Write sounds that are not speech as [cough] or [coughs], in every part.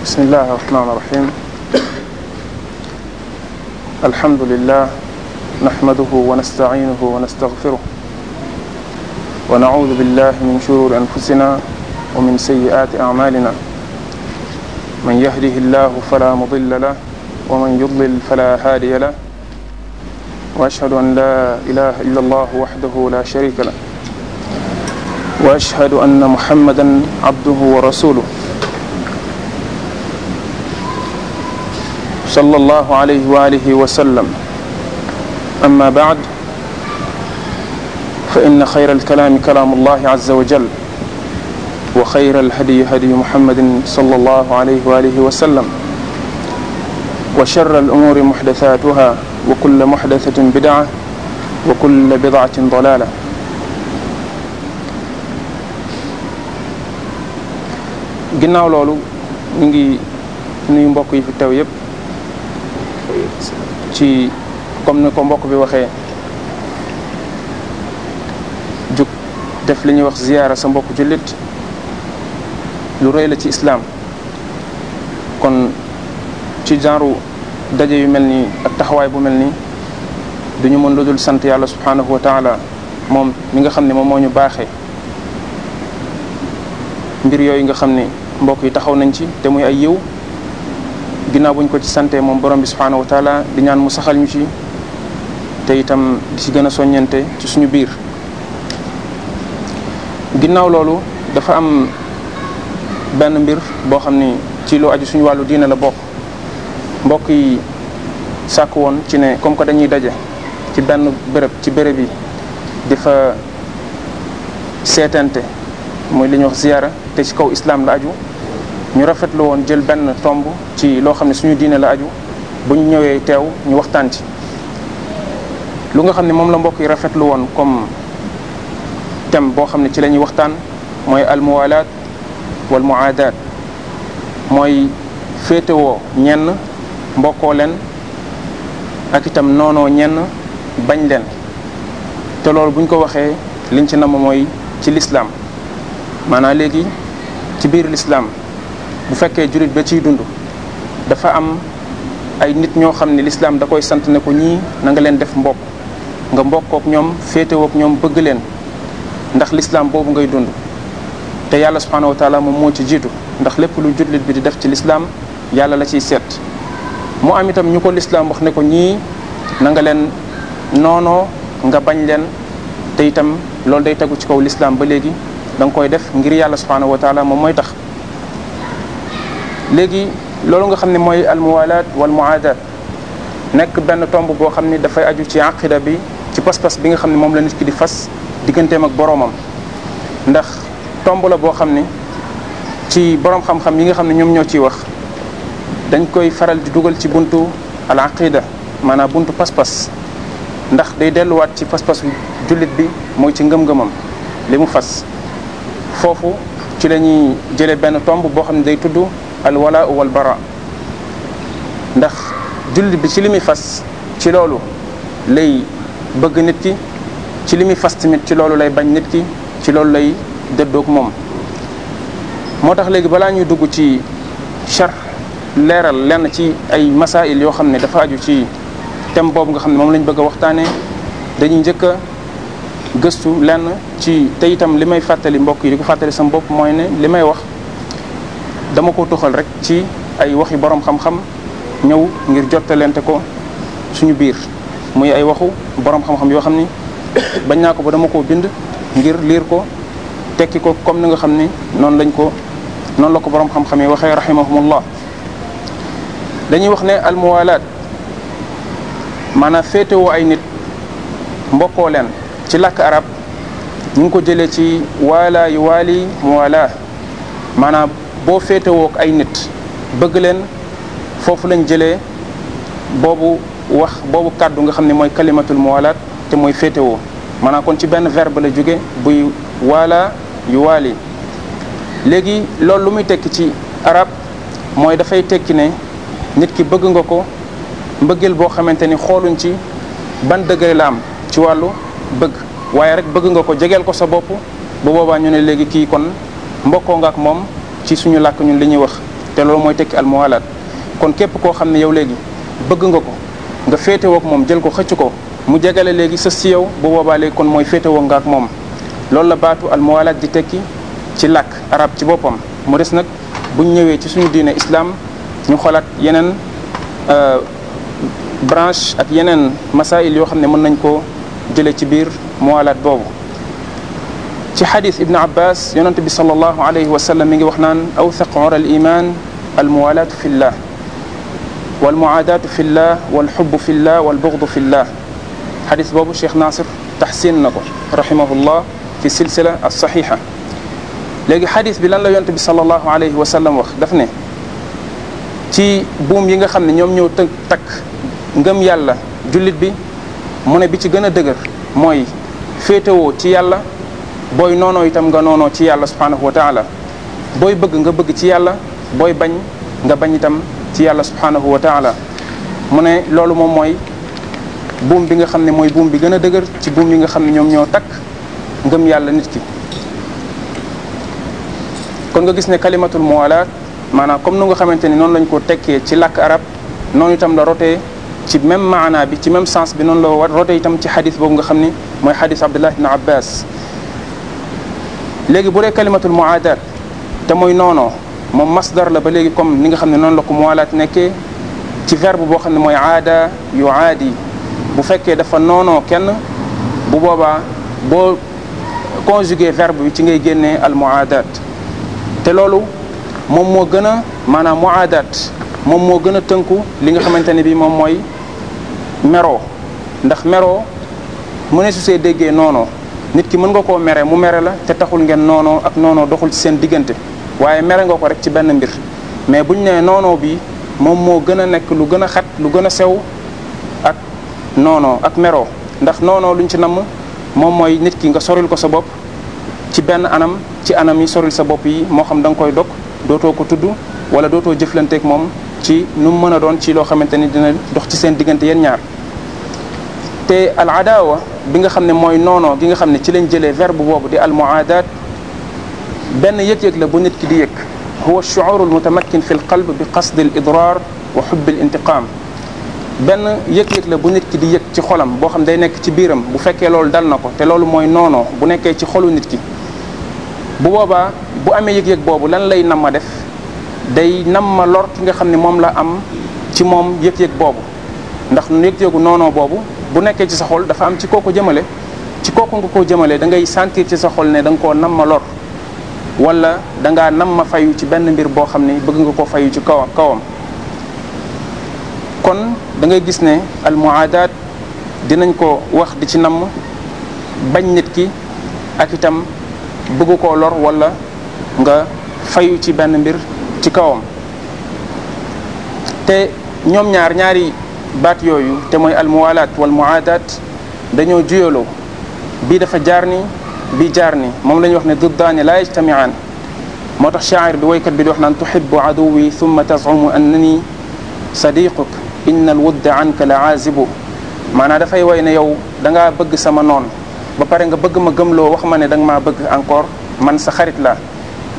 بسم الله الرحمن الرحيم الحمد لله نحمده ونستعينه ونستغفره ونعوذ بالله من شرور أنفسنا ومن سيئات أعمالنا من يهده الله فلا مضل له ومن يضلل فلا هادي له وأشهد أن لا إله إلا الله وحده لا شريك له وأشهد أن محمدا عبده ورسوله صلى الله عليه واله وسلم اما بعد فان خير الكلام كلام الله عز وجل وخير الهدي هدي محمد صلى الله عليه واله وسلم وشر الامور محدثاتها وكل محدثه بدعه وكل بدعه ضلاله ginnaaw loolu ñu ngi nuyu mbokk yi fi teew yépp ci comme ni ko mbokk bi waxee jug def li ñuy wax ziyaara sa mbokk jullit lu rëy la ci islaam kon ci genre daje yu mel nii ak taxawaay bu mel nii duñu mën lu dul sant yàlla subhanahu wa taala moom mi nga xam ni moom moo ñu baaxe mbir yooyu nga xam ni mbokk yi taxaw nañ ci te muy ay yiw ginnaaw bu ñu ko ci santee moom borom bi subhaanahu wa taala di ñaan mu saxal ñu ci te itam di ci gën a soññante ci suñu biir ginnaaw loolu dafa am benn mbir boo xam ni ci loo aju suñu wàllu diine la bokk mbokk yi sàkk woon ci ne comme que dañuy daje ci benn béréb ci béréb yi dafa fa seetante muy li ñuy wax ziyaara te ci kaw islam la aju ñu rafetlu woon jël benn tomb ci loo xam ne suñu diine la aju bu ñu ñëwee teew ñu waxtaan ci lu nga xam ne moom la mbokk yi rafetlu woon comme thème boo xam ne ci lañuy waxtaan mooy almuwalaat wal muaadaat mooy féetewoo ñenn mbokkoo leen ak itam noonoo ñenn bañ leen te loolu bu ñu ko waxee liñ ci namm mooy ci lislaam maanaa léegi ci biir lislaam bu fekkee jullit ba ciy dund dafa am ay nit ñoo xam ne lislaam da koy sant ne ko ñii nanga leen def mbokk nga kook ñoom féetewook ñoom bëgg leen ndax lislaam boobu ngay dund te yàlla subhanahu wa taala moom moo ci jiitu ndax lépp lu jullit bi di def ci lislaam yàlla la ciy seet mu am itam ñu ko lislaam wax ne ko ñii nanga leen noonoo nga bañ leen te itam loolu day tegu ci kaw lislaam ba léegi da nga koy def ngir yàlla subhanahu wa taala moom mooy tax léegi loolu nga xam ne mooy almuwalaat wal muaadaat nekk benn tomb boo xam ne dafay aju ci aqida bi ci pas-pas bi nga xam ne moom la nit ki di fas digganteem ak boroomam ndax tomb la boo xam ne ci boroom xam-xam yi nga xam ne ñoom ñoo ciy wax dañ koy faral di dugal ci buntu al aqida maanaam buntu pas-pas ndax day delluwaat ci pas-pasu jullit bi mooy ci ngëm-ngëmam li mu fas foofu ci lañuy ñuy jëlee benn tomb boo xam ne day tudd alwala wal bara ndax jullit bi ci li muy fas ci loolu lay bëgg nit ki ci li muy fas tamit ci loolu lay bañ nit ki ci loolu lay dëddoog moom moo tax léegi balaa ñuy dugg ci char leeral lenn ci ay masail yoo xam ne dafa aju ci tem boobu nga xam ne moom lañ bëgg a waxtaanee dañuy njëkk a gëstu lenn ci te itam li may fàttali mbokk yi di ko fàttali sam bopp mooy ne li may wax dama ko toxal rek ci ay waxi borom xam-xam ñëw ngir jottalente ko suñu biir mooy ay waxu borom xam-xam yoo xam ni [coughs] bañ naa ko ba dama ko bind ngir liir ko tekki ko comme ni nga xam ni noonu lañ ko noonu la ko borom xam-xam yi waxee rahimahumullah dañuy wax ne almuwalaat maanaam féetewoo ay nit mbokkoo leen ci lakk arab ñu ko jëlee ci waala yu waali muwala maanaam boo féetewook ay nit bëgg leen foofu lañ jëlee boobu wax boobu kàddu nga xam ne mooy kalimatul muwalaat te mooy féetewoo maanaam kon ci benn verbe la jóge buy waala yu waali léegi loolu lu muy tekki ci arab mooy dafay tekki ne nit ki bëgg nga ko mbëggeel boo xamante ni xooluñ ci ban degré la ci wàllu bëgg waaye rek bëgg nga ko jegeel ko sa bopp bu boobaa ñu ne léegi kii kon mbokkoo nga ak moom ci suñu làkk ñun li ñuy wax te loolu mooy tekki almuwalaat kon képp koo xam ne yow léegi bëgg nga ko nga féetewoo ak moom jël ko xëcc ko mu jegale léegi sës ci yow bu boobaa kon mooy féetewoo nga ak moom loolu la baatu almuwalaat ji tekki ci làkk arab ci boppam mu des nag bu ñu ñëwee ci suñu diine islam ñu xolaat yeneen euh, branche ak yeneen masail yoo xam ne mën nañ ko jëlee ci biir muwalaat boobu ci xadis ibn abbas yonent bi salallahu alayhi wa sallam mi ngi wax naan awthaq ora al iman almuwalaatu fi llah walmuaadaatu fi llah walxubbu fi llah walbugdu fi llah xadis boobu cheikh nasir taxsin na ko rahimahullah fi silsila alsaxixa léegi xadis bi lan la yonent bi salallahu alayhi wa sallam wax daf ne ci buum yi nga xam ne ñoom ñëw të takk ngëm yàlla jullit bi mu ne bi ci gën a dëgër mooy féetewoo ci yàlla booy noonoo itam nga noonoo ci yàlla subhanahu wa taala booy bëgg nga bëgg ci yàlla booy bañ nga bañ itam ci yàlla subhanahu wa taala mu ne loolu moom mooy buum bi nga xam ne mooy buum bi gën a dëgër ci buum yi nga xam ne ñoom ñoo takk ngëm yàlla nit ki kon nga gis ne kalimatul muwalaat maanaam comme nu nga xamante ni noonu lañ ko tekkee ci làkk arab noonu itam la rotee ci même maana bi ci même sens bi noonu la rotee itam ci xadis boobu nga xam ni mooy xadis abdullah ibn abbas léegi bu dee kalimatul muaadaat te mooy noonoo moom masdar la ba léegi comme ni nga xam ne noonu la ko muwalaat nekkee ci verbe boo xam ne mooy aada yu bu fekkee dafa noonoo kenn bu boobaa boo conjugué verbe bi ci ngay génnee al muaadaat te loolu moom moo gën a maanaam muaadaat moom moo gën a tënku li nga xamante ne bi moom mooy meroo ndax meroo mu su see déggee noonoo nit ki mën nga koo mere mu mere la te taxul ngeen noonoo ak noonoo doxul ci seen diggante waaye mere nga ko rek ci benn mbir mais bu ñu nee noonoo bi moom moo gën a nekk lu gën a xat lu gën a sew ak noonoo ak meroo ndax noonoo luñ ci namm moom mooy nit ki nga soril ko sa bopp ci benn anam ci anam yi soril sa bopp yi moo xam da nga koy dog dootoo ko tudd wala dootoo jëflanteek moom ci nu mu mën a doon ci loo xamante ni dina dox ci seen diggante yéen ñaar te al adawa bi nga xam ne mooy noonoo nga xam ne ci lañ jëlee verbe boobu di al muaadaat benn yëg-yëg la bu nit ki di yëg huwa shuur al mutamakin fi al qalb bi qasd al idrar wa hubb al intiqam benn yëg-yëg la bu nit ki di ci xolam boo xam day nekk ci biiram bu fekkee loolu dal na ko te loolu mooy noonoo bu nekkee ci xolu nit ki bu boobaa bu amee yëg-yëg boobu lan lay nam ma def day nam lor ki nga xam ne moom la am ci moom yëg-yëg boobu ndax yëg-yëgu noonoo boobu bu nekkee ci sa xol dafa am ci koo ko jëmale ci kooku nga koo jëmale da ngay sentir ci sa xol ne danga nga koo nam ma lor wala da ngaa nam ma fayu ci benn mbir boo xam ne bëgg nga koo fayu ci kawam kawam kon dangay gis ne almuaadaat dinañ ko wax di ci namm bañ nit ki ak itam bëgg koo lor wala nga fayu ci benn mbir ci kawam te ñoom ñaar ñaari baat yooyu te mooy almuwalaat wal muaadaat dañoo juyaloo bii dafa jaar ni bii jaar ni moom la ñuy wax ne duddaani laa yajtamiaan moo tax shaacir bi woykat bi di wax naan tuxibu aduwi thumma tazumu annani sadiquk inna alwudda anka la aazibu maanaa dafay woy ne yow da ngaa bëgg sama noon ba pare nga bëgg ma gëmloo wax ma ne da nga maa bëgg encore man sa xarit la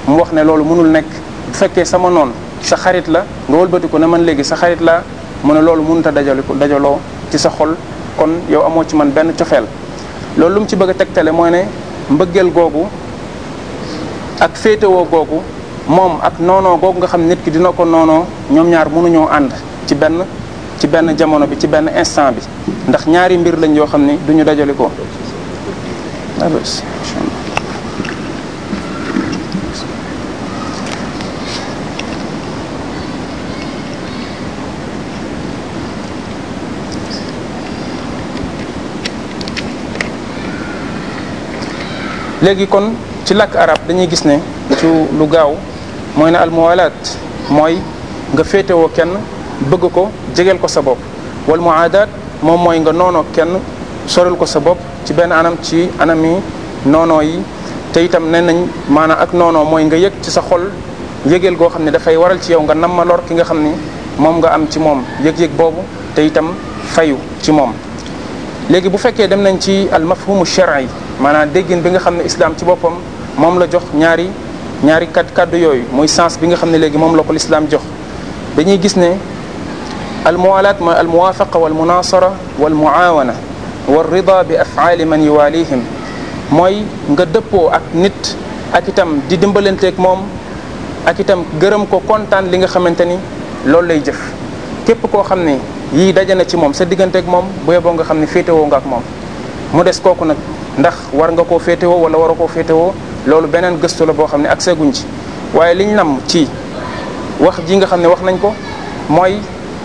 mu wax ne loolu mënul nekk bu fekkee sama noon sa la nga wëlbati man léegi sa xarit la mu ne loolu mënut a dajaliku dajaloo ci sa xol kon yow amoo ci man benn cofeel loolu lu mu ci bëgg a tegtale mooy ne mbëggeel googu ak féetewoo googu moom ak noonoo googu nga xam nit ki dina ko noonoo ñoom ñaar mënuñoo ànd ci benn ci benn jamono bi ci benn instant bi ndax ñaari mbir lañ yoo xam ni duñu dajale ko léegi kon ci làkk arab dañuy gis ne ci lu gaaw mooy ne almuwalaat mooy nga féetewoo kenn bëgg ko jegeel ko sa bopp wal muaadaat moom mooy nga noonoo kenn soril ko sa bopp ci benn anam ci anam yi noonoo yi te itam ne nañ maanaam ak noonoo mooy nga yëg ci sa xol yëgeel goo xam ne dafay waral ci yow nga namma lor ki nga xam ni moom nga am ci moom yëg-yëg boobu te itam fayu ci moom léegi bu fekkee dem nañ ci al mafhumu shar'i maanaam déggin bi nga xam ne islam ci boppam moom la jox ñaari ñaari kat kaddu yooyu muy sens bi nga xam ne léegi moom la ko lislaam jox dañuy gis ne al muwalaat mooy al muwaafaqa wal munasara wal muaawana wal rida bi afaali man yuwaalihim mooy nga dëppoo ak nit ak itam di dimbalanteeg moom ak itam gërëm ko kontaan li nga xamante ni loolu lay jëf képp koo xam ne yii daje na ci moom sa digganteeg moom bu yeboo nga xam ne féetewoo nga ak moom mu des kooku nag ndax war nga koo féetewoo wala war koo féetewoo loolu beneen gëstu la boo xam ne ak seguñ ci waaye liñ nam ci wax ji nga xam ne wax nañ ko mooy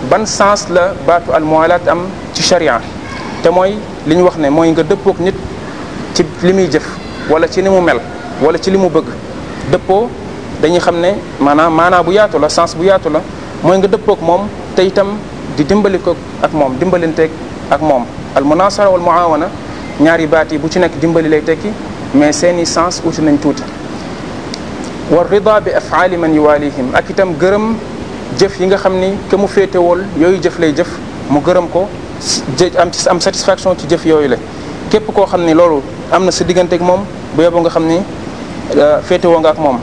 ban sens la baatu laat am ci sharia te mooy li ñu wax ne mooy nga dëppook nit ci li muy jëf wala ci ni mu mel wala ci li mu bëgg dëppoo dañuy xam ne maanaam maanaa bu yaatu la sens bu yaatu la mooy nga dëppook moom tey itam di dimbali ko ak moom dimbalinteeg ak moom almunasara wal muawana ñaari baat yi bu ci nekk dimbali lay tekki mais seeni sens uti nañ tuuti wa rida bi afaali man yuwalihim ak itam gërëm jëf yi nga xam ni ke mu féetewool yooyu jëf lay jëf mu gërëm ko am ci am satisfaction ci jëf yooyu la képp koo xam ni loolu am na sa digganteeg moom bu yóbbu nga xam ni euh, féetewoo nga ak moom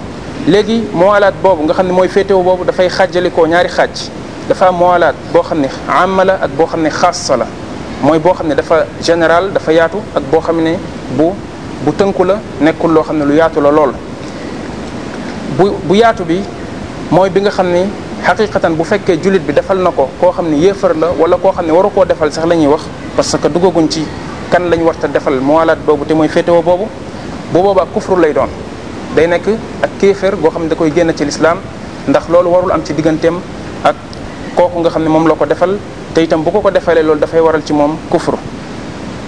léegi muwalaat boobu nga xam ne mooy féetewoo boobu dafay xaajalikoo ñaari xaaj dafa am muwalaat boo xam ne amma la ak boo xam ne xaassa la mooy boo xam ne dafa général dafa yaatu ak boo xam ne bu bu tënku la nekkul loo xam ne lu yaatu la lool bu bu yaatu bi mooy bi nga xam ne xaqiqatan bu fekkee jullit bi defal na ko koo xam ne yéefar la wala koo xam ne waru koo defal sax la ñuy wax parce que dugaguñ ci kan lañ warta defal muwalaat boobu te mooy féetewoo boobu bu boobaa kufru lay doon day nekk ak kéeféer goo xam ne da koy génn ci lislaam ndax loolu warul am ci digganteem ak kooku nga xam ne moom la ko defal te itam bu ko ko defalee loolu dafay waral ci moom kufru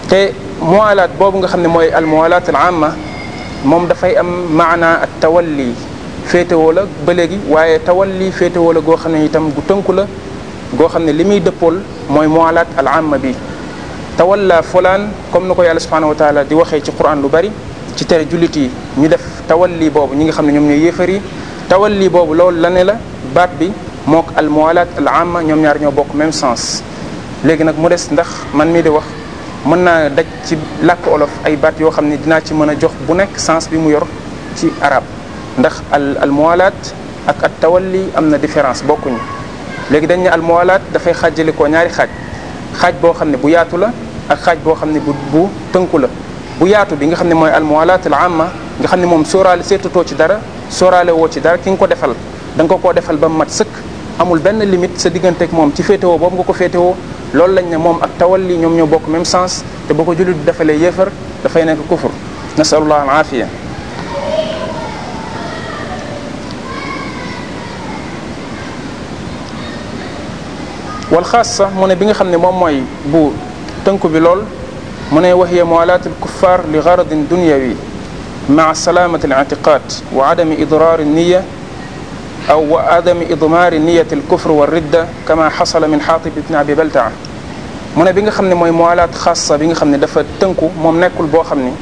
te muwalaat boobu nga xam ne mooy al muwalaat al amma moom dafay am maana ak tawalli féetewoo la ba léegi waaye tawalli féetewoo la goo xam ne itam gu tënku la goo xam ne li muy dëppool mooy muwalaat al amma bi tawalla fulaan comme ni ko yàlla subhanahu wa taala di waxee ci quran lu bari ci tere jullit yi ñu def tawalli boobu ñi nga xam ne ñoom ñooy yéefar yi tawalli boobu loolu la ne la baat bi mook al muwaalaat al amma ñoom ñaar ñoo bokk même sens léegi nag mu des ndax man mii di wax mën naa daj ci làkk olof ay baat yoo xam ne dinaa ci mën a jox bu nekk sens bi mu yor ci arab ndax al al muwaalaat ak at tawalli am na différence bokkuñu léegi dañ ne al muwaalaat dafay xaajale ko ñaari xaaj xaaj boo xam ne bu yaatu la ak xaaj boo xam ne bu bu tënku la bu yaatu bi nga xam ne mooy al muwaalaat al amma nga xam ne moom sóoraale seetutoo ci dara sóoraale woo ci dara ki nga ko defal da nga ko koo defal ba mu mat sëkk amul benn limite sa digganteeg moom ci féetewoo boobu nga ko féetewoo loolu lañ ne moom ak tawalli ñoom ñoo bokk même sens te boo ko jullit bi defalee yéefar dafay nekk kufur nasalullah al aafiya wal xaas sax mu ne bi nga xam ne moom mooy bu tënku bi lool mu ne waxiya muwalaatul kuffar li garadin dunyawi maa salaamati al itiqaad wa adami idraari niya أو وعدم إضمار نية الكفر والردة كما حصل من حاطب بن أبي بلتعة mu ne bi bi nga xam ne mooy muwaalaat xassa bi nga xam ne dafa tënku moom nekkul boo xam ni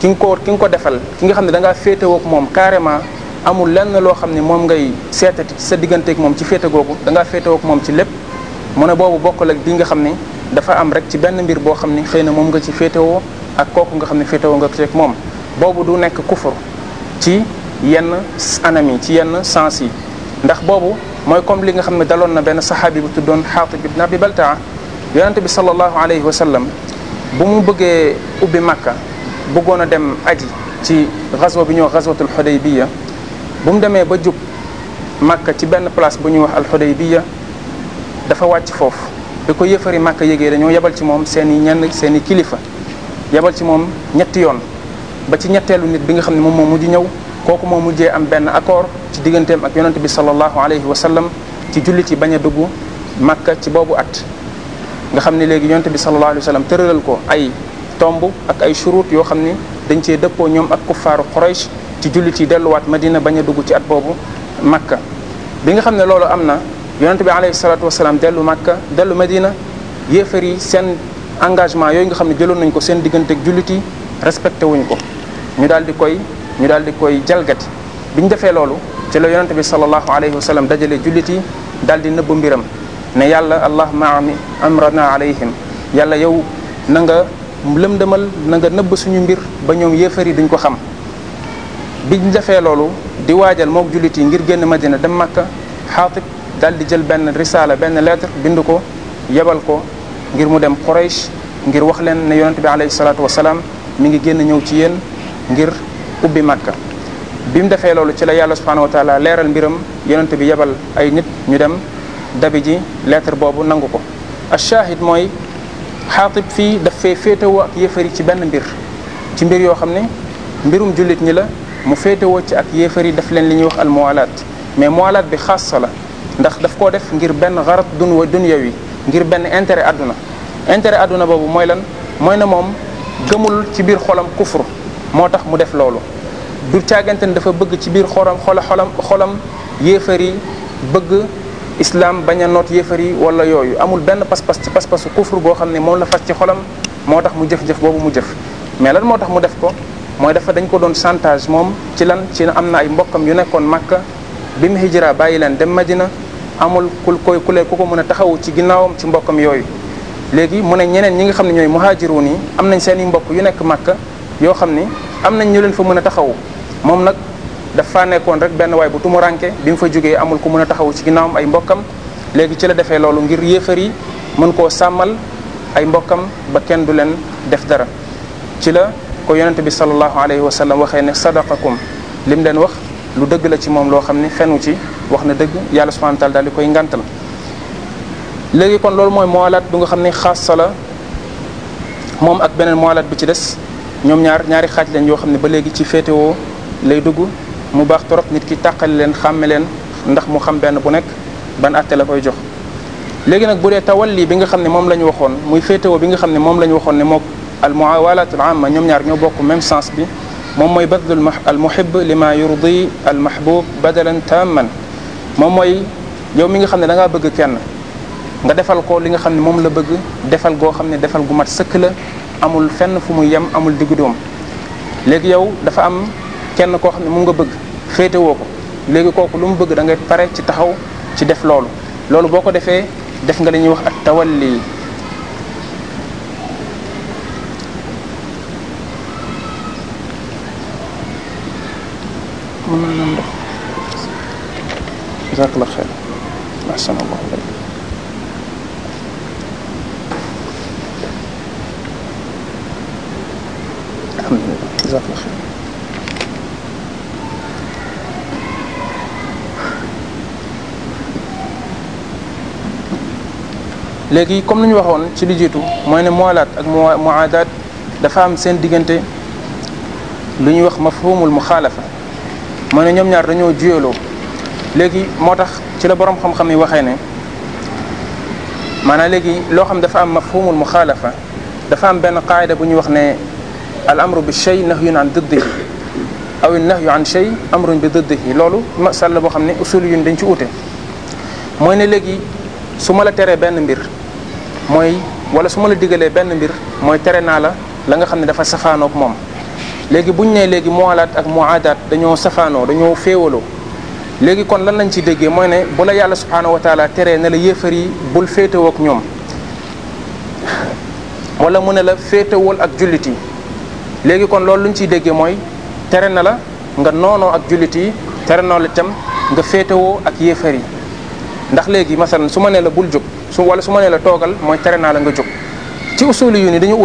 ki nga ko ki nga ko defal ki nga xam ne da ngaa féetewoo ak moom carrément amul lenn loo xam ne moom ngay seetati sa digganteeg moom ci féete googu da moom ci lépp mu boobu bokkul ak bi nga xam ne dafa am rek ci benn mbir boo xam ne xëy na moom nga ci féetewoo ak kooku nga xam ne féetewoo nga ci rek moom boobu du nekk kufur ci yenn anam yi ci yenn sens yi ndax boobu mooy comme li nga xam ne daloon na benn saxaabi bu tuddoon xaatib ibn bi baltaa yonente bi salallahu alayhi wa sallam bu mu bëggee ubbi makka bëggoon a dem aji ci xaswa bi ñuy wax xaswatul xudaybiya bu mu demee ba jub makka ci benn place bu ñuy wax al xudaybiya dafa wàcc foofu bi ko yëfari makka yégee dañoo yebal ci moom seen i ñenn seeni kilifa yebal ci moom ñetti yoon ba ci ñetteelu nit bi nga xam ne moom mu mujj ñëw kooku moo mujjee am benn accord ci digganteem ak yonente bi salallahu alayhi wa sallam ci jullit yi bañ a dugg màkka ci boobu at nga xam ne léegi yonente bi salallahu alayhi wa sallam tëralal ko ay tomb ak ay churut yoo xam ni dañ cee dëppoo ñoom ak kuffaaru Quraysh ci jullit yi delluwaat Madina bañ a dugg ci at boobu Makka bi nga xam ne loolu am na yonente bi alayhi salatu wasalaam dellu Makka dellu Madina yéefar yi seen engagement yooyu nga xam ne jëloon nañ ko seen diggante ak jullit yi respecté wuñ ko ñu daal di koy ñu daal di koy jalgati bi ñu defee loolu ci la yonente bi salallahu alayhi wa sallam dajale jullit yi daal di nëbb mbiram ne yàlla allahuma ami amrana alayhim yàlla yow na nga lëmdëmal na nga nëbb suñu mbir ba ñoom yéefar yi duñ ko xam biñ jafee loolu di waajal mook jullit yi ngir génn madina dem makka xaatib daal di jël benn risaala benn lettre bind ko yebal ko ngir mu dem Quraysh ngir wax leen ne yonente bi alayhi salaatu wasalaam mi ngi génn ñëw ci yéen ngir ubbi Makka bi mu defee loolu ci la yàlla subhanahu wa taala leeral mbiram yonent bi yebal ay nit ñu dem dabi ji lettre boobu nangu ko achaahid mooy xaatib fii daf fee féetewoo ak yéefar yi ci benn mbir ci mbir yoo xam ne mbirum jullit ñi la mu féetewoo ci ak yéefar yi daf leen li ñuy wax al muwalaat mais muwalaat bi xaasa la ndax daf koo def ngir benn xarat dun wa dunyawi ngir benn intérêt àdduna intérêt àdduna boobu mooy lan mooy na moom gëmul ci biir xolam kufru moo tax mu def loolu du caagante ne dafa bëgg ci biir xolam xola xolam xolam yéefar yi bëgg islam bañ a noot yéefar yi wala yooyu amul benn pas-pas ci pas-pasu kufur boo xam ne moom la fas ci xolam moo tax mu jëf-jëf boobu mu jëf mais lan moo tax mu def ko mooy dafa dañ ko doon chantage moom ci lan ci am na ay mbokkam yu nekkoon Makka bi mu hijra bàyyi leen dem Madina amul ku koy ku leen ku ko mën a taxawu ci ginnaawam ci mbokkam yooyu léegi mu ne ñeneen ñi nga xam ne ñooy muhaajiruun yi am nañ seen i mbokk yu nekk Makka yoo xam ni am nañ ñu leen fa mën a taxawu moom nag dafa nekkoon rek benn waay bu tumuranke bi mu fa jógee amul ku mën a taxawu ci ginnaawam ay mbokkam léegi ci la defee loolu ngir yéefar yi mën koo sàmmal ay mbokkam ba kenn du leen def dara ci la ko yonent bi sallallahu alayhi wa sallam waxee ne sadaqakum lim leen wax lu dëgg la ci moom loo xam ne fenu ci wax na dëgg yàlla subhanahu wa daal di koy ngàntal léegi kon loolu mooy moalaat bi nga xam ne xaasa la moom ak beneen moalaat bi ci des ñoom ñaar ñaari xaaj lañ yoo xam ne ba léegi ci féetewoo lay dugg mu baax torop nit ki tàqale leen xàmme leen ndax mu xam benn bu nekk ban atte la koy jox léegi nag bu dee tawal tawalli bi nga xam ne moom la ñu waxoon muy féetewoo bi nga xam ne moom la ñu waxoon ne mook al muawalatul amma ñoom ñaar bokk même sens bi moom mooy badlul al muhib lima yurdi al mahbub badalan tamman moom mooy yow mi nga xam ne da bëgg kenn nga defal ko li nga xam ne moom la bëgg defal goo xam ne defal gu mat sëkk la amul fenn fu mu yem amul diggu doom léegi yow dafa am kenn koo xam ne mu nga bëgg féetewoo ko léegi kooku lu mu bëgg da ngay pare ci taxaw ci def loolu loolu boo ko defee def nga li ñuy wax ak tawalli mën naa naan ndox jazakallah xeer léegi comme ni ñu waxoon ci li jiitu mooy ne muwalaat ak muaadaat dafa am seen diggante lu ñuy wax mafhumul muxaalafa mooy ne ñoom ñaar dañoo juyaloo léegi moo tax ci la borom xam-xam yi waxe ne maanaa léegi loo xam dafa am mafhumul muxaalafa dafa am benn qaayda bu ñuy wax ne al-amru bi shay nahyun an diddihi aw nahyu an shay amrun bi diddihi loolu masal la boo xam ne usul yu dañ ci ute mooy ne léegi su ma la teree benn mbir mooy wala su ma la digalee benn mbir mooy tere naa la la nga xam ne dafa safaanook moom léegi buñ ne léegi muwalaat ak muaadaat dañoo safaanoo dañoo féewaloo léegi kon lan lañ ci déggee mooy ne bu la yàlla subhaanahu wa taala teree na la yéefar yi bul féetewoo ak ñoom wala mu ne la féetewul ak jullit yi léegi kon loolu lu ñu ciy déggee mooy tere na la nga noonoo ak jullit yi tere noo la itam nga féetewoo ak yéefar yi ndax léegi masalan su ma nee la bul jóg su wala su ma nee la toogal mooy tere naa la nga jóg ci usuli yu ni dañu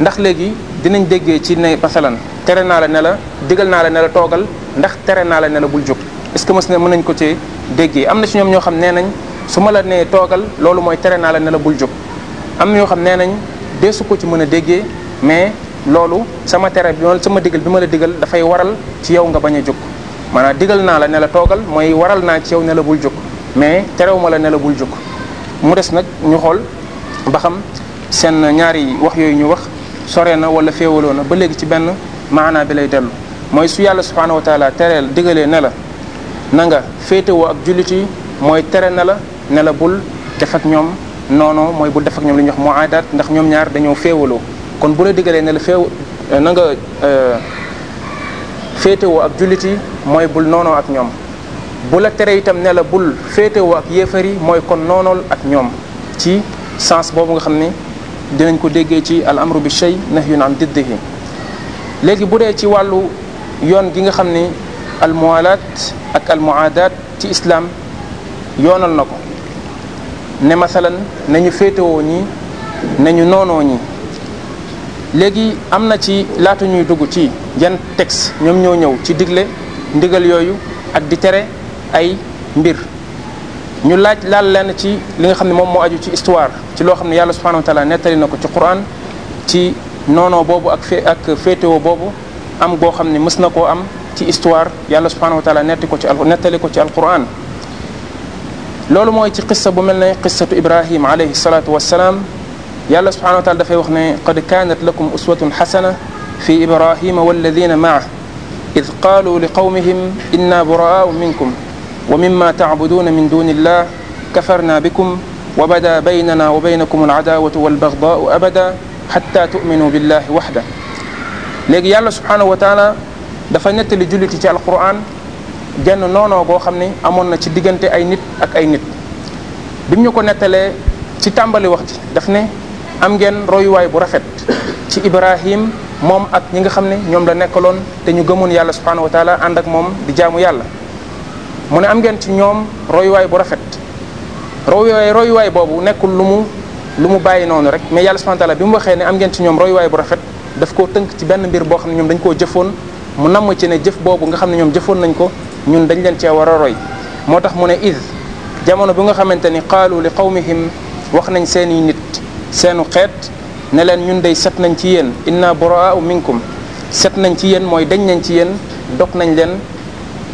ndax léegi dinañ déggee ci ne masalan tere naa la ne la digal naa la ne la toogal ndax tere naa la ne la bul jóg est-ce que mas ne mën nañ ko cee déggee am na ci ñoom ñoo xam nee nañ su ma la nee toogal loolu mooy tere naa la ne la bul jóg am na ñoo xam nee nañ deesu ko ci mën a déggee mais loolu sama tere bi sama digal bi ma la digal dafay waral ci yow nga bañ a jóg maanaam digal naa la ne la toogal mooy waral naa ci yow ne la bul jóg mais terewuma la la bul jóg mu des nag ñu xool ba xam seen ñaari wax yooyu ñu wax sore na wala féewaloo na ba léegi ci benn maanaa bi lay dellu mooy su yàlla subhanahu wa taala tereel digalee ne la na nga féetewoo ak jullit yi mooy tere na la ne la bul def ak ñoom noonu mooy bul def ak ñoom li ñu wax muaadaat ndax ñoom ñaar dañoo féewaloo kon bu la digalee ne la feew eh, na eh, féetewoo ak jullit yi mooy bul noonoo ak ñoom bu la tere itam nela bul féetewoo ak yéefar yi mooy kon noonool ak ñoom ci sens boobu nga xam ne dinañ ko déggee ci al amru bi shay nahyun an diddihi léegi bu dee ci wàllu yoon gi nga xam ni al muwalaat ak al muaadaat ci islam yoonal na ko ne masalan nañu féetewoo ñi nañu noonoo ñi léegi am na ci laata ñuy dugg ci yan texte ñoom ñoo ñëw ci digle ndigal yooyu ak di tere ay mbir ñu laaj laal lenn ci li nga xam ne moom moo aju ci histoire ci loo xam ne yàlla subhanahu wa taala nettali na ko ci quran ci noonoo boobu ak fé ak féetewoo boobu am goo xam ne mës na koo am ci histoire yàlla subhanahu wa taala ko ci nettali ko ci alquran loolu mooy ci qissa bu mel ne qissatu ibrahim alayhi salatu wassalam yàlla subhanahu wa taala dafay wax ne qad kaanat lakum uswatun xasana fi ibrahima walladina maah id qaalu li qawmihim inna buraau minkum wa mimma tacbuduuna min duni illah kafarna bikum wa bada baynana wa baynakum aladaawatu walbagdaau abada xata tuminuu billahi waxda léegi yàlla subhanahu wa taala dafa nettali julliti ci alquran genn noonoo goo xam ne amoon na ci diggante ay nit ak ay nit bi mu ñu ko nettalee ci tàmbali wax ji daf ne am ngeen royuwaay bu rafet ci Ibrahim moom ak ñi nga xam ne ñoom la nekkaloon te ñu gëmoon yàlla subhanahu wa taala ak moom di jaamu yàlla mu ne am ngeen ci ñoom royuwaay bu rafet royuwaay royuwaay boobu nekkul lu mu lu mu bàyyi noonu rek mais yàlla subhanahu bi mu waxee ne am ngeen ci ñoom royuwaay bu rafet daf ko tënk ci benn mbir boo xam ne ñoom dañ koo jëfoon mu namm ci ne jëf boobu nga xam ne ñoom jëfoon nañ ko ñun dañ leen cee war a roy moo tax mu ne id jamono bi nga xamante ni qaalu li qawmihim wax nañ seeni nit seenu xeet ne leen ñun dey set nañ ci yéen inna buraa'u minkum set nañ ci yéen mooy dañ nañ ci yéen dog nañ leen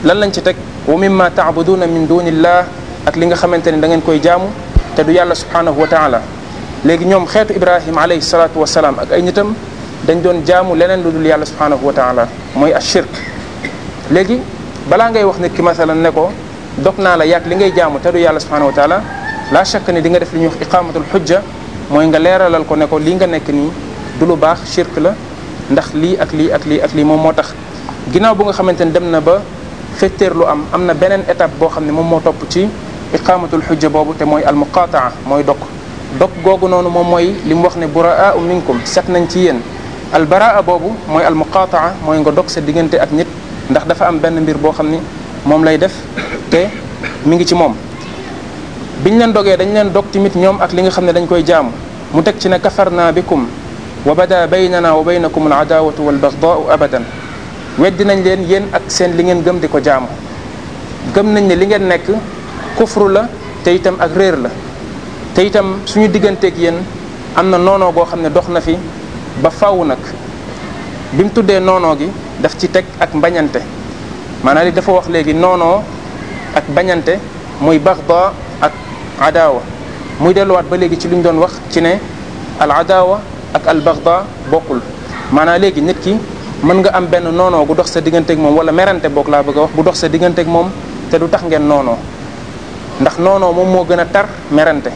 lan lañ ci teg wa mimma taabuduuna min dunillah ak li nga xamante ne da ngeen koy jaamu te du yàlla subhanahu wa taala léegi ñoom xeetu ibrahima alayhi salatu wasalaam ak ay nitam dañ doon jaamu leneen lu dul yàlla subhanahu wa taala mooy ashirk léegi balaa ngay wax nit ki masalan ne ko dog naa la yàgg li ngay jaamu te du yàlla subhanahu wa taala la shakk ni di nga def li ñuy wax iqamatul xujja mooy nga leeralal ko ne ko lii nga nekk nii du lu baax shirk la ndax lii ak lii ak lii ak lii moom moo tax ginnaaw bu nga xamante ne dem na ba fetteer lu am am na beneen étape boo xam ne moom moo topp ci iqamatul xujja boobu te mooy almuqataa mooy dok dok googu noonu moom mooy li mu wax ne buraa u minkum set nañ ci yéen baraa boobu mooy almuqataa mooy nga dog sa diggante ak nit ndax dafa am benn mbir boo xam ni moom lay def te mu ngi ci moom biñ leen dogee dañu leen dog tamit ñoom ak li nga xam ne dañ koy jaamu mu teg ci ne kafarna bikum wa bada baynana wa baynakum al adawatu wal bagdaau abadan wedd nañ leen yéen ak seen li ngeen gëm di ko jaamu gëm nañ ne li ngeen nekk kufru la te itam ak réer la te itam suñu digganteeg yéen am na noonoo goo xam ne dox na fi ba faw nag bi mu tuddee noonoo gi daf ci teg ak mbañante maanaam li dafa wax léegi noonoo ak bañante muy baxda adaawa muy delluwaat ba léegi ci lu ñu doon wax ci ne al adaawa ak al baxda bokkul maanaam léegi nit ki mën nga am benn noonoo gu dox sa digganteeg moom wala merante bokk laa bëgg a wax bu dox sa digganteeg moom te du tax ngeen noonoo ndax noonoo moom moo gën a tar merante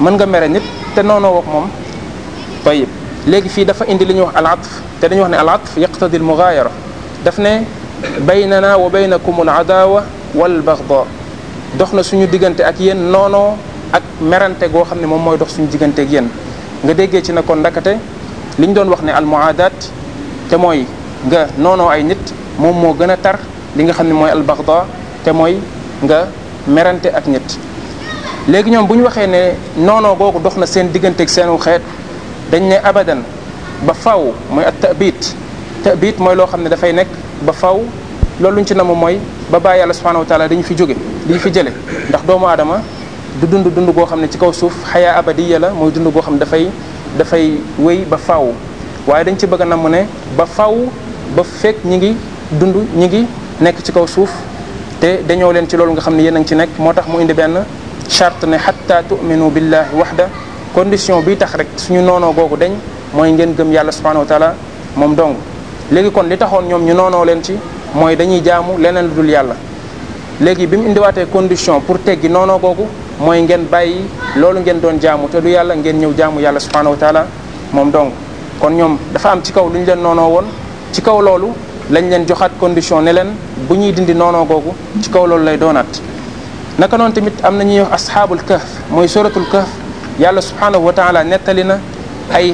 mën nga mere nit te noonoo ak moom tayib léegi fii dafa indi li ñuy wax al atf te dañuy wax ne al atf yaqtadi al mugaayara daf ne baynana wa baynakum al adaawa wal baxda dox na suñu diggante ak yéen noonoo ak merante goo xam ne moom mooy dox suñu diggante ak yéen nga déggee ci na kon ndakate li ñu doon wax ne almuaadaat te mooy nga noonoo ay nit moom moo gën a tar li nga xam ne mooy albaxda te mooy nga merante ak nit léegi ñoom bu ñu waxee ne noonoo googu dox na seen diggante ak seenu xeet dañ ne abadan ba faw mooy at tabiit mooy loo xam ne dafay nekk ba faw loolu luñ ci namu mooy ba bàyyi yàlla subhanahu wa dañu fi jóge liñ fi jële ndax doomu aadama du dund dund goo xam ne ci kaw suuf xayaa abadiya la mooy dund goo xam ne dafay dafay wéy ba faw waaye dañ ci bëgg a namm ne ba faw ba fekk ñi ngi dund ñi ngi nekk ci kaw suuf te dañoo leen ci loolu nga xam ne yéen a ngi ci nekk moo tax mu indi benn charte ne xatta tuminu billahi waxda condition bi tax rek suñu noonoo googu dañ mooy ngeen gëm yàlla subhanahu wa moom dong léegi kon li taxoon ñoom ñu noonoo leen ci mooy dañuy jaamu leneen lu dul yàlla léegi bi mu indiwaatee condition pour teggi noono googu mooy ngeen bàyyi loolu ngeen doon jaamu te du yàlla ngeen ñëw jaamu yàlla subhanahu wa taala moom dong kon ñoom dafa am ci kaw lu ñu leen noono woon ci kaw loolu lañ leen joxaat condition ne leen bu ñuy dindi noono googu ci kaw loolu lay doonaat naka noon tamit am na ñuy wax asxaabul kahf mooy suratul kahf yàlla subhanahu wa taala nettali na ay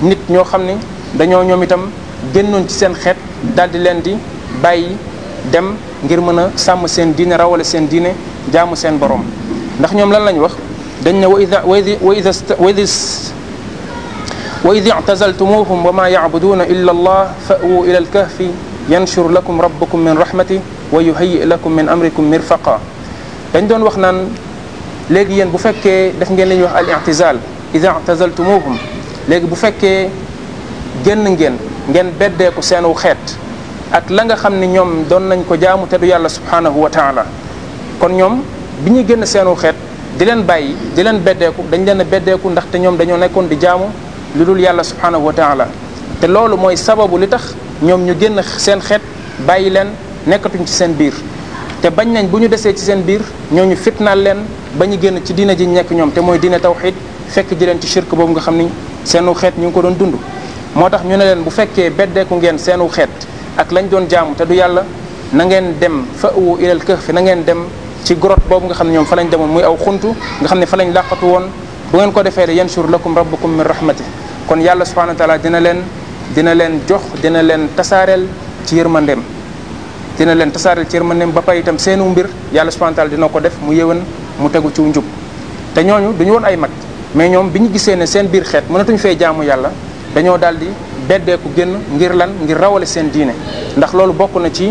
nit ñoo xam ne dañoo ñoom itam génnoon ci seen xeet daal di leen di bàyyi dem ngir mën a sàmm seen diine rawale seen diine jaamu seen borom ndax ñoom lan lañ wax dañ ne wa ida wa ida wa id i'tazaltumuhum wa ma ya'buduna illa allah fa'wu ila al-kahfi yanshur lakum rabbukum min rahmati wa yuhayyi lakum min amrikum mirfaqa dañ doon wax naan léegi yéen bu fekkee def ngeen li ñuy wax al-i'tizal ida i'tazaltumuhum léegi bu fekkee génn ngeen ngeen beddeeku seenu xeet ak la nga xam ni ñoom doon nañ ko jaamu te du yàlla subhanahu wa taala kon ñoom bi ñuy génn seenu xeet di leen bàyyi di leen beddeeku dañ leen a beddeeku ndaxte ñoom dañoo nekkoon di jaamu lu dul yàlla subhanahu wa taala te loolu mooy sababu li tax ñoom ñu génn seen xeet bàyyi leen nekkatuñ ci seen biir te bañ nañ bu ñu desee ci seen biir ñooñu fitnaal leen ba ñu génn ci diina ji nekk ñoom te mooy diine tawxid fekk ji leen ci shirk boobu nga xam ni seenu xeet ñu ngi ko doon dund moo tax ñu ne leen bu fekkee beddeeku ngeen seenu xeet ak lañ doon jaamu te du yàlla na ngeen dem fa u ilal kahfi na ngeen dem ci grotte boobu nga xam ne ñoom fa lañ demoon muy aw xuntu nga xam ne fa lañ làqatu woon bu ngeen ko defee la yanshur lakum rabbukum min rahmati kon yàlla subhanahu wa taala dina leen dina leen jox dina leen tasaareel ci yërmandeem dina leen tasaareel ci yërmandeem ba pay itam seenu mbir yàlla subhanahu wa dina ko def mu yéwén mu tegu ci njub te ñooñu ñu woon ay mag mais ñoom bi ñu gisee ne seen biir xeet mënatuñu fee jaamu yàlla dañoo daldi beddeeku génn ngir lan ngir rawale seen diine ndax loolu bokk na ci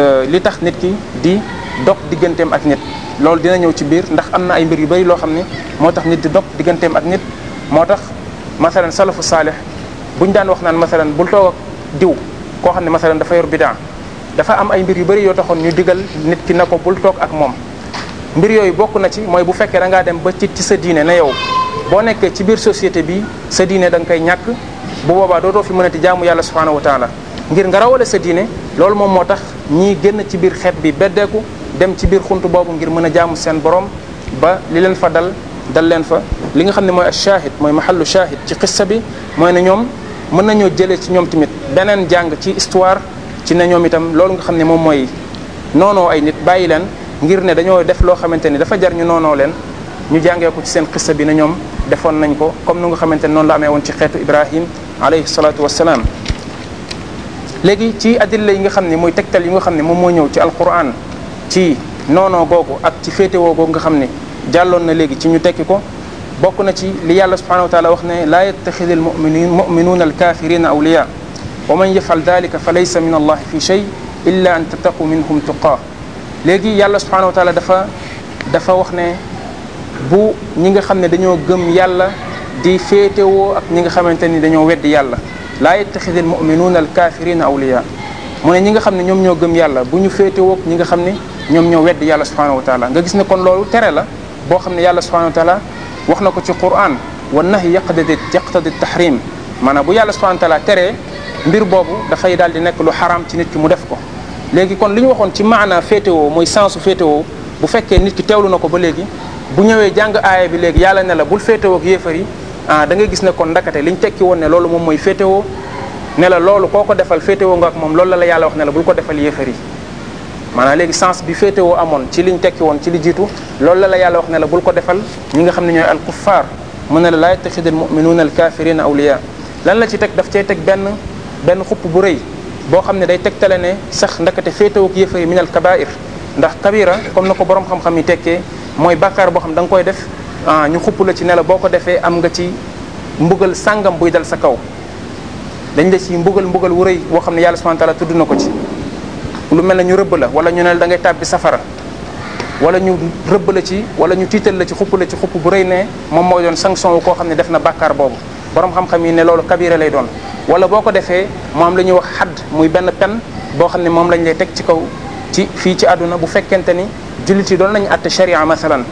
euh, li tax nit ki di dog digganteem ak nit loolu dina ñëw ci biir ndax am na ay mbir yu bari loo xam ne moo tax nit di dog digganteem ak nit moo tax masalan salafu bu ñu daan wax naan masalan bul toog ak diw koo xam ne masalan dafa yor bidaa dafa am ay mbir yu bari yoo taxoon ñu digal nit ki na ko bul toog ak moom mbir yooyu bokk na ci mooy bu fekkee da ngaa dem ba ci ci sa diine na yow boo nekkee ci biir société bi sa diine da nga koy ñàkk bu boobaa dootoo fi mën a mënati jaamu yàlla subhanahu wa taala ngir nga rawale sa diine loolu moom moo tax ñi génn ci biir xeet bi beddeeku dem ci biir xunt boobu ngir mën a jaamu seen borom ba li leen fa dal dal leen fa li nga xam ne mooy achaahid mooy mahallu chaahid ci xissa bi mooy ne ñoom mën nañoo jëlee ci ñoom tamit beneen jàng ci histoire ci ne ñoom itam loolu nga xam ne moom mooy noonoo ay nit bàyyi leen ngir ne dañoo def loo xamante ni dafa jar ñu noonoo leen ñu jàngee ko ci seen xissa bi ne ñoom defoon nañ ko comme nu nga xamante ne noonu amee woon ci xeetu Ibrahim alayhi salaatu wasalaam léegi ci adilla yi nga xam ne mooy tegtal yi nga xam ne moom moo ñëw ci alquran ci noonoo googu ak ci féetewoo googu nga xam ne jàlloon na léegi ci ñu tekki ko bokk na ci li yàlla subhanahu wa wax ne laa yattaxidi almuminin muminuuna alkafirina awliya wa man yafal dalika fa laysa min allahi fi shay illa an tattaqu minhum tuqaa léegi yàlla subhanahu wa taala dafa dafa wax ne bu ñi nga xam ne dañoo gëm yàlla di féetewoo ak ñi nga xamante ni dañoo weddi yàlla laa yettaxidil muminuuna al kaafirina awliya mu ne ñi nga xam ne ñoom ñoo gëm yàlla bu ñu féetewoo ak ñi nga xam ne ñoom ñoo weddi yàlla subhanahu wa taala nga gis ne kon loolu tere la boo xam ne yàlla subhanahu wa taala wax na ko ci quran wa nahi yaqtadi yaqtadi tahrim maanaam bu yàlla subhanahu wa taala teree mbir boobu dafay daal di nekk lu xaraam ci nit ki mu def ko léegi kon li ñu waxoon ci maanaa féete mooy sensu féetewoo bu fekkee nit ki teewlu na ko ba léegi bu ñëwee jàng aaya bi léegi yàlla ne la bul féetewoo yi ah da gis ne kon ndakate liñ tekki woon ne loolu moom mooy féetewoo ne la loolu koo ko defal féetewoo nga ak moom loolu la la yàlla wax ne la bul ko defal yéefar yi maanaam léegi sens bi féetewoo amoon ci liñ tekki woon ci li jiitu loolu la yàlla wax ne la ko defal ñi nga xam ne ñooy al kuffar mu ne la laa yattaxidal muminuuna al kafirina awliya lan la ci teg daf cay teg benn benn xupp bu rëy boo xam ne day teg tegtale ne sax ndakate féetewoo ak yéefar yi min al kabair ndax kabira comme na ko borom xam-xam yi tekkee mooy bàkkaar boo xam da nga koy def ah ñu xupp la ci ne boo ko defee am nga ci mbugal sàngam buy dal sa kaw dañ de si mbugal mbugal wu rëy boo xam ne yàlla subhanahu wa na ko ci lu mel ne ñu rëbb la wala ñu ne la da ngay tàbbi safara wala ñu rëbb la ci wala ñu tiital la ci xupp la ci xupp bu rëy ne moom mooy doon sanction wu koo xam ne def na bàkkaar boobu borom xam-xam yi ne loolu kabira lay doon wala boo ko defee moom am la ñuy wax xadd muy benn pen boo xam ne moom lañ lay teg ci kaw ci fii ci àdduna bu fekkente ni jullit yi doon lañu àtte sharia masalan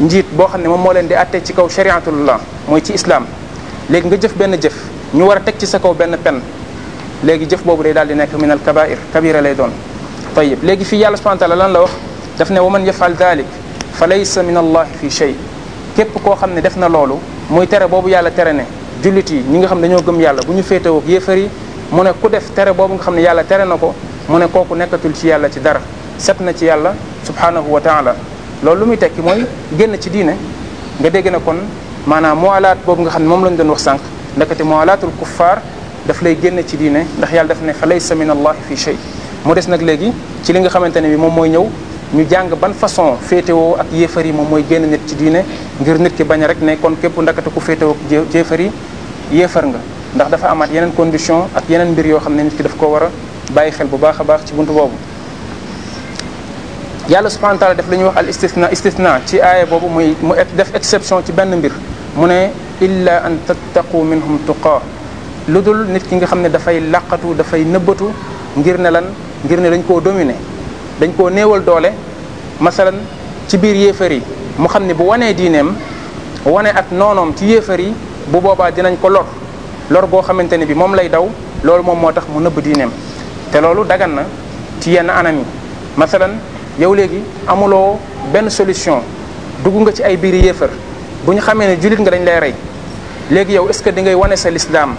njiit boo xam ne moom moo leen di àtte ci kaw chariatullah mooy ci islam léegi nga jëf benn jëf ñu war a teg ci sa kaw benn pen léegi jëf boobu day daal di nekk min al kabair kabira lay doon tayib léegi fii yàlla subhana taala lan la wax daf ne wa man yafal dalik fa laysa min allahi fi shay képp koo xam ne def na loolu muy tere boobu yàlla tere ne jullit yi ñi nga xam ne dañoo gëm yàlla bu ñu féetewoo ak yéefar yi mu ne ku def tere boobu nga xam ne yàlla tere na ko mu ne kooku nekkatul ci yàlla ci dara set na ci yàlla subhanahu wa taala loolu lu muy tekki mooy génn ci diine nga dégg na kon maanaam muwalaat boobu nga xam ne moom lañ doon wax sànq ndekete muwalaatul kuffaar daf lay génn ci diine ndax yàlla daf ne fa laysa min allahi fi shay mu des nag léegi ci li nga xamante ne bi moom mooy ñëw ñu jàng ban façon féetewoo ak yéefar yi moom mooy génn nit ci diine ngir nit ki bañ rek ne kon képp ndakate ku féetewoo ak jéefar yi yéefar nga ndax dafa amaat yeneen condition ak yeneen mbir yoo xam ne nit ki daf ko war a bàyyi xel bu baax a baax ci buntu boobu yàlla subhanahu wa taala def la ñuy wax al istisna istisna ci aaya boobu muy mu def exception ci benn mbir mu ne illa an tattaqu minhum tuqaa lu dul nit ki nga xam ne dafay laqatu dafay nëbbatu ngir ne lan ngir ne dañ koo domine dañ koo néewal doole masalan ci biir yéefar yi mu xam ne bu wanee diineem wane ak noonoom ci yéefar yi bu boobaa dinañ ko lor lor goo xamante ne bi moom lay daw loolu moom moo tax mu nëbb diineem te loolu dagan na ci yenn anam yi masalan yow léegi amuloo benn solution dugg nga ci ay biir yéefar bu ñu xamee ne jullit nga dañ lay rey léegi yow est-ce que di ngay wane sa lislaam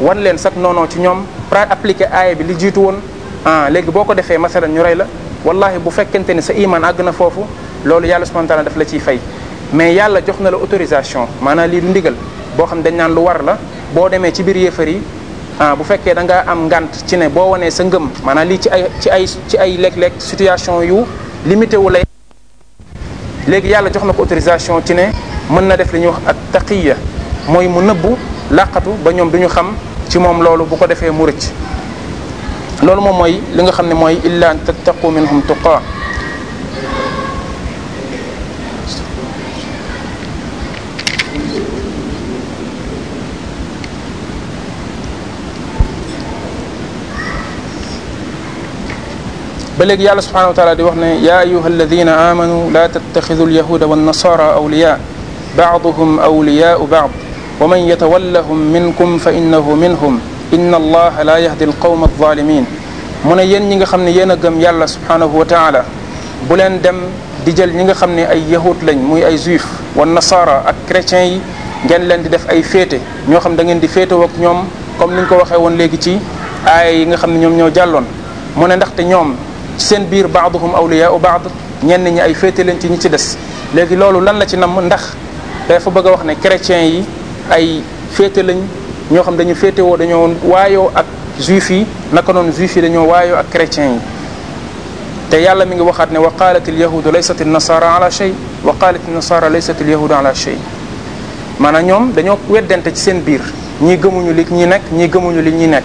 wan leen sax noonoo ci ñoom pra appliqué aaya bi li jiitu woon ah léegi boo ko defee masalan ñu rey la wallahi bu fekkente ni sa iman àgg na foofu loolu yàlla subhanahu daf la ciy fay mais yàlla jox na la autorisation maanaam lii du ndigal boo xam dañ naan lu war la boo demee ci biir yéefar yi Ah, bu fekkee da nga am ngant ci ne boo wanee sa ngëm maanaam lii ci ay ci ay ci ay léeg situation yu limité wu lay léegi yàlla jox na ko autorisation ci ne mën na def li ñuy wax ak taqiya mooy mu nëbbu làqatu ba ñoom du ñu xam ci moom loolu bu ko defee mu rëcc loolu moom mooy li nga xam ne mooy illa an tattaqu minhum tuqaa ba léegi yàlla subhanahu wa taala di wax ne yaa ayuha alladina amanu laa tattaxidu alyahuda wannasara awliya baaduhum awliyaau baad wa man yatawallahum minkum fa innahu minhum inna allaha laa yahdi alqawma alzalimin ne yéen ñi nga xam ne yéen a gëm yàlla subhanahu wa taala bu leen dem di jël ñi nga xam ne ay yahud lañ muy ay juif wa nasara ak chrétiens yi ngeen leen di def ay féete ñoo xam da ngeen di féetewoo ak ñoom comme ni ñu ko waxee woon léegi ci aaya yi nga xam ne ñoom ñoo jàlloon mu ne ndaxte ñoom ci seen biir baaduhum awliyaau baad ñenn ñi ay féete leen ci ñi ci des léegi loolu lan la ci nam ndax dafa bëgg a wax ne chrétiens yi ay féete lañ ñoo xam dañu féete woo dañoo waayoo ak juif yi naka noonu juif yi dañoo waayoo ak chrétiens yi te yàlla mi ngi waxaat ne wa qalat alyahudu laysat alnasara ala shay wa qalat alnasara laysat alyahudu ala shay maanaam ñoom dañoo weddante ci seen biir ñii gëmuñu li ñii nekk ñii gëmuñu li ñi nekk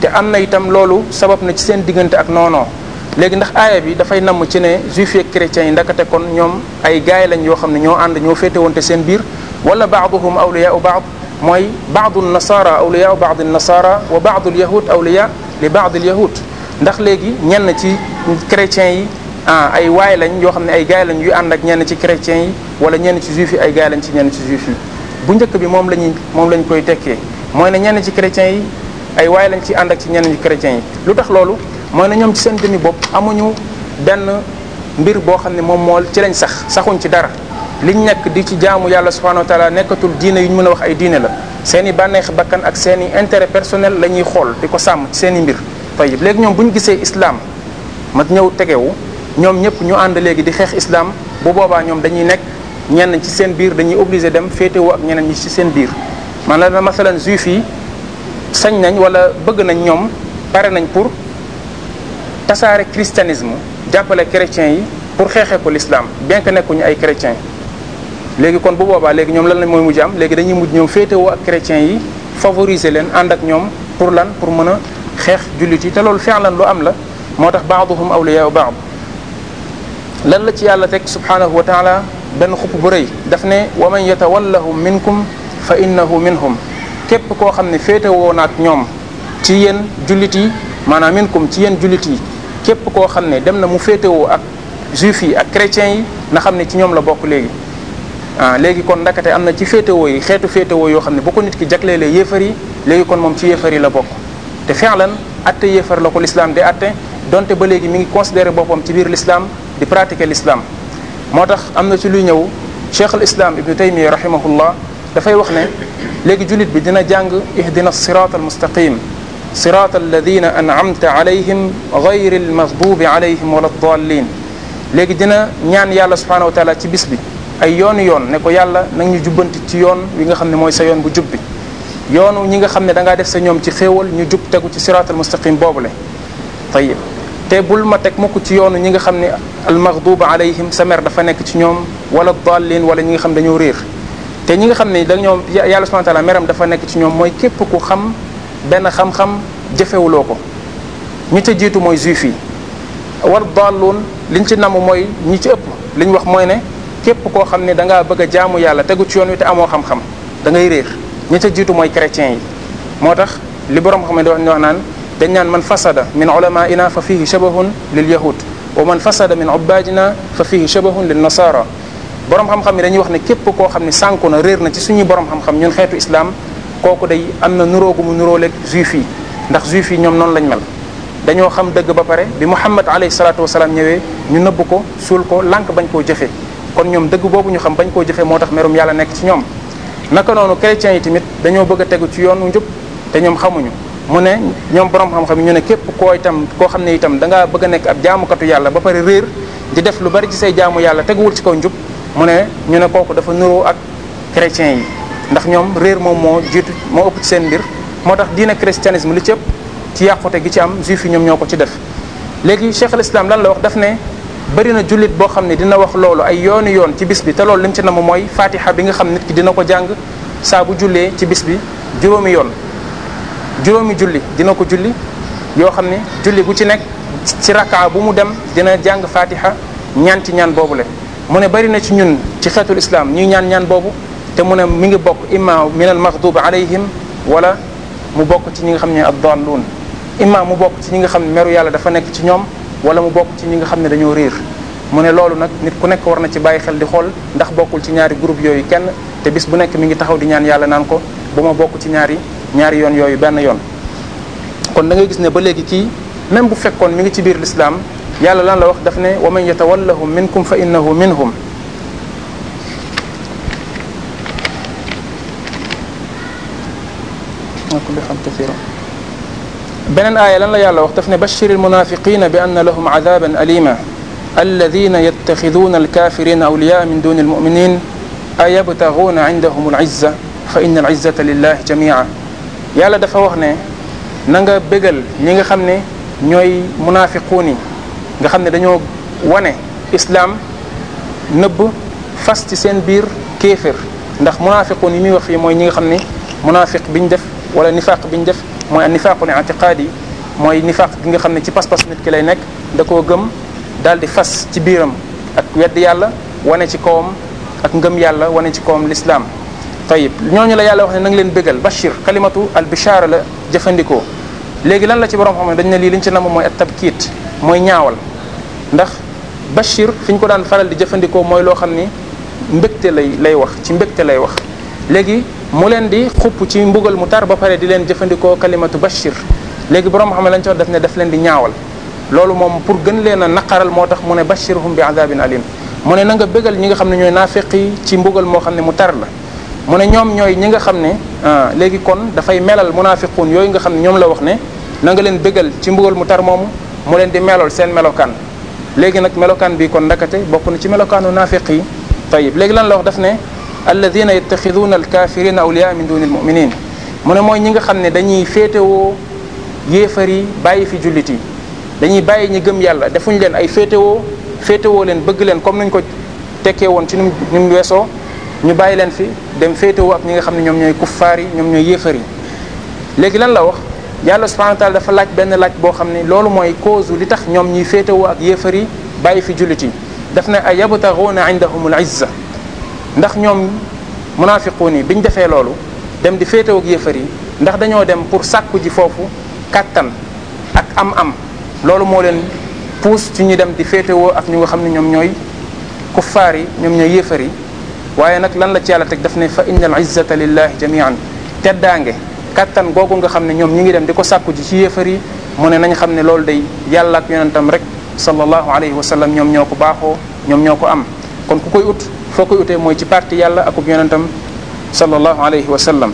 te am itam loolu sabab na ci seen diggante ak noonoo léegi ndax aaya bi dafay namm ci ne juifs yeeg chrétiens yi ndakate kon ñoom ay gaay lañ yoo xam ne ñoo ànd ñoo féete woonte seen biir wala baaduhum awliyaau baad mooy baadu nasara awliyaau baadi nasara wa baadu lyahud baax li baadi lyahud ndax léegi ñenn ci chrétiens yi ah ay waay lañ yoo xam ne ay gaay lañ yu ànd ak ñenn ci chrétiens yi wala ñenn ci juifs yi ay gaay lañ ci ñenn ci juifs yi bu njëkk bi moom lañuy moom lañ koy tekkee mooy ne ñenn ci chrétiens yi ay waay lañ ci ànd ak ci ñenn ci chrétiens yi lu tax loolu mooy ne ñoom ci seen dënni bopp amuñu benn mbir boo xam ne moom moo ci lañ sax saxuñ ci dara liñ nekk di ci jaamu yàlla subhanahu wa taala nekkatul diine yu ñu mën a wax ay diine la seeni i bànneex bakkan ak seeni i intérêt personnel la ñuy xool di ko sàmm ci seen i mbir tayib léegi ñoom bu ñu gisee islam ma ñëw tegewu ñoom ñëpp ñu ànd léegi di xeex islam bu boobaa ñoom dañuy nekk ñenn ci seen biir dañuy obligé dem féetewoo ak ñeneen ñi ci seen biir maanaam masalan juif yi sañ nañ wala bëgg nañ ñoom pare nañ pour tasaare christianisme jàppale chrétiens yi pour xeexee ko l'islam bien que nekkuñu ay chrétiens léegi kon bu boobaa léegi ñoom lan la mooy mujj am léegi dañuy mujj ñoom féetewoo ak chrétiens yi favoriser leen ànd ak ñoom pour lan pour mën a xeex jullit yi te loolu fi'lan lu am la moo tax ba'duhum awliyaa ba'd lan la ci yàlla teg subhaanahu wa taala benn xupp bu rëy daf ne wa man yatawallahum minkum fa innahu minhum képp koo xam ne féetewoo naak ñoom ci yéen jullit yi maanaam minkum ci yéen jullit yi képp koo xam ne dem na mu féetewoo ak juifs yi ak chrétiens yi na xam ne ci ñoom la bokk léegi ah léegi kon ndakate am na ci féetewoo yi xeetu féetewoo yoo xam ne bu ko nit ki jagleelee yéefar yi léegi kon moom ci yéefar yi la bokk te fenlan atte yéefar la ko l'islam di atte donte ba léegi mi ngi considéré boppam ci biir l'islam di pratiquer l'islam moo tax am na ci luy ñëw cheikh al islam ibnu taymiya rahimahullah dafay wax ne léegi jullit bi dina jàng ihdina sirat al mustaqim صراط الذين أنعمت عليhim غير المغضوب عليhim ولا الضالين léegi dina ñaan yàlla subhanahu wa taala ci bis bi ay yoonu yoon ne ko yàlla nag ñu jubbanti ci yoon wi nga xam ne mooy sa yoon bu jub bi yoonu ñi nga xam ne da ngaa def sa ñoom ci xéewal ñu jub tegu ci siraatal mustaqim boobule tayib te bul ma teg mukk ci yoonu ñi nga xam ne almaghduba alayhim sa mer dafa nekk ci ñoom wala dallin wala ñi nga xam dañoo réer te ñi nga xam ne dañoo yàlla subhanahu wa taala meram dafa nekk ci ñoom mooy képp ku xam benn xam-xam jëfewuloo ko ñi ca jiitu mooy juif yi war dalluun liñ ci namm mooy ñi ci ëpp liñ wax mooy ne képp koo xam ne da ngaa bëgg a jaamu yàlla tegu ci yoon wi te amoo xam-xam da ngay réer ñi ca jiitu mooy chrétiens yi moo tax li borom xam ne dañu wax naan dañ naan man fasada min ulamaina fa fihi shabahun lil yahud wa man fasada min ubbadina fa fihi shabahun lil nasara borom xam-xam yi dañuy wax ne képp koo xam ne sànku na réer na ci suñuy borom xam-xam ñun xeetu islam kooku day am na nuroo gu mu nuróoleeg juif yi ndax juif yi ñoom noonu lañ mel dañoo xam dëgg ba pare bi Muhammad alayhi salaatu wasalaam ñëwee ñu nëbb ko suul ko lànk bañ koo jëfe kon ñoom dëgg boobu ñu xam bañ koo jëfe moo tax merum yàlla nekk ci ñoom naka noonu chrétiens yi tamit dañoo bëgg a tegu ci yoonu njub te ñoom xamuñu mu ne ñoom borom xam-xam ñu ne képp koo itam koo xam ne itam da bëgg a nekk ab jaamukatu yàlla ba pare réer di def lu bari ci say jaamu yàlla teguwul ci kaw njub mu ne ñu ne kooku dafa nuroo ak chrétiens yi ndax ñoom réer moom moo jiitu moo ëpp ci seen mbir moo tax diine christianisme li ci ëpp ci yàqute gi ci am juif yi ñoom ñoo ko ci def léegi cheikh al islam lan la wax daf ne bëri na jullit boo xam ne dina wax loolu ay yooni yoon ci bis bi te loolu lim ci na ma mooy fatiha bi nga xam nit ki ko jàng saa bu jullee ci bis bi juróomi yoon juróomi julli dina ko julli yoo xam ne julli gu ci nekk ci rakka bu mu dem dina jàng fatiha ñaan ci ñaan boobule mu ne bëri na ci ñun ci xeetul islam ñuy ñaan ñaan boobu te mu ne mi ngi bokk imma min al maxdubi alayhim wala mu bokk ci ñi nga xam ne addalluun imma mu bokk ci ñi nga xam ne meru yàlla dafa nekk ci ñoom wala mu bokk ci ñi nga xam ne dañoo réer mu ne loolu nag nit ku nekk war na ci bàyyi xel di xool ndax bokkul ci ñaari groupe yooyu kenn te bis bu nekk mi ngi taxaw di ñaan yàlla naan ko bu ma bokk ci ñaari ñaari yoon yooyu benn yoon kon da ngay gis ne ba léegi kii même bu fekkoon mi ngi ci biir l'islam yàlla lan la wax daf ne wa man yatawallahum minkum fa innahu minhum beneen aaya lan la yàlla wax daf ne bashiril munafiqina bi anna lahum adaban alima alladina yattaxiduuna alkafirina awliyaa min duni almuminin ayabtaxuuna indahum alizza fa inna alizzata lillahi jamia yàlla dafa wax ne na nga bégal ñi nga xam ne ñooy munaafiquun yi nga xam ne dañoo wane islaam nëbb fas ci seen biir kéefér ndax munaafiquun yi muy wax fii mooy ñi nga xam ne munaafiq bi ñu def wala nifaaq bi ñu def mooy nifaaqul i'tiqaadi mooy nifaaq gi nga xam ne ci pas-pas nit ki lay nekk da koo gëm daal di fas ci biiram ak wedd yàlla wane ci kawam ak ngëm yàlla wane ci kawam lislaam ñoo ñu la yàlla wax ne na nga leen bégal bashir kalimatu al bishara la jëfandikoo léegi lan la ci borom xam ne dañ ne lii liñ ci namm mooy at tabkiit mooy ñaawal ndax bashir fi ñu ko daan faral di jëfandikoo mooy loo xam ni mbëgte lay lay wax ci mbëgte lay wax léegi mu leen di xupp ci mbugal mu tar ba pare di leen jëfandikoo kalimatu bashir léegi borom xam ne lañ coon def ne daf leen di ñaawal loolu moom pour gën leen a naqaral moo tax mu ne bashirhum bi azabin alim mu ne na nga bégal ñi nga xam ne ñooy naafeq yi ci mbugal moo xam ne mu tar la mu ne ñoom ñooy ñi nga xam ne ah, léegi kon dafay melal munaafiquun yooyu nga xam ne ñoom la wax ne nanga leen bégal ci mbugal mu tar moomu mu leen di melool seen melokaan léegi nag melokaan bi kon ndakate bokk na ci melokaanu naafeq yi tayib léegi lan la wax daf alladina yattaxiduuna alkafirina awliya min duni almuminin mu ne mooy ñi nga xam ne dañuy féetewoo yéefar yi bàyyi fi jullit yi dañuy bàyyi ñi gëm yàlla defuñ leen ay féetewoo féetewoo leen bëgg leen comme nañ ko tekkee woon ci num nu mu weesoo ñu bàyyi leen fi dem féetewoo ak ñi nga xam ne ñoom ñooy kuffaar yi ñoom ñooy yéefar yi léegi lan la wax yàlla subhanahu wa taala dafa laaj benn laaj boo xam ne loolu mooy cause li tax ñoom ñuy féetewoo ak yéefar yi bàyyi fi jullit yi daf ne a yabtaxuuna indahum al izza ndax ñoom munaafiquun nii bi ñu defee loolu dem di féetewoo ak yéefar yi ndax dañoo dem pour sàkku ji foofu kàttan ak am-am loolu moo leen puus ci ñu dem di féetewoo ak ñu nga xam ne ñoom ñooy kuffaar yi ñoom ñooy yéefar yi waaye nag lan la ci yàlla teg daf ne fa inna al izzata lillahi jamian teddaange kàttan googu nga xam ne ñoom ñi ngi dem di ko sàkku ji ci yéefar yi mu ne nañ xam ne loolu day yàlla ak yonentam rek sallallahu alayhi wa sallam ñoom ñoo ko baaxoo ñoom ñoo ko am kon ku koy ut foo koy utee mooy ci parti yàlla akub yonentam sallallahu alayhi wa sallam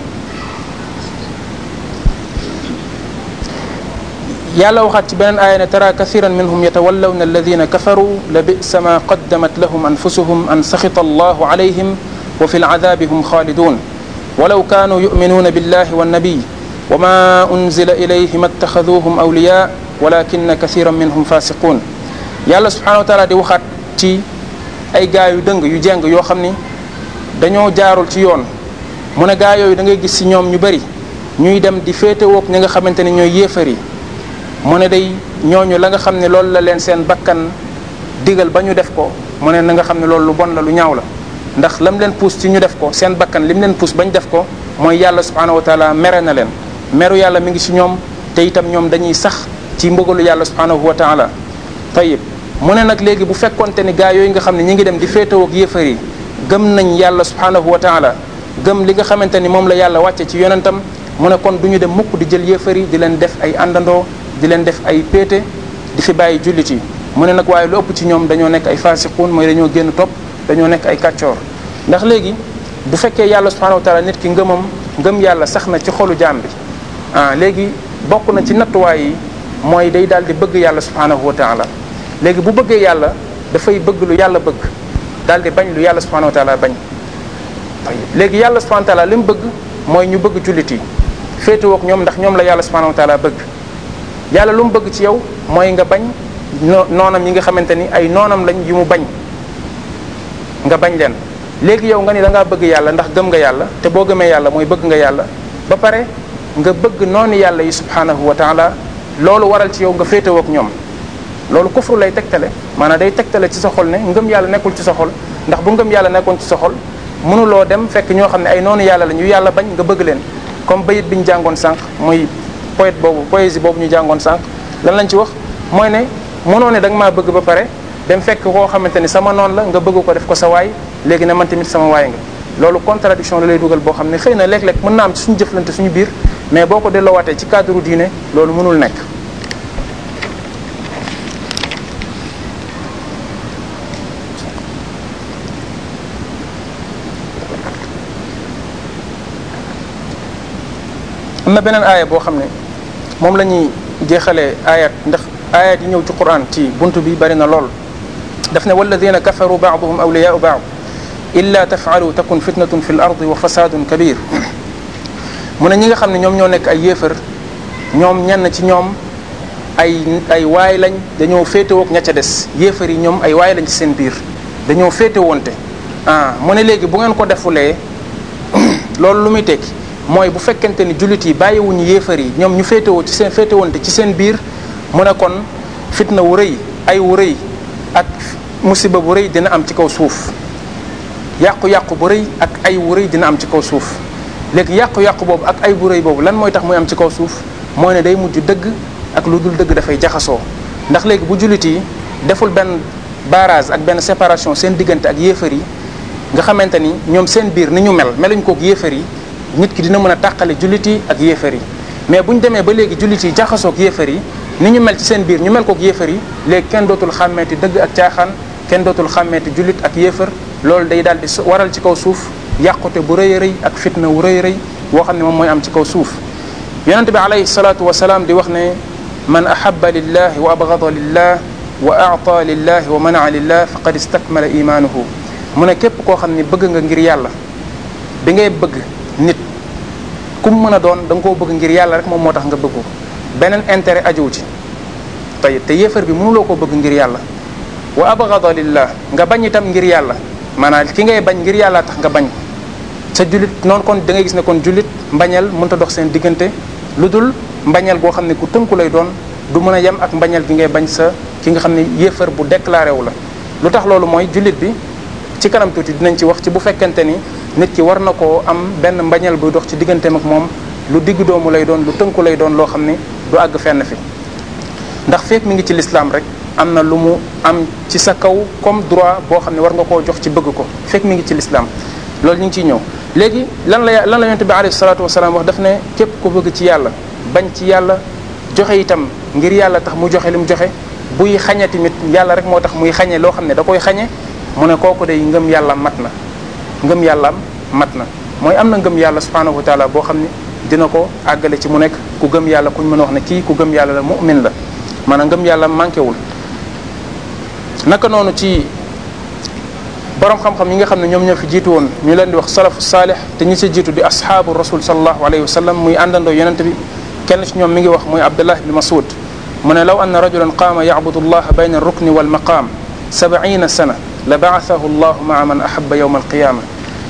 yàlla waxaat ci beneen aaya ne tara kathiran minhum yatawallawna alladina kafaru la bisa ma qaddamat lahum anfusuhum an saxita allahu alayhim wa fi ladabi hum xaalidun walaw kaanu yuminuuna billahi wannabiy wa ma unzila ilayhim attaxaduuhum awliya walakina kathiran minhum fasiqun yàlla subhanahu wa taala di waxaat ci ay gaa yu dëng yu jeng yoo xam ni dañoo jaarul ci yoon mu ne gaa yooyu dangay gis ci ñoom ñu bari ñuy dem di féetewoog ñi nga xamante ne ñooy yéefar yi mu ne day ñooñu la nga xam ne loolu la leen seen bakkan digal ba ñu def ko mu ne na nga xam ne loolu lu bon la lu ñaaw la ndax lam leen puus ci ñu def ko seen bakkan lim leen puus bañ def ko mooy yàlla subhanahu wa taala mere na leen meru yàlla mi ngi ci ñoom te itam ñoom dañuy sax ci mbugalu yàlla subhanahu wa taala tayib mu ne nag léegi bu fekkonte ni gaa yooyu nga xam ne ñi ngi dem di féetewoo ak yéefar yi gëm nañ yàlla subhanahu wa taala gëm li nga xamante ni moom la yàlla wàcce ci yonentam mu ne kon du ñu dem mukk di jël yéefar di leen def ay àndandoo di leen def ay péete di fi bàyyi jullit yi mu ne nag waaye lu ëpp ci ñoom dañoo nekk ay faasiquun mooy dañoo génn topp dañoo nekk ay kàccoor ndax léegi bu fekkee yàlla subhanahu wa taala nit ki ngëmam ngëm yàlla sax na ci xolu jaam bi ah léegi bokk na ci nattuwaay mooy day daal di bëgg yàlla subhanahu wa taala léegi bu bëggee yàlla dafay bëgg lu yàlla bëgg daal di bañ lu yàlla subhanahu wa taala bañ léegi yàlla subhanahu wa li mu bëgg mooy ñu bëgg jullit yi féetewoo ñoom ndax ñoom la yàlla subhanahu wa bëgg yàlla lu mu bëgg ci yow mooy nga bañ noonam yi nga xamante ni ay noonam lañ yu mu bañ nga bañ leen léegi yow nga ni da bëgg yàlla ndax gëm nga yàlla te boo gëmee yàlla mooy bëgg nga yàlla ba pare nga bëgg noonu yàlla yi subhanahu wa taala loolu waral ci yow nga féetewoo ñoom loolu kufru lay tegtale maanaam day tegtale ci sa xol ne ngëm yàlla nekkul ci sa xol ndax bu ngëm yàlla nekkoon ci sa xol mënuloo dem fekk ñoo xam ne ay noonu yàlla la ñu yàlla bañ nga bëgg leen comme bayit bi ñu jàngoon sànq muy poète boobu poésie boobu ñu jàngoon sànq lan lañ ci wax mooy ne mënoo ne danga nga maa bëgg ba pare dem fekk koo xamante ni sama noonu la nga bëgg ko def ko sa waay léegi ne man tamit sama waay nga loolu contradiction la lay dugal boo xam ne xëy na léeg-léeg mën naa am suñu jëflante suñu biir mais boo ko delloowaatee ci cadre diine loolu mënul nekk am beneen aaya boo xam ne moom la ñuy jeexalee ayat ndax ayat yi ñëw ci quran ci bunt bi bari na lool daf ne walladina kafaru baaduhum awliyaau baad illa tafaalu takun fitnatun fi l ardi wa fasadun kabir mu ne ñi nga xam ne ñoom ñoo nekk ay yéefar ñoom ñenn ci ñoom ay ay waay lañ dañoo féetewoog ña ca des yéefar yi ñoom ay waay lañ ci seen biir dañoo féete woonte ah mu ne léegi bu ngeen ko defulee [coughs] loolu lu muy tekki mooy bu fekkente ni jullit yi bàyyiwuñu yéefar yi ñoom ñu féetewoo ci seen féetewante ci seen biir mu ne kon fitna wu rëy ay wu rëy ak musiba bu rëy dina am ci kaw suuf yàqu-yàqu bu rëy ak ay wu dina am ci kaw suuf léegi yàqu-yàqu boobu ak ay bu rëy boobu lan mooy tax muy am ci kaw suuf mooy ne day mujj dëgg ak lu dul dëgg dafay jaxasoo ndax léegi bu jullit yi deful benn barrage ak benn séparation seen diggante ak yéefar yi nga xamante ni ñoom seen biir ni ñu mel meluñ koog yéefar yi nit ki dina mën a tàqale jullit yi ak yéefar yi mais bu ñu demee ba léegi jullit yi jaxasoog yéefar yi ni ñu mel ci seen biir ñu mel koog yéefar yi léegi kenn dootul xàmmeeti dëgg ak caaxaan kenn dootul xàmmeeti jullit ak yéefar loolu day daal di waral ci kaw suuf yàqute bu rëy rëy ak fitna wu rëy rëy boo xam ne moom mooy am ci kaw suuf yonente bi alayhi salaatu wasalaam di wax ne man ahaba lillah wa abgada lillah wa aata lillah wa manaa lillah faqad istakmala imaanuhu mu ne képp koo xam ne bëgg nga ngir yàlla bi bëgg ku mu mën a doon da nga koo bëgg ngir yàlla rek moom moo tax nga bëgg beneen intérêt ajuwu ci tey te yéefar bi mënuloo ko bëgg ngir yàlla wa abgada lillah nga bañ itam ngir yàlla maanaam ki ngay bañ ngir yàlla tax nga bañ sa jullit noonu kon da ngay gis ne kon jullit mbañeel mënta dox seen diggante lu dul mbañeel goo xam ne ku tënku lay doon du mën a yem ak mbañeel gi ngay bañ sa ki nga xam ne yéefar bu déclaré wu la lu tax loolu mooy jullit bi ci kanam tuuti dinañ ci wax ci bu fekkente ni nit ki war na koo am benn mbañal buy dox ci digganteem ak moom lu digg doomu lay doon lu tënku lay doon loo xam ne du àgg fenn fi ndax feek mi ngi ci lislaam rek am na lu mu am ci sa kaw comme droit boo xam ne war nga koo jox ci bëgg ko feek mi ngi ci lislaam loolu ñu ngi ciy ñëw léegi lan la lan la yonte bi alayhi salaatu wasalaam wax daf ne képp ku bëgg ci yàlla bañ ci yàlla joxe itam ngir yàlla tax mu joxe li mu joxe buy xañe tamit yàlla rek moo tax muy xañe loo xam ne da koy xañe mu ne kooku day ngëm yàlla mat na ngëm yàllaam mat na mooy am na ngëm yàlla subhanahu wa taala boo xam ne dina ko àggale ci mu nekk ku gëm yàlla kuñ mën a wax ne kii ku gëm yàlla la mu'min la maanaam ngëm yàlla manqué wul naka noonu ci borom xam-xam yi nga xam ne ñoom ñoo fi jiitu woon ñu leen di wax salafu saalih te ñi ci jiitu di ashaabu rasul sallallahu alayhi wa sallam muy àndandoo yonente bi kenn ci ñoom mi ngi wax muy abdullah ibn masud mu ne law anna rajulan qaama yabudu allah bayna rukni wal maqaam sabaina sana la baasahu llahu maa man ahaba yowma alqiyama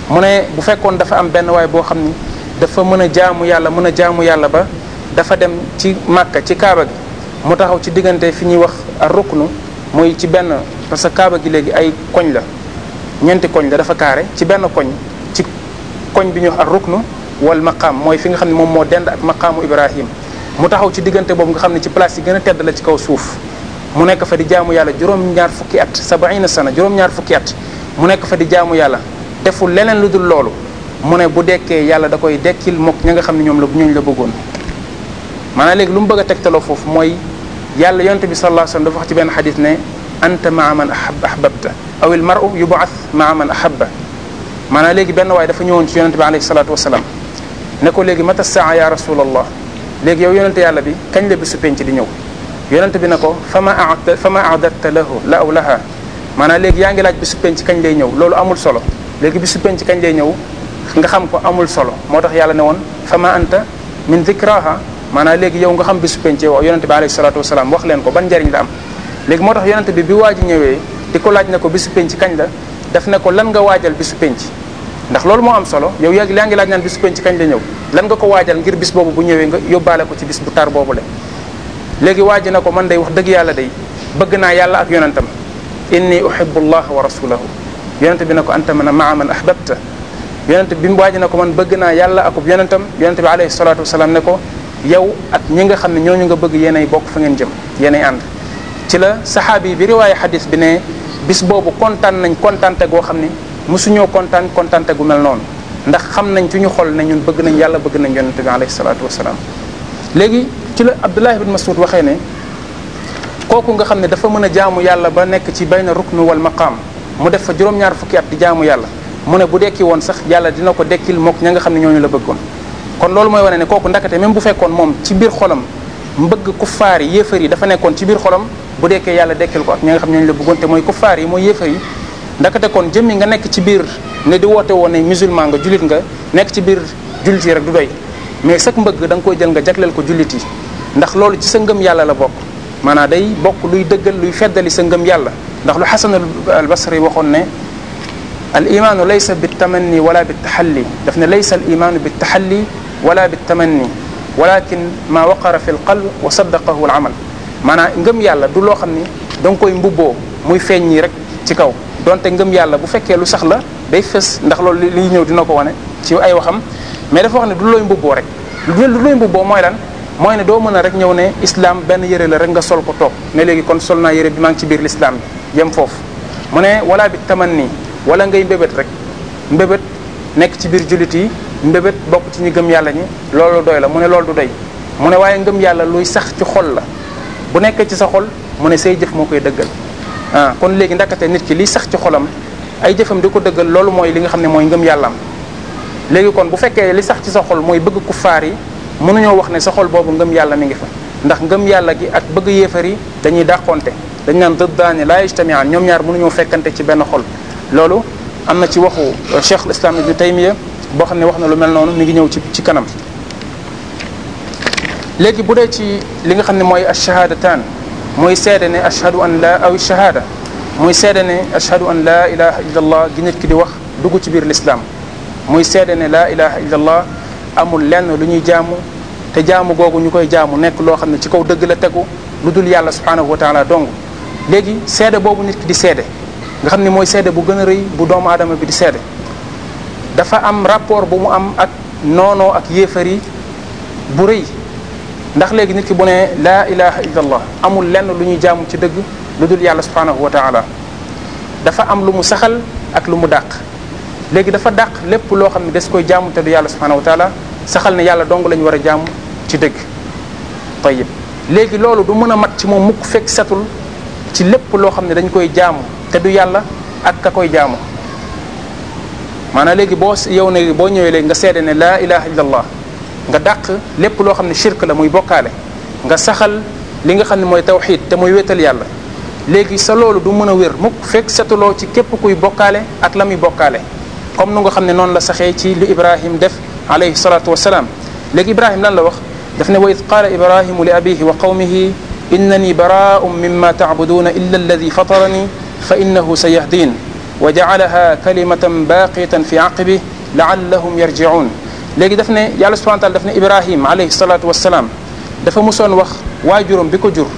mu ne bu fekkoon dafa am benn waay boo xam ne dafa mën a jaamu yàlla mën a jaamu yàlla ba dafa dem ci màkka ci kaaba gi mu taxaw ci diggante fi ñuy wax a ruknu ci benn parce que kaaba gi léegi ay koñ la ñeenti koñ la dafa kaare ci benn koñ ci koñ bi ñuy wax ar ruknu wal maqaam mooy fi nga xam ne moom moo dend ak maqaamu Ibrahim mu taxaw ci diggante boobu nga xam ne ci place yi gën a tedd la ci kaw suuf mu nekk fa di jaamu yàlla juróom-ñaar fukki at sabaina sana juróom-ñaar fukki at mu nekk fa di jaamu yàlla deful leneen lu dul loolu mu ne bu dekkee yàlla da koy dekkil mook ña nga xam ne ñoom la bu ñooñu la bëggoon maanaam léegi lu mu bëgg a tegtaloo foofu mooy yàlla yonte bi sallallahu alayhi wasallam dafa wax ci benn xadis ne anta maa man ahab ahbabta aw il maru yubaas maa man ahabba maanaam léegi benn waaye dafa ñëwoon ci yonente bi alayhi salatu wasalam ne ko léegi mata saa ya rasulallah léegi yow yonente yàlla bi kañ la bisu penc di ñëw yonent bi na ko fama a fama ahdatta lahu la aw laha maanaam léegi yaa ngi laaj bisu penc kañ lay ñëw loolu amul solo léegi bisu penc kañ lay ñëw nga xam ko amul solo moo tax yàlla ne woon fama anta min dhikraha maanaam léegi yow nga xam bisu penc yow yonente bi alayhi salatu wasalaam wax leen ko ban njariñ am léegi moo tax yonente bi bi waa ji ñëwee di ko laaj ne ko bisu penc kañ la def ne ko lan nga waajal bisu penc ndax loolu moo am solo yow yaa ngi laaj naan bisu penc kañ la ñëw lan nga ko waajal ngir bis boobu bu ñëwee nga yóbbaale ko ci bis bu tar boobu le léegi waa ji na ko man day wax dëgg yàlla dey bëgg naa yàlla ak yonentam inni uhibbu allah wa rasulahu yonente bi na ko anta man maa man ahbabta yonente bi mu waa ji na ko man bëgg naa yàlla akub yonentam yonente bi alayhi salatu wasalaam ne ko yow ak ñi nga xam ne ñoo ñu nga bëgg yéenay bokk fa ngeen jëm yéenay ànd ci la saxaabi bi riwaaye xadis bi ne bis boobu kontaan nañ kontaante goo xam ne mosuñoo kontaan kontaante gu mel noonu ndax xam nañ ci ñu xol ne ñun bëgg nañ yàlla bëgg nañ yonente bi alayhi salatu wasalaam léegi ci la Abdullah ibn Mas'ud waxee ne kooku nga xam ne dafa mën a jaamu yàlla ba nekk ci bayna ruknu wal maqaam mu def fa juróom-ñaar fukki at di jaamu yàlla mu ne bu dekki woon sax yàlla dina ko dekkil mook ña nga xam ne ñooñu la bëggoon kon loolu mooy wane ne kooku ndakate même bu fekkoon moom ci biir xolam mbëgg kuffaar yi yéefar yi dafa nekkoon ci biir xolam bu dekkee yàlla dekkil ko ak ña nga xam ñooñu la bëggoon te mooy kuffaar yi mooy yéefar yi ndakate kon jëmmi nga nekk ci biir ne di woote woon ne musulman nga julit nga nekk ci biir julit yi rek du mais sag mbëgg da nga koy jël nga jagleel ko jullit yi ndax loolu ci sa ngëm yàlla la bokk maanaam day bokk luy dëggal luy feddali sa ngëm yàlla ndax lu xasan al basri waxoon ne al imaanu laysa bi tamanni wala bi taxalli daf ne laysa al imaanu bi taxalli wala bi tamanni walakin maa waqara fi l qalb wa saddaqahu al amal maanaam ngëm yàlla du loo xam ni da nga koy mbubboo muy feeñ ñi rek ci kaw donte ngëm yàlla bu fekkee lu sax la day fës ndax loolu liy ñëw dina ko wane ci ay waxam mais dafa wax ne du looy mbubboo rek lu looy mbubboo mooy lan mooy ne doo mën a rek ñëw ne islaam benn yére la rek nga sol ko toog ne léegi kon sol naa yére bi maa ngi biir l'islam bi yem foofu mu ne wala bi taman nii wala ngay mbébét rek mbébét nekk ci biir jullit yi mbébét bokk ci ñi gëm yàlla ñi loolu doy la mu ne loolu du doy mu ne waaye ngëm yàlla luy sax ci xol la bu nekkee ci sa xol mu ne say jëf moo koy dëggal ah kon léegi ndakate nit ki liy sax ci xolam ay jëfam di ko dëggal loolu mooy li nga xam ne mooy ngëm yàllaam léegi kon bu fekkee li sax ci sa xol mooy bëgg kuffaar yi mënuñoo wax ne sa xol boobu ngëm yàlla mi ngi fa ndax ngëm yàlla gi ak bëgg yéefar yi dañuy dàqonte dañ naan dëddaane laa yajtamiaan ñoom ñaar mënuñoo fekkante ci benn xol loolu am na ci waxu euh, cheikh al islam ibnu taymiya boo xam ne wax na lu mel noonu mi ngi ñëw ci ci kanam léegi bu dee ci li nga xam ne mooy ashahadataan mooy seede ne ashhadu an la aw shahada muy seede ne ashhadu an laa ilaha illa allah gi nit ki di wax dugg ci biir lislaam muy seede ne laa ilaha illa amul lenn lu ñuy jaamu te jaamu googu ñu koy jaamu nekk loo xam ne ci kaw dëgg la tegu lu dul yàlla subhaanahu wa taala dong léegi seede boobu nit di seede nga xam ne mooy seede bu gën a rëy bu doomu aadama bi di seede dafa am rapport bu mu am ak noonoo ak yéefar bu rëy ndax léegi nit ki bu illa allah amul lenn lu ñuy jaamu ci dëgg lu dul yàlla subhanahu wa taala dafa am lu mu saxal ak lu mu dàq léegi dafa dàq lépp loo xam ne des koy jaamu te du yàlla subhanahu wa taala saxal ne yàlla dong lañu war a jaamu ci dëgg tayib léegi loolu du mën a mat ci moom mukk fekk setul ci lépp loo xam ne dañ koy jaamu te du yàlla ak ka koy jaamu maanaa léegi boo yow ne boo ñëwee léegi nga seede ne laa ilaha illallah nga dàq lépp loo xam ne shirk la muy bokkaale nga saxal li nga xam ne mooy tawxid te muy wéetal yàlla léegi sa loolu du mën a wér mukk fekk setuloo ci képp kuy bokkaale ak la muy bokkaale comme nu nga xam ne noonu la saxee ci li ibrahim def alayhi salatu wasalaam léegi ibrahim lan la wax daf ne wa id qaala ibrahimu li abihi wa qawmihi innani bara'un mimma ta'buduna illa alladi fatarani fa innahu sa yahdin wa ja'alaha kalimatan baqiyatan fi aqibi la'allahum yarji'un léegi daf ne yàlla subhanahu wa ta'ala daf ne ibrahim alayhi salatu wasalaam dafa musoon wax waajuram bi ko jur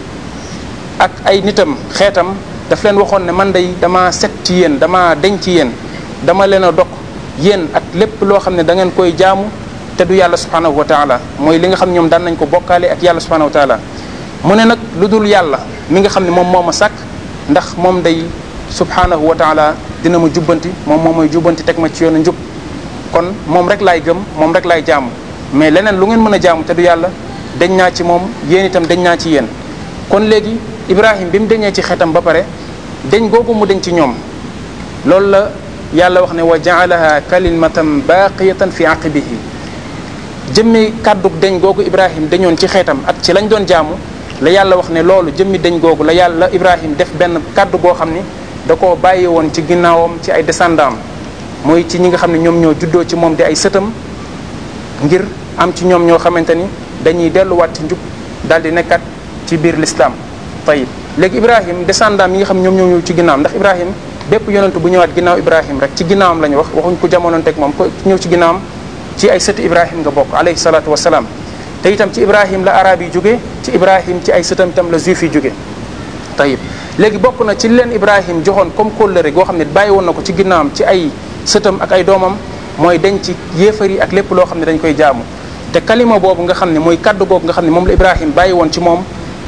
ak ay nitam xeetam daf leen waxoon ne man day dama set ci yéen dama deñ ci yéen dama leen a dog yéen ak lépp loo xam ne da ngeen koy jaamu te du yàlla subhanahu wa taala mooy li nga xam ñoom daan nañ ko bokkaale ak yàlla subhanahu wa mu ne nag lu dul yàlla mi nga xam ne moom moo ma sàkk ndax moom day subhanahu wa taala dina ma jubbanti moom moom may jubbanti teg ma ci yoonu njub kon moom rek laay gëm moom rek laay jaamu mais leneen lu ngeen mën a jaamu te du yàlla dañ naa ci moom yéen itam dañ naa ci yéen kon léegi Ibrahim bi mu deñee ci xetam ba pare deñ googu mu deñ ci ñoom loolu la yàlla wax ne wa jaalaha kalimatan baqiyatan fi aqibihi jëmmi kàddug deñ googu Ibrahim dañoon ci xeetam ak ci lañ doon jaamu la yàlla wax ne loolu jëmmi deñ googu la yàlla Ibrahim def benn kàddu goo xam ne da koo bàyyi woon ci ginnaawam ci ay descendants mooy ci ñi nga xam ne ñoom ñoo juddoo ci moom di ay sëtam ngir am ci ñoom ñoo xamante ni dañuy delluwaat ci njub daal di nekkat ci biir l'islam tayyib léegi ibrahim descendant yi nga xam ñoom ñoo ñëw ci ginnaawam ndax ibrahim bépp yonentu bu ñëwaat ginnaaw ibrahim rek ci ginnaawam la ñu wax waxuñ ko jamononteeg moom ko ñëw ci ginnaawam ci ay sëti nga bokk alayhi salaatu wasalaam te itam ci ibrahim la arab yi jóge ci ibrahim ci ay sëtam itam la juif yi jóge tayyib léegi bokk na ci leen ibrahim joxoon comme kóllëre goo xam ne bàyyi woon ko ci ginnaawam ci ay ak ay doomam mooy dañ ci yéefar yi ak lépp loo xam ne dañ koy jaamu te kalima boobu nga xam ne mooy kaddu googu nga xam ne moom la ibrahim bàyyi woon ci moom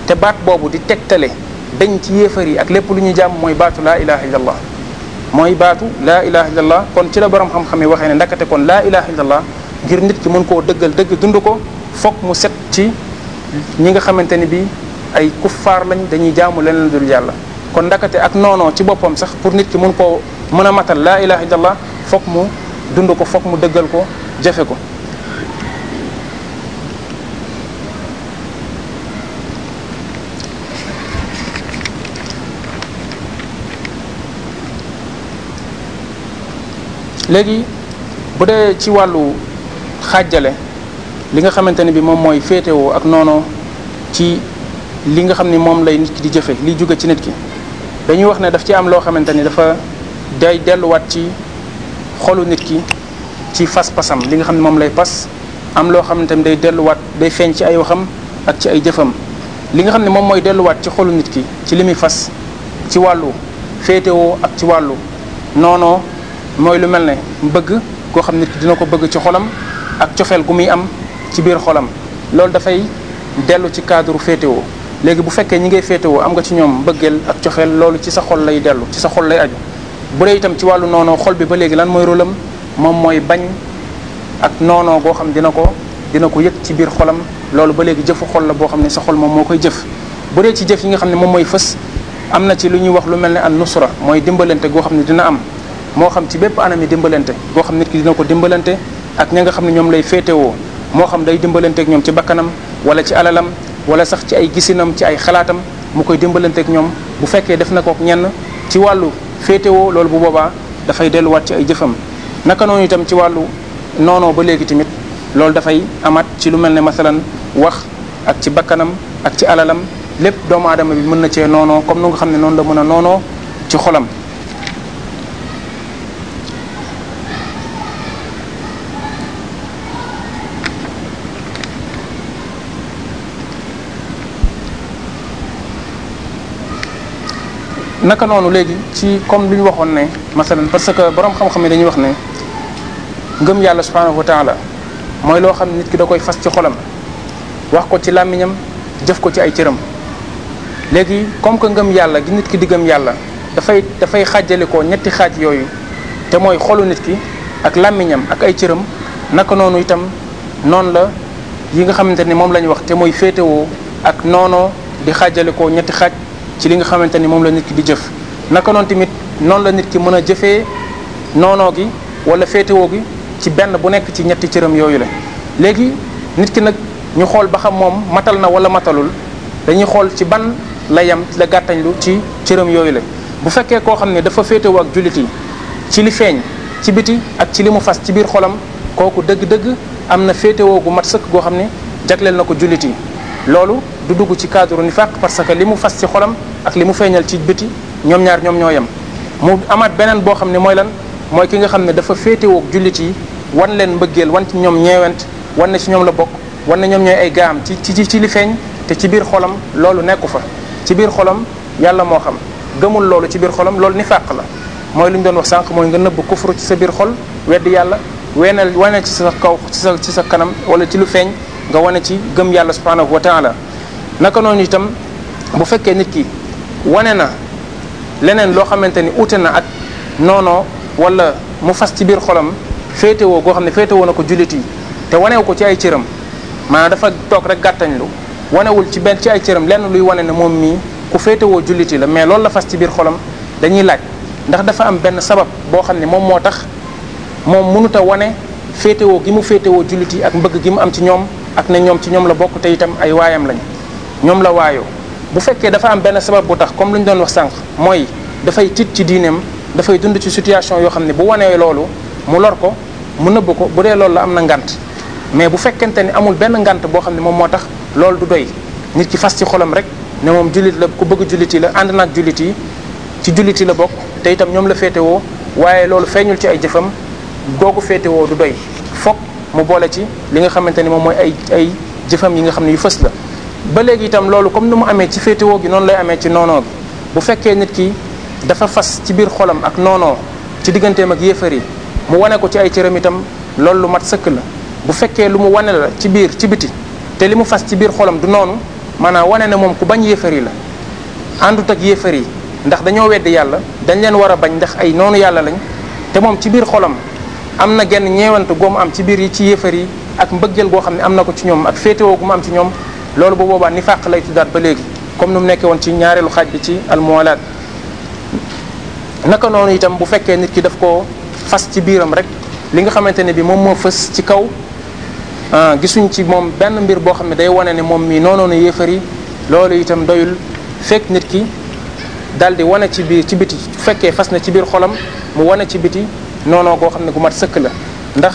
te baat boobu di tegtale dañ ci yéefar yi ak lépp lu ñuy jàmm mooy baatu laa ilaha illallah mooy baatu laa ilaha illallah kon ci la borom xam-xam yi waxee ne ndakate kon laa ilaha illallah ngir nit ki mën koo dëggal dëgg dundu ko foog mu set ci ñi nga xamante ni bi ay kuffaar lañ dañuy jaamu leneen dul yàlla kon ndakate ak noonoo ci boppam sax pour nit ki mën koo mën a matal laa ilaha illallah foog mu dund ko foog mu dëggal ko jafe ko léegi bu dee ci wàllu xàjjale li nga xamante ne bi moom mooy féetewoo ak noonu ci li nga xam ni moom lay nit ki di jëfe liy jóge ci nit ki dañuy wax ne daf ci am loo xamante ni dafa day delluwaat ci xolu nit ki ci fas-pasam li nga xam ne moom lay pas am loo xamante ni day delluwaat day feeñ ci ay waxam ak ci ay jëfam li nga xam ne moom mooy delluwaat ci xolu nit ki ci li muy fas ci wàllu féetewoo ak ci wàllu noonoo mooy lu mel ne bëgg koo xam nit ki dina ko bëgg ci xolam ak cofeel gu muy am ci biir xolam loolu dafay dellu ci cadre féetewoo léegi bu fekkee ñi ngay féetewoo am nga ci ñoom mbëggeel ak cofeel loolu ci sa xol lay dellu ci sa xol lay aju bu dee itam ci wàllu noonoo xol bi ba léegi lan mooy rôlam moom mooy bañ ak noonoo goo xam ne dina ko dina ko yëg ci biir xolam loolu ba léegi jëfu xol la boo xam ne sa xol moom moo koy jëf bu dee ci jëf yi nga xam ne moom mooy fës am na ci lu ñuy wax lu mel ne an nusra mooy dimbalante goo xam ne dina am moo xam ci bépp anam yi dimbalante boo xam nit ki dina ko dimbalante ak ña nga xam ne ñoom lay féetewoo moo xam day dimbalanteeg ñoom ci bakkanam wala ci alalam wala sax ci ay gisinam ci ay xalaatam mu koy dimbalanteeg ñoom bu fekkee def na ko ñenn ci wàllu féetewoo loolu bu boobaa dafay delluwaat ci ay jëfam naka noonu itam ci wàllu noonoo ba léegi tamit loolu dafay amaat ci lu mel ne masalan wax ak ci bakkanam ak ci alalam lépp doomu aadama bi mun na cee noonoo comme nu nga xam ne noonu la mën a noonoo ci xolam naka noonu léegi ci comme li ñu waxoon ne masalan parce que borom xam-xam yi dañuy wax ne ngëm yàlla subhanahu wa taala mooy loo xam nit ki da koy fas ci xolam wax ko ci làmmiñam jëf ko ci ay cëram léegi comme que ngëm yàlla gi nit ki di gëm yàlla dafay dafay xaajale ko ñetti xaaj yooyu te mooy xolu nit ki ak làmmiñam ak ay cëram naka noonu itam noonu la yi nga xamante ni moom la ñu wax te mooy féetewoo ak noonoo di xaajale ko ñetti xaaj ci li nga xamante ni moom la nit ki di jëf naka noonu tamit noonu la nit ki mën a jëfee noonoo gi wala féetewoo gi ci benn bu nekk ci ñetti cëram yooyu la léegi nit ki nag ñu xool ba xam moom matal na wala matalul dañuy xool ci ban la yem la gàttañlu ci cëram yooyu la bu fekkee koo xam ne dafa féetewoo ak jullit yi ci li feeñ ci biti ak ci li mu fas ci biir xolam kooku dëgg-dëgg am na féetewoo gu mat sëkk goo xam ne jagleel na ko jullit yi loolu du dugg ci cadre nifaq parce que li mu fas ci xolam ak li mu feeñal ci biti ñoom ñaar ñoom ñoo yem mu amaat beneen boo xam ne mooy lan mooy ki nga xam ne dafa féetewoog jullit yi wan leen mbëggeel wan ci ñoom ñeewent wan na ci ñoom la bokk wan na ñoom ñooy ay gaam ci ci ci li feeñ te ci biir xolam loolu nekku fa ci biir xolam yàlla moo xam gëmul loolu ci biir xolam loolu nifaq la mooy lu ñu doon wax sànq mooy nga nëbb kufru ci sa biir xol weddi yàlla weenal wane ci sa kaw ci sa ci sa kanam wala ci lu feeñ nga wane ci gëm yàlla subhanahu wa taala naka noonu itam bu fekkee nit ki wane na leneen loo xamante ni ute na ak noonoo wala mu fas ci biir xolam féetewoo goo xam ne féetewoo na ko jullit yi te wanewu ko ci ay cëram maanaam dafa toog rek gàttañlu wanewul ci benn ci ay cëram lenn luy wane na moom mii ku féetewoo jullit yi la mais loolu la fas ci biir xolam dañuy laaj ndax dafa am benn sabab boo xam ne moom moo tax moom mënut a wane féetewoo gi mu féetewoo jullit yi ak mbëgg gi mu am ci ñoom ak na ñoom ci ñoom la bokk te itam ay waayam lañ ñoom la waayoo bu fekkee dafa am benn sabab bu tax comme lu ñu doon wax sànq mooy dafay tiit ci diineem dafay dund ci situation yoo xam ne bu wanee loolu mu lor ko mu nëbb ko bu dee loolu la am na ngant mais bu fekkente ni amul benn ngant boo xam ne moom moo tax loolu du doy nit ki fas ci xolam rek ne moom jullit la ku bëgg jullit yi la ànd naag jullit yi ci jullit yi la bokk te itam ñoom la féetewoo waaye loolu feeñul ci ay jëfam googu féetewoo du doy mu boole ci li nga xamante ni moom mooy ay ay jëfam yi nga xam ne yu fës la ba léegi itam loolu comme ni mu amee ci féetewoo gi noonu lay amee ci noonoo gi bu fekkee nit ki dafa fas ci biir xolam ak noonoo ci digganteem ak yéefar mu wane ko ci ay cëram itam loolu lu mat sëkk la bu fekkee lu mu wane la ci biir ci biti te li mu fas ci biir xolam du noonu maanaa wane na moom ku bañ yéefar yi la àndut ak yéefar yi ndax dañoo weddi yàlla dañ leen war a bañ ndax ay noonu yàlla lañ te moom ci biir xolam am na genn ñeewante goo mu am ci biir yi ci yéefar yi ak mbëggeel goo xam ne am na ko ci ñoom ak féetewoo gu mu am ci ñoom loolu bu boobaa ni fàq lay tuddaat ba léegi comme nu mu nekkee woon ci ñaareelu xaaj bi ci almuwalaat naka noonu itam bu fekkee nit ki daf ko fas ci biiram rek li nga xamante ne bi moom moo fës ci kaw ah, gisuñ ci moom benn mbir boo xam ne day wane ne moom mii noonoonu yéefar yi loolu itam doyul fekk nit ki daal di wane ci biir ci biti fekkee fas na ci biir xolam mu wane ci biti noonoo goo xam ne gu mat sëkk la ndax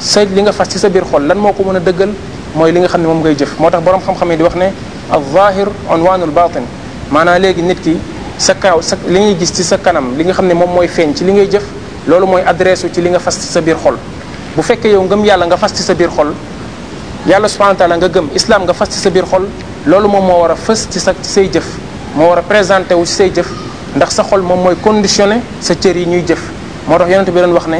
sa li nga fas ci sa biir xol lan moo ko mën a dëggal mooy li nga xam ne moom ngay jëf moo tax borom xam-xam yi di wax ne al-zahir unwanul batin maanaa léegi nit ki sa kaaw sa li ngay gis ci sa kanam li nga xam ne moom mooy feeñ ci li ngay jëf loolu mooy adresse ci li nga fas ci sa biir xol bu fekkee yow ngëm yàlla nga fas ci sa biir xol yàlla subhanahu wa nga gëm islaam nga fas ci sa biir xol loolu moom moo war a fës ci sa say jëf moo war a présenté wu ci say jëf ndax sa xol moom mooy conditionné sa cër yi ñuy jëf moo tax yonente bi doon wax ne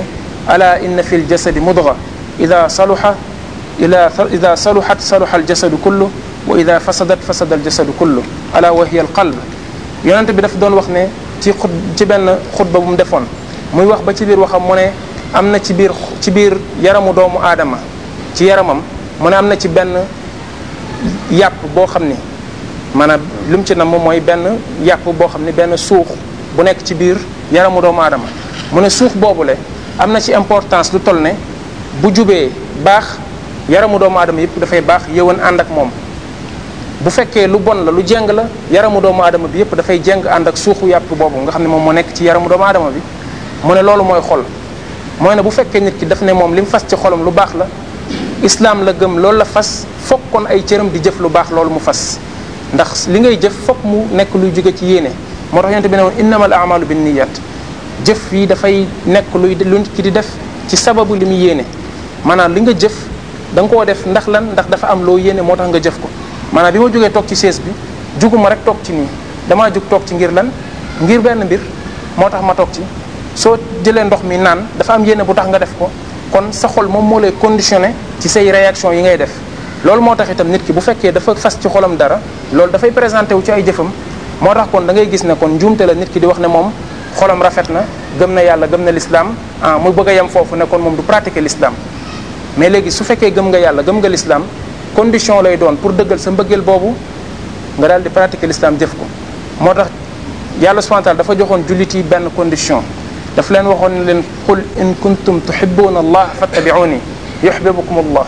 ala inna fi ljasadi mudga ida saluha ila ida saluhat saluha aljasadu kullu wa ida fasadat fasada aljasadu kullu ala wa hiya alqalb yonente bi daf doon wax ne ci xut ci benn xutba bu mu defoon muy wax ba ci biir waxam mu ne am na ci biir ci biir yaramu doomu aadama ci yaramam mu ne am na ci benn yàpp boo xam ni maanaam lu mu ci nam mooy benn yàpp boo xam ni benn suux bu nekk ci biir yaramu doomu adama mu ne suuf boobule am na ci importance lu toll ne bu jubee baax yaramu doomu aadama yëpp dafay baax yëwan ànd ak moom bu fekkee lu bon la lu jeng la yaramu doomu aadama bi yëpp dafay jeng ànd ak suuxu yàpp boobu nga xam ne moom moo nekk ci yaramu doomu aadama bi mu ne loolu mooy xol mooy ne bu fekkee nit ki daf ne moom li mu fas ci xolam lu baax la islaam la gëm loolu la fas fokk kon ay cëram di jëf lu baax loolu mu fas ndax li ngay jëf fokk mu nekk luy jóge ci yéene moo tax yonte bi ne woon innamal amalu binniyat jëf yi dafay nekk luy lu nit ki di def ci sababu li mu yéene maanaam li nga jëf da nga koo def ndax lan ndax dafa am loo yéene moo tax nga jëf ko maanaam bi ma jógee toog ci sees bi juguma rek toog ci nii damaa jug toog ci ngir lan ngir benn mbir moo tax ma toog ci soo jëlee ndox mi naan dafa am yéene bu tax nga def ko kon sa xol moom moo lay conditionné ci say réaction yi ngay def loolu moo tax itam nit ki bu fekkee dafa fas ci xolam dara loolu dafay présenté wu ci ay jëfam moo tax kon da ngay gis ne kon njuumte la nit ki di wax ne moom xolam rafet na gëm na yàlla gëm na l'islam ah mu bëgg a foofu ne kon moom du pratiquer l'islam mais léegi su fekkee gëm nga yàlla gëm nga l'islam condition lay doon pour dëggal sa mbëggeel boobu nga daal di pratiquer l'islam jëf ko moo tax yàlla subhanahu wa dafa joxoon jullit yi benn condition daf leen waxoon ne leen qul in kuntum tuhibbuna allah fattabi'uni yuhibbukum allah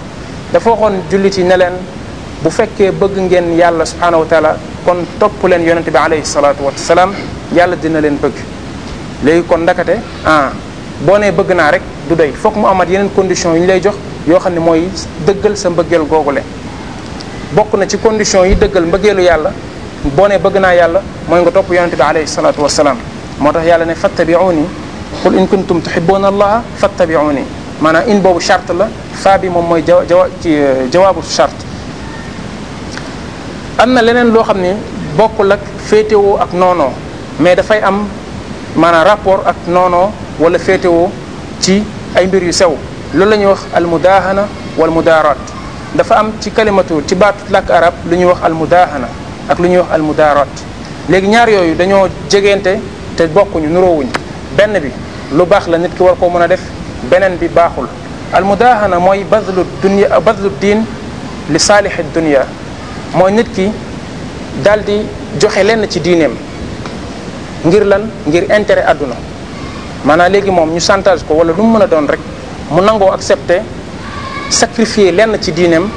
dafa waxoon jullit yi ne leen bu fekkee bëgg ngeen yàlla subhanahu wa kon topp leen yonente bi alayhi salatu wasalaam yàlla dina leen bëgg léegi kon ndakate ah boo nee bëgg naa rek du dey foog mu amat yeneen conditions yu ñu lay jox yoo xam ne mooy dëggal sa mbëggeel le bokk na ci conditions yi dëggal mbëggeelu yàlla boo ne bëgg naa yàlla mooy nga topp yonente bi alayhi salatu wasalaam moo tax yàlla ne fattabiuni qul in kuntum tuhibbuna allaha fattabiuni maanaam in boobu charte la fa bi moom mooy ja jawa ci euh, jawaabu charte am na leneen loo xam ne bokkul ak féetewoo ak noonoo mais dafay am maanaam rapport ak noono wala féetewoo ci ay mbir yu sew loolu la ñuy wax almudahana wal mudaaraat dafa am ci kalimatu ci baatu làkk arab lu ñuy wax almudahana ak lu ñuy wax almudaaraat léegi ñaar yooyu dañoo jegeente te bokkuñu nuroowuñ benn bi lu baax la nit ki war koo mën a def beneen bi baaxul almudahana mooy badlu diin li saalixi dunya mooy nit ki daal joxe lenn ci diineem ngir lan ngir intérêt àdduna maanaam léegi moom ñu chantage ko wala lu mu mën a doon rek mu nangoo accepter sacrifier lenn ci diineem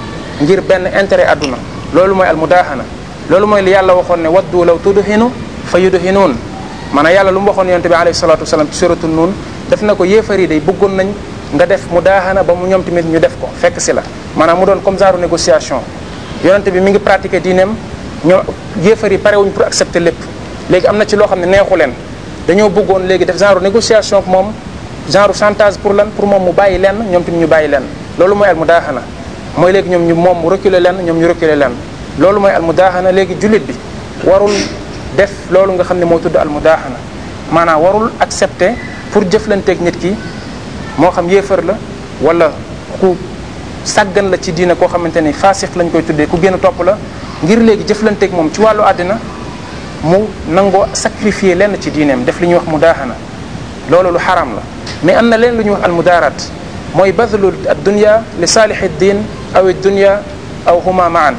ngir benn intérêt àdduna loolu mooy al mu mudaahana loolu mooy li yàlla waxoon ne wat waddu law tudhinu fa yudhinuun maanaam yàlla lu mu waxoon yonte bi alayhi salatu wasalaam ci suratu nuun def na ko yéefar yi day bëggoon nañ nga def mu mudaahana ba mu ñoom tamit ñu def ko fekk si la maanaam mu doon comme genre négociation yonente bi mi ngi pratiquer diineem ñoo yéefar yi parewuñ pour accepter lépp léegi am na ci loo xam ne neexu leen dañoo bëggoon léegi def genre négociation ak moom genre chantage pour lan pour moom mu bàyyi leen ñoom tamit ñu bàyyi leen loolu mooy al mudaaxana mooy léegi ñoom ñu moom mu reculer leen ñoom ñu reculer leen loolu mooy al mudaaxana léegi jullit bi warul def loolu nga xam ne moo tudd al mudaaxana maanaam warul accepter pour jëflanteeg nit ki moo xam yéefar la wala ku sàggan la ci diina koo xamante ni faasix lañ koy tuddee ku génn topp la ngir léegi jëflanteeg moom ci wàllu àddina mu nangoo sacrifier lenn ci diineem def lu ñuy wax mudaahana loolu lu xaram la mais am na leen lu ñuy wax almudaaraat mooy badlu addunia li saalixi diin aw dunia aw huma maan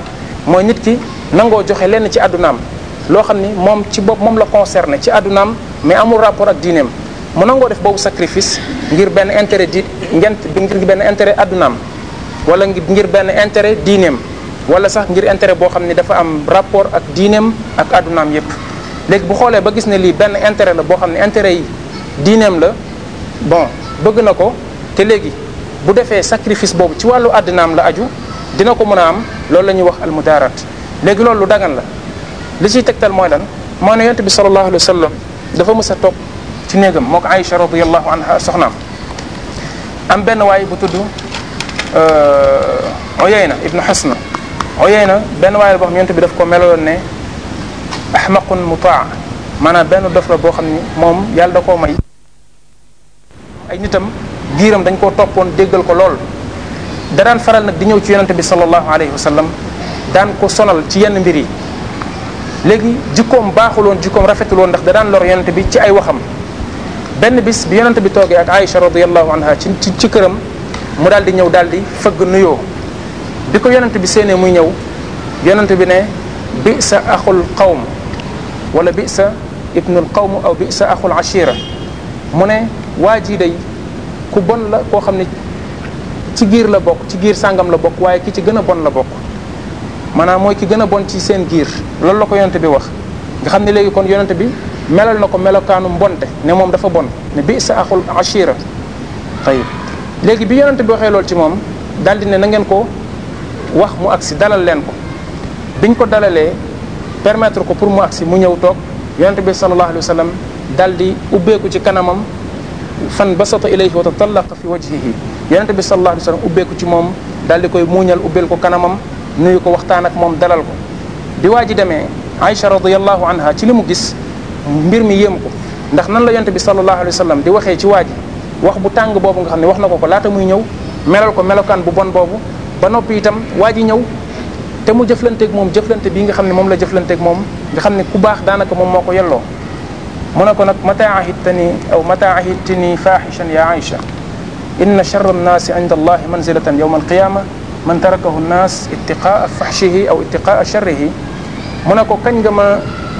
mooy nit ki nangoo joxe lenn ci addunaam loo xam ni moom ci bopp moom la concerné ci addunaam mais amul rapport ak diineem mu nangoo def boobu sacrifice ngir benn intérêt di ngent ngir benn intérêt addunaam wala ngir benn intérêt diineem wala sax ngir intérêt boo xam ne dafa am rapport ak diineem ak addunaam yépp léegi bu xoolee ba gis ne lii benn intérêt la boo xam ne intérêt yi diineem la bon bëgg na ko te léegi bu defee sacrifice boobu ci wàllu àddinaam la aju dina ko mën a am loolu la ñuy wax almudarat léegi loolu lu dagan la li siy tegtal mooy lan moo ne yonte bi sallallahu alayhi wa sallam dafa mës a toog ci néegam moo ko Aïcha radiyallahu anha soxnaam am benn waay bu tudd euh, na ibnu Hasna Uyayna benn waaye la boo xam yonent bi daf ko meloon ne ahmaqun mutaa maanaam benn dof la boo xam ni moom yàlla da koo may ay nitam giiram dañ koo toppoon déggal ko lool da daan faral nag di ñëw ci yonent bi sallallahu alayhi wa daan ko sonal ci yenn mbir yi léegi jikkoom baaxuloon jikkoom rafetuloon ndax da daan lor yonent bi ci ay waxam benn bis bi yonent bi toogee ak Aïcha radiyallahu anha ci ci këram mu daal di ñëw daal di fëgg nuyoo bi ko yonent bi séenee muy ñëw yonent bi ne bi sa axul qawm wala bi sa ibnul qawm aw bi sa axul ashira mu ne waa jii day ku bon la koo xam ne ci giir la bokk ci giir sàngam la bokk waaye ki ci gën a bon la bokk maanaam mooy ki gën a bon ci seen giir loolu la ko yonent bi wax nga xam ne léegi kon yonent bi melal na ko melokaanu mbonte ne moom dafa bon ne bi sa axul ashira tayib léegi bi yonent bi waxee loolu ci moom daldi ne na ngeen ko wax mu agsi dalal leen ko biñ ko dalalee permettre ko pour mu agsi mu ñëw toog yonente bi sallallahu alayhi wa sallam dal di ubbeeku ci kanamam fan basata ilayhi wa tatallaqa fi wajhihi yonente bi sallallahu alayhi wa sallam ci moom dal di muuñal ubbeel ko kanamam nuyu ko waxtaan ak moom dalal ko bi waa ji demee Aïcha radiallahu anha ci li mu gis mbir mi yéem ndax nan la yonente bi sallallahu alayhi wa di waxee ci waa ji wax bu tàng boobu nga xam ne wax na ko ko laata muy ñëw melal ko melokaan bu bon boobu ba noppi itam waa ji ñëw te mu jëflanteeg moom jëflante bii nga xam ne moom la jëflanteeg moom nga xam ne ku baax daanaka moom moo ko yelloo mu ne ko nag mata ahidtani aw mata ahidtini fahishan ya aïcha inna charra annaasi inda allahi manzilatan yawma alqiyama man tarakahu nnaas ittiqaa fahshihi aw ittiqaa charrihi mu ne ko kañ nga ma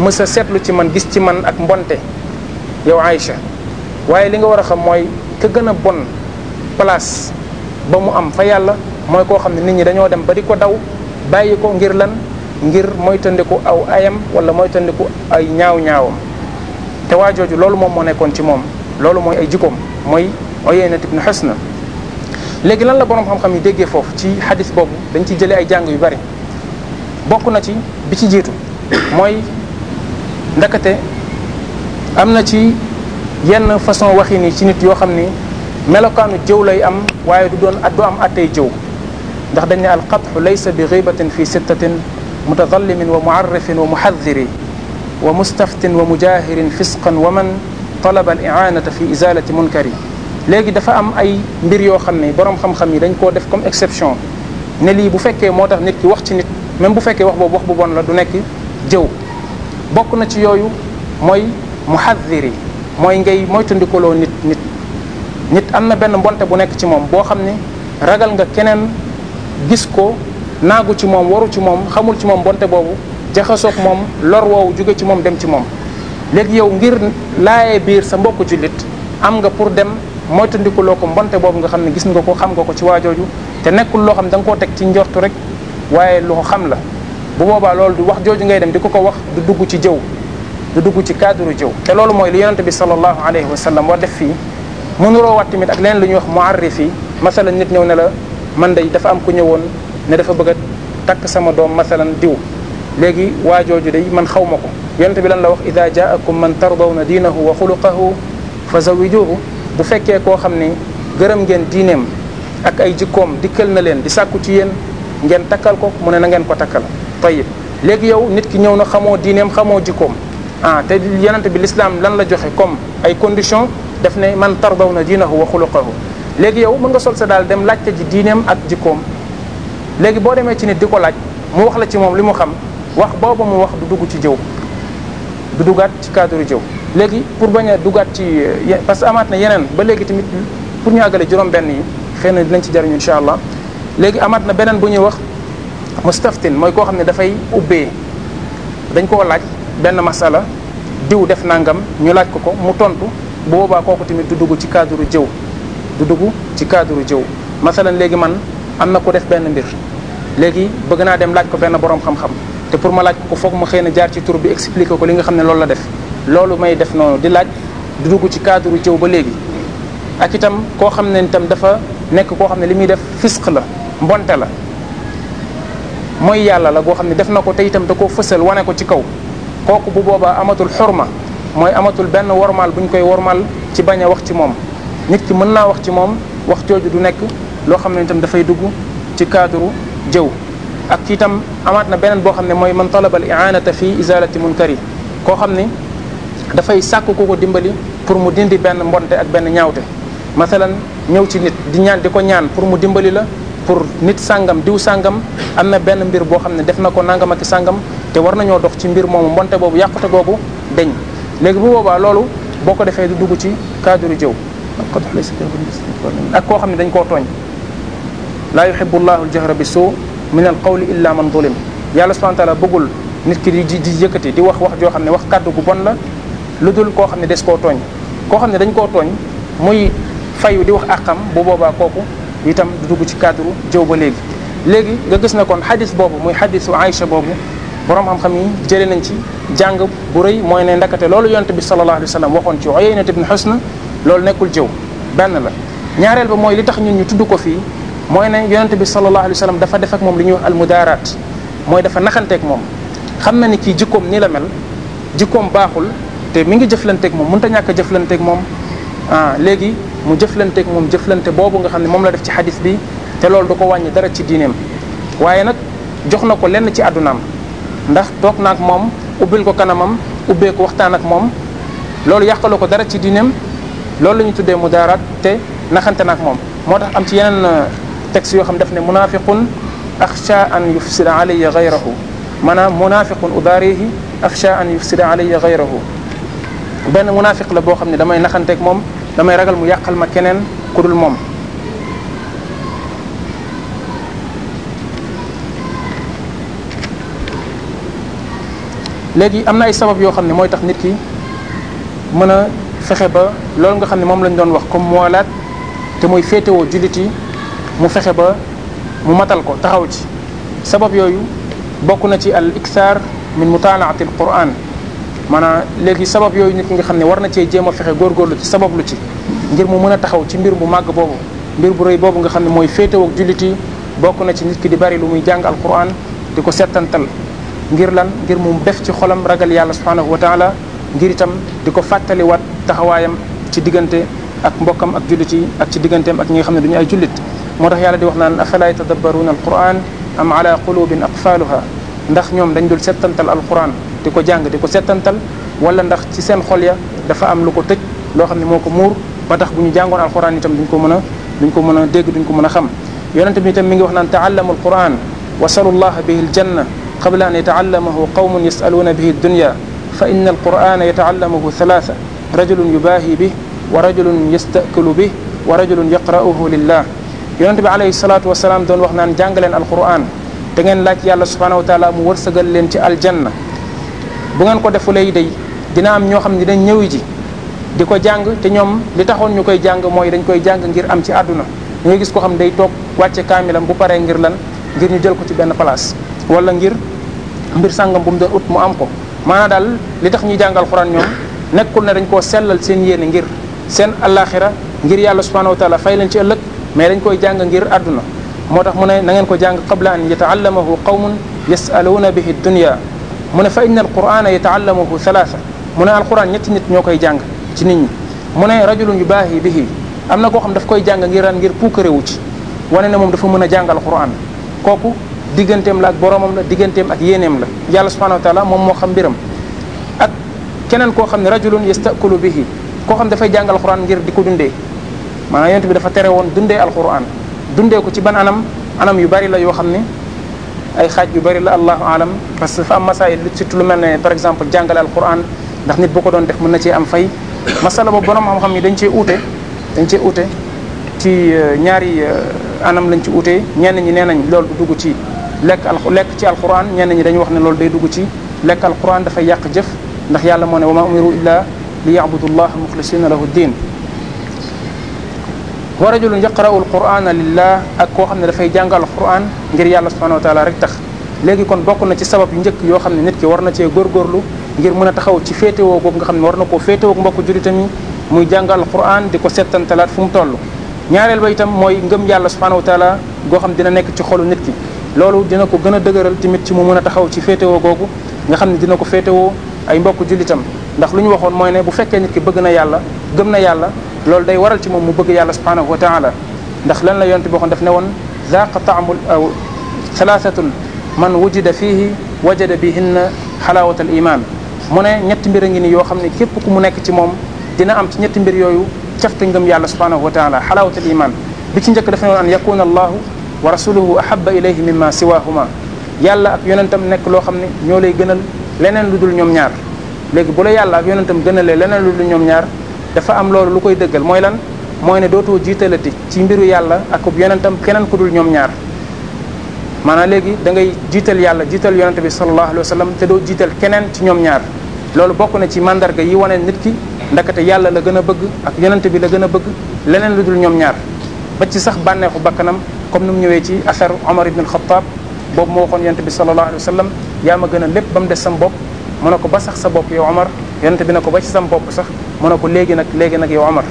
mës seetlu ci man gis ci man ak mbonte yow aïcha waaye li nga war a xam mooy ka gën a bon place ba mu am fa mooy koo xam ne nit ñi dañoo dem ba di ko daw bàyyi ko ngir lan ngir moytandiku aw ayam wala moytandiku ay ñaaw-ñaawam te waa jooju loolu moom moo nekkoon ci moom loolu mooy ay jikkoom mooy Uyayna ibn na léegi lan la borom xam-xam yi déggee foofu ci xadis boobu dañ ci jëlee ay jàng yu bari bokk na ci bi ci jiitu mooy ndakate am na ci yenn façon waxi ni ci nit yoo xam ni melokaanu jëw lay am waaye du doon du am attey jëw ndax dañ ne alqatxu laysa bi gibatin fi sittatin mutadallimin wa muarrifin wa muxadiri wa mustaftin wa mujahirin fisqan wa man talaba al iaanata fi izalati munkari léegi dafa am ay mbir yoo xam ne borom xam-xam yi dañ koo def comme exception ne lii bu fekkee moo tax nit ki wax ci nit même bu fekkee wax boobu wax bu bon la du nekk jëw bokk na ci yooyu mooy muxadiri mooy ngay moytandikuloo nit nit nit am na benn mbonte bu nekk ci moom boo xam ne ragal nga keneen gis ko naagu ci moom waru ci moom xamul ci moom bonte boobu jaxasoog moom lor woowu jóge ci moom dem ci moom léegi yow ngir laayee biir sa mbokku jullit am nga pour dem moytandiku ko mbonte boobu nga xam ne gis nga ko xam nga ko ci waajooju te nekkul loo xam da nga koo teg ci njortu rek waaye lu ko xam la bu boobaa loolu du wax jooju ngay dem di ko ko wax du dugg ci jëw du dugg ci cadre jëw te loolu mooy li yonente bi sallallahu alayhi wa sallam war def fii mënuroo wat tamit ak lu ñuy wax muarrif yi masalan nit ñëw ne la man day dafa am ku ñëwoon ne dafa bëgg a takk sama doom masalan diw léegi waa jooju day man xawma ko yonent bi lan la wax ida jaakum man tardawna diinahu wa xuluqahu fa zawijuhu bu fekkee koo xam ne gërëm ngeen diineem ak ay jikkoom dikkal na leen di sàkku ci yéen ngeen takkal ko mu ne na ngeen ko takkal tayib léegi yow nit ki ñëw na xamoo diineem xamoo jikkoom ah te yonent bi l'islam lan la joxe comme ay condition def ne man tardaw na diinahu wa xuluqahu léegi yow mën nga sol sa daal dem laajte ji diineem ak jikkoom léegi boo demee ci nit di ko laaj mu wax la ci moom li mu xam wax booba mu wax du dugg ci jëw du duggaat ci cadre jëw léegi pour bañ a dugaat ci parce que amaat na yeneen ba léegi tamit pour ñu àggale juróom benn yi xëy na dinañ ci jariñu incha allah léegi amaat na beneen bu ñuy wax mustaftin mooy koo xam ne dafay ubbee dañ koo laaj benn masala diw def nangam ñu laaj ko ko mu tontu bu boobaa kooku tamit dugg ci cadre jëw du dugg ci cadre jëw masalan léegi man am na ko def benn mbir léegi bëgg naa dem laaj ko benn borom xam-xam te pour ma laaj ko foog ma xëy na jaar ci tur bi expliquer ko li nga xam ne loolu la def loolu may def noonu di laaj du dugg ci cadre jëw ba léegi ak itam koo xam ne itam dafa nekk koo xam ne li muy def fisq la mbonte la mooy yàlla la goo xam ne def na ko te itam da koo fësal wane ko ci kaw kooku bu boobaa amatul xurma mooy amatul benn wormaal bu ñu koy wormaal ci bañ a wax ci moom nit ki mën naa wax ci moom wax jooju du nekk loo xam ne itam dafay dugg ci cadre jëw ak ci itam amaat na beneen boo xam ne mooy man talaba al i'anata fi izalati munkari koo xam ne dafay sàkk ku ko dimbali pour mu dindi benn mbonte ak benn ñaawte masalan ñëw ci nit di ñaan di ko ñaan pour mu dimbali la pour nit sàngam diw sàngam am na benn mbir boo xam ne def na ko nangam ak sàngam te war nañoo dox ci mbir moomu mbonte boobu yàqute googu deñ léegi bu boobaa loolu boo ko defee du dugg ci cadre jëw qad xalisat ak koo xam ne dañ koo tooñ laa yuhibu llahu aljahra bi suu min al qawli illa man zulim yàlla subhanahu wa taala bëggul nit ki di di yëkkati di wax wax joo xam ne wax kàddu gu bon la lu dul koo xam ne des koo tooñ koo xam ne dañ koo tooñ muy fayu di wax ak àqam bu boobaa kooku itam dugg ci cadre jëw ba léegi léegi nga gis na kon xadis boobu muy xadisu Aïcha boobu borom xam-xam yi jëlee nañ ci jàng bu rëy mooy ne ndakate loolu yonte bi sallallahu alayhi wa sallam waxoon ci Uyayna ibn Husn loolu nekkul jëw benn la ñaareel ba mooy li tax ñun ñu tudd ko fii mooy ne yonente bi sallallahu alayhi wa sallam dafa def ak moom li ñuy wax almudaaraat mooy dafa naxanteeg moom xam na ni kii jikkoom nii la mel jikkoom baaxul te mi ngi jëflanteek moom mun mënta ñàkk a moom ah léegi mu jëflanteeg moom jëflante boobu nga xam ne moom la def ci xadis bi te loolu du ko wàññi dara ci diineem waaye nag jox na ko lenn ci àddunaam ndax toog naak moom ubbil ko kanamam ubbee waxtaan ak moom loolu yàqaloo ko dara ci diineem loolu lañu ñu tuddee mudaaraat te naxante na moom moo tax am ci yeneen euh, texte yoo xam daf ne munaafiqun axsha an yufsida alayya gayrahu maanaam munaafiqun udaarihi axsha an yufsida alayya gayrahu benn munaafiq la boo xam ne damay naxante ak moom may ragal mu yàqal ma keneen ku dul moom léegi am na ay sabab yoo xam ne mooy tax nit ki mën a fexe ba loolu nga xam ne moom lañu doon wax comme moolaat te muy féetewoo jullit yi mu fexe ba mu matal ko taxaw ci sabab yooyu bokk na ci al ikthar min mutaalaati al quran maanaam léegi sabab yooyu nit nga xam ne war na cee jéema a fexe góorgóorlu ci sabab lu ci ngir mu mën a taxaw ci mbir bu màgg boobu mbir bu rëy boobu nga xam ne mooy féetewoo ak yi bokk na ci nit ki di bari lu muy jàng al quran di ko settantal ngir lan ngir mu def ci xolam ragal yàlla subhanahu wa taala ngir itam di ko fàttaliwaat taxawaayam ci diggante ak mbokkam ak jullit yi ak ci digganteem ak ñi nga xam ne duñu ay jullit moo tax yàlla di wax naan afala yatadabbaruuna alquran am ala qulubin aqfaluha ndax ñoom dañ dul settantal alquran di ko jàng di ko settantal wala ndax ci seen xol ya dafa am lu ko tëj loo xam ne moo ko muur ba tax bu ñu jàngoon alquran itam duñ ko mën a duñ ko mën a dégg duñ ko mën a xam yonent bi itam mi ngi wax naan taallamu alquran wasalu llaha bihi aljanna qabla an yataallamahu qawmun yasaluuna bihi dunya fa inna alqurana yataallamahu thalatha yu yubaahi bi wa rajulun yastakulu bi wa rajulun yaqra'uhu lillah yonente bi alayhi salaatu wasalaam doon wax naan jàng leen alquran da ngeen laaj yàlla subhanahu wa taala mu wërsëgal leen ci aljanna bu ngeen ko defulee day dina am ñoo xam ne dinañ ñëwi ji di ko jàng te ñoom li taxoon ñu koy jàng mooy dañ koy jàng ngir am ci àdduna da ngay gis ko xam day toog wàcce kaamilam bu paree ngir lan ngir ñu jël ko ci benn place wala ngir mbir sàngam bu mu doon mu am ko maanaam daal li tax ñuy jàngal alquran nekkul na dañ koo sellal seen yéene ngir seen alaxira ngir yàlla subhanahu wa taala fay leen ci ëllëg mais dañ koy jàng ngir àdduna moo tax mu ne na ngeen ko jàng qabla an yataallamahu qawmun yasaluuna bihi dunya mu ne fa inna alqurana yataallamahu thalatha mu ne alquran ñetti nit ñoo koy jàng ci nit ñi mu ne rajulun yubaahi bihi am na koo xam daf koy jàng ngir ran ngir puukarewu ci wane ne moom dafa mën a jàng alquran kooku digganteem la ak boromam la digganteem ak yéeneem la yàlla subhanahu wa taala moom moo xam mbiram keneen koo xam ne rajulun yastakulu bihi koo xam dafay jàng alquran ngir di ko dundee maanaam yonent bi dafa tere woon dundee alquran dundee ko ci ban anam yu bari la yoo xam ne ay xaaj yu bari la allahu alam parce que fa am masaay surtout lu mel ne par exemple jàngale alquran ndax nit boo ko doon def mën na cee am fay masala boobu borom xam-xam yi dañ cee uute dañ cee uute ci euh, ñaari euh, anam lañ ci uute ñenn ñi nee nañ loolu dugg ci lekk al lekk ci alquran ñenn ñi dañu wax ne loolu day dugg ci lekk alquran dafay yàq jëf ndax yàlla moo ne wa ma umiru illa li yabudu llah muxlisina lahu ddin wa rajulun yaqra'u alqur'ana lillah ak koo xam ne dafay jàng alquran ngir yàlla subhanahu wa taala rek tax léegi kon bokk na ci sabab yu njëkk yoo xam ne nit ki war na cee góorgóorlu ngir mën a taxaw ci féetewoo boobu nga xam ne war na koo féetewoo mbokk jullitam yi muy jàng alquran di ko settantalaat fu mu toll ñaareel itam mooy ngëm yàlla subhanahu wa taala goo xam dina nekk ci xolu nit ki loolu dina ko gën a dëgëral tamit ci mu mën a taxaw ci féetewoo googu nga xam ne dina ko féetewoo ay mbokk jullitam ndax lu ñu waxoon mooy ne bu fekkee nit ki bëgg na yàlla gëm na yàlla loolu day waral ci moom mu bëgg yàlla subhanahu wa taala ndax lan la yonte bi waxoon daf ne woon zaqa taamul aw salaasatun man wujida fiihi wajada bihinna xalaawat al iman mu ne ñetti mbir a ngi yoo xam ne képp ku mu nekk ci moom dina am ci ñetti mbir yooyu cafte ngëm yàlla subhanahu wa taala xalaawat al iman bi ci njëkk dafa ne woon an yakuna allahu wa rasuluhu ahaba ilayhi mimma siwahuma yàlla ak yonentam nekk loo xam ne ñoo lay gënal leneen lu ñoom ñaar léegi bu la yàlla ak yonentam gënalee leneen lu dul ñoom ñaar dafa am loolu lu koy dëggal mooy lan mooy ne dootoo jiitalati ci mbiru yàlla ak yonentam keneen ku dul ñoom ñaar maanaa léegi da ngay jiital yàlla jiital yonente bi sallallahu alayhi wa sallam te doo jiital keneen ci ñoom ñaar loolu bokk na ci mandarga yi wane nit ki ndakate yàlla la gën a bëgg ak yonente bi la gën a bëgg leneen lu dul ñoom ñaar ba ci sax bànneexu bakkanam comme ni ñëwee ci affaire Omar ibn Khattab boobu moo waxoon yonente bi sallallahu alayhi wa sallam yaa ma gën a lépp ba mu des sam bopp mu ne ko ba sax sa bopp yow Omar yonente bi ne ko ba ci sam bopp sax mu ne ko léegi nag léegi nag yow Omar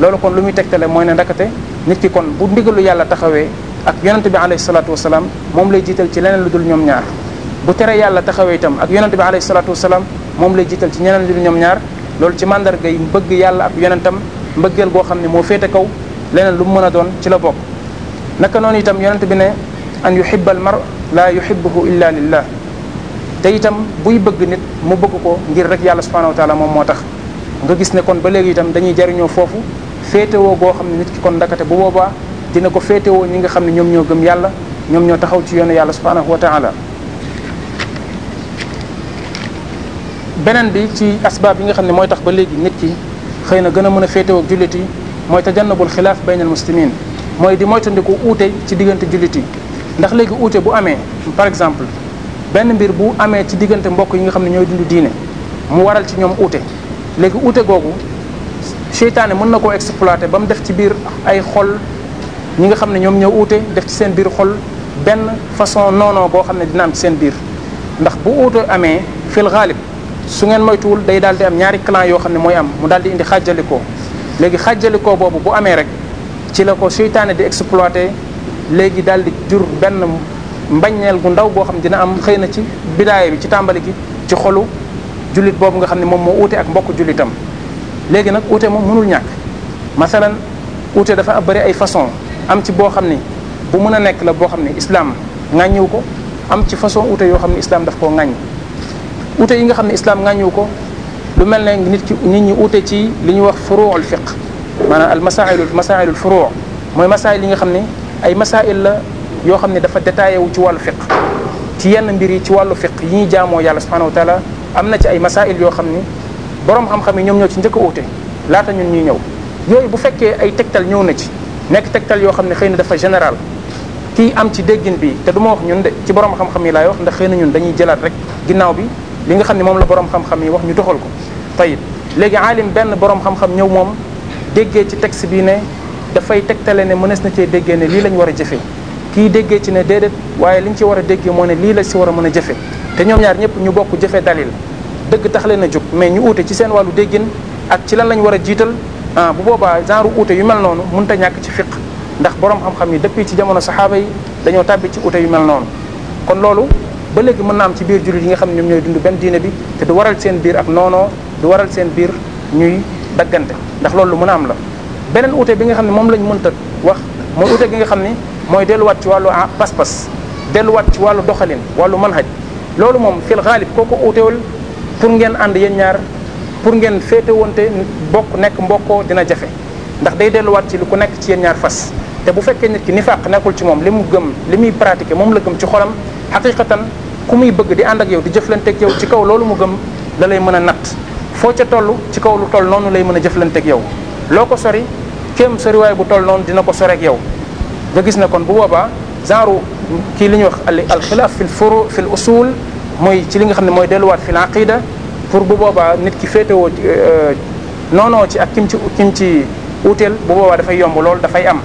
loolu kon lu muy tegtale mooy ne ndakate nit ki kon bu ndigalu yàlla taxawee ak yonente bi alayhi salatu wasalaam moom lay jiital ci leneen lu ñoom ñaar bu tere yàlla taxawee itam ak yonente bi alayhi salatu wasalaam moom lay jiital ci ñeneen lu dul ñoom ñaar loolu ci mandarga yi mbëgg yàlla ak yonentam mbëggeel goo xam ne moo féete kaw leneen lu mu mën a doon ci la bokk naka noonu itam yonente bi ne an yuhibba al mar la yuhibbuhu illa lillah te itam buy bëgg nit mu bëgg ko ngir rek yàlla subhanahu wa moom moo tax nga gis ne kon ba léegi itam dañuy jariñoo foofu féetewoo goo xam ne nit ki kon ndakate bu boobaa dina ko féetewoo ñi nga xam ne ñoom ñoo gëm yàlla ñoom ñoo taxaw ci yoonu yàlla subhanahu wa taala beneen bi ci asbaab yi nga xam ne mooy tax ba léegi nit ki xëy na gën a mën a féetewoo ak jullit yi mooy tajannabul xilaaf bayna al muslimin mooy di moytandiku uute ci diggante jullit ndax léegi uute bu amee par exemple benn mbir bu amee ci diggante mbokk yi nga xam ne ñooy dund diine mu waral ci ñoom uute léegi uute googu seytaane mën na koo exploité ba mu def ci biir ay xol ñi nga xam ne ñoom ñëw uute def ci seen biir xol benn façon noonoo boo xam ne dina am ci seen biir ndax bu uute amee fil xaalib su ngeen moytuwul day daal di am ñaari clan yoo xam ne mooy am mu daal di indi xàjjalikoo léegi xàjjalikoo boobu bu amee rek ci la ko seytaane di exploité léegi daal di jur benn mbañeel gu ndaw boo xam ne dina am xëy na ci bidaaya bi ci tàmbali gi ci xolu jullit boobu nga xam ne moom moo uute ak mbokk jullitam léegi nag uute moom mënul ñàkk masalan uute dafa bëri ay façon am ci boo xam ni bu mën a nekk la boo xam ne islam ŋàññiw ko am ci façon uute yoo xam ne islam daf ko ŋàññ uute yi nga xam ne islam ŋàññiw ko lu mel ne nit ki nit ñi uute ci li ñuy wax furuul fiq maanaam al masaailul masaailul furuu mooy masaayil yi nga xam ne ay masail la yoo xam ne dafa détaillé wu ci wàllu fiq ci yenn mbir yi ci wàllu fiq yi ñuy jaamoo yàlla subhanahu wa taala am na ci ay masail yoo xam ni borom xam-xam yi ñoom ñoo ci njëkk a uute laata ñun ñuy ñëw yooyu bu fekkee ay tegtal ñëw na ci nekk tegtal yoo xam ne xëy na dafa général kii am ci déggin bi te du ma wax ñun de ci borom xam-xam yi laay wax ndax xëy na ñun dañuy jëlaat rek ginnaaw bi li nga xam ne moom la boroom xam-xam yi wax ñu doxal ko tayib léegi aalim benn borom xam ñëw moom déggee ci texte bi ne dafay tegtale ne mënees na cee déggee ne lii lañu war a jëfee kii déggee ci ne déedéet waaye liñ ci war a déggee moo ne lii la si war a mën a jëfe te ñoom ñaar ñëpp ñu bokk jëfe dalil dëgg tax a jóg mais ñu uute ci seen wàllu déggin ak ci lan lañ war a jiital ah bu boobaa genre uute yu mel noonu mënut a ñàkk ci fiq ndax borom xam-xam yi depuis ci jamono saxaaba yi dañoo tàbbi ci uute yu mel noonu kon loolu ba léegi mën na am ci biir jullit yi nga xam ne ñoom ñooy dund benn diine bi te du waral seen biir ak noonoo du waral seen biir ñuy daggante ndax loolu lu mën a am la beneen uute bi nga xam ne moom lañ mënta wax mooy uute gi nga xam ni mooy delluwaat ci wàllu pas-pas delluwaat ci wàllu doxalin wàllu manhaj loolu moom fil xaalib kooku uutewul pour ngeen ànd yéen ñaar pour ngeen féetewonte bokk nekk mbokkoo dina jafe ndax day delluwaat ci lu ku nekk ci yéen ñaar fas te bu fekkee nit ki ni nifaq nekkul ci moom li mu gëm li muy pratiquer moom la gëm ci xolam xaqiqatan ku muy bëgg di ànd ak yow di jëflanteeg yow ci kaw loolu mu gëm la mën a natt foo ca toll ci kaw lu toll noonu lay mën a jëflanteeg yow loo ko sori kem sori soriwaay bu toll noonu dina ko soreek yow nga gis na kon bu boobaa genre kii li ñuy wax al xilaaf fil furu fil usul mooy ci li nga xam ne mooy delluwaat fil aqida pour bu boobaa nit ki féetewoo euh, euh, noonoo ci ak kim ci kim ci uuteel bu boobaa dafay yomb loolu dafay am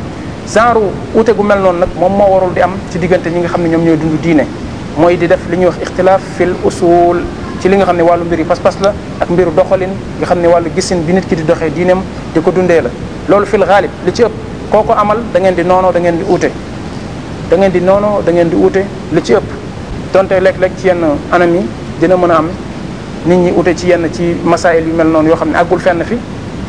genre uute gu mel noonu nag moom moo warul di am ci diggante ñi nga xam ne ñoom ñooy dund diine mooy di def li ñuy wax ixtilaaf fil usul ci li nga xam ne wàllu mbir yi pas-pas la ak mbiru doxalin nga xam ne wàllu gisin bi nit ki di doxee diineem di ko dundee la loolu fil xaalib li ci ëpp koo ko amal da di noonoo da ngeen di uute da ngeen di noonoo da ngeen di uute li ci ëpp donte léeg-léeg ci yenn anam yi dina mën a am nit ñi ute ci yenn ci masaayil yu mel noonu yoo xam ne àggul fenn fi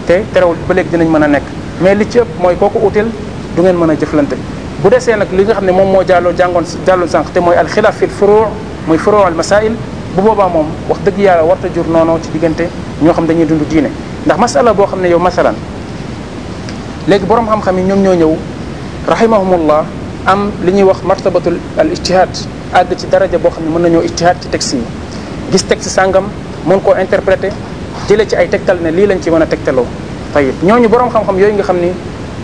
te terewul ba léegi dinañ mën a nekk mais li ci ëpp mooy kooku uteel du ngeen mën a jëflante bu desee nag li nga xam ne moom moo jàlloo jàngoon jàlloon sànq te mooy alxilaaf fil furu' mooy furu' al masail bu boobaa moom wax dëgg yàlla warta jur noonu ci diggante ñoo xam dañuy dund diine ndax masala boo xam ne yow masalan léegi borom xam-xam yi ñoom ñoo ñëw rahimahumullah am li ñuy wax martabatul al ijtihad àgg ci daraja boo xam ne mën nañoo ijtihad ci texte yi gis texte sàngam mën koo interpréter jëlee ci ay tegtal ne lii lañ ci mën a tegtaloo tayib ñooñu borom xam-xam yooyu nga xam ni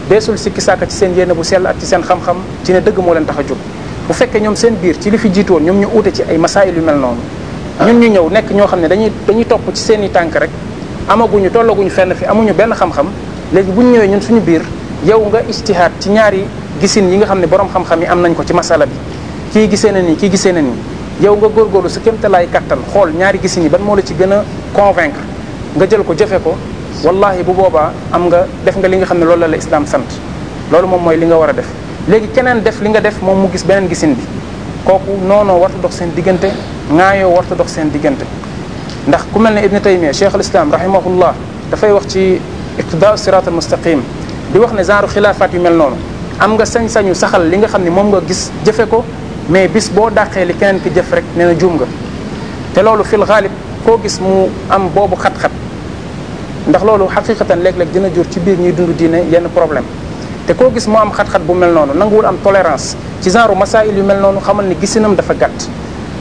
deesul sikki sàkka ci seen yéene bu sell ak ci seen xam-xam ci dëgg moo leen a jóg bu fekkee ñoom seen biir ci li fi jiitoon ñoom ñu uute ci ay yu mel noonu ñun ñu ñëw nekk ñoo xam ne dañuy dañuy topp ci seeni tànk rek amaguñu tollaguñu fenn fi amuñu benn xam-xam léegi bu ñu ñëwee ñun suñu biir yow nga ijtihaad ci ñaari gisin yi nga xam ne boroom xam-xam yi am nañ ko ci masala bi kii gisee na nii kii gisee na nii yow nga góorgóorlu sa kéemtalaay kattan xool ñaari gisin yi ban moo la ci gën a convaincre nga jël ko jëfe ko wallahi bu boobaa am nga def nga li nga xam ne loolu la la islam sant loolu moom mooy li nga war def léegi keneen def li nga def moom mu gis beneen gisin bi kooku noonoo wartu dox seen diggante ŋaayoo warta dox seen diggante ndax ku mel ne ibni taymia cheikh al islam rahimahullah dafay wax ci iqtidaa sirat al mustaqim di wax ne genre xilaafaat yu mel noonu am nga sañ-sañu saxal li nga xam ne moom nga gis jëfe ko mais bis boo dàqee li keneen ki jëf rek nee na juum nga te loolu fil xaalib koo gis mu am boobu xat-xat ndax loolu xaqiqatan léeg-léeg dina jur ci biir ñuy dund diine yenn problème te koo gis mu am xat-xat bu mel noonu nanguwul am tolérance ci genre masail yu mel noonu xamal ni gisinam dafa gàtt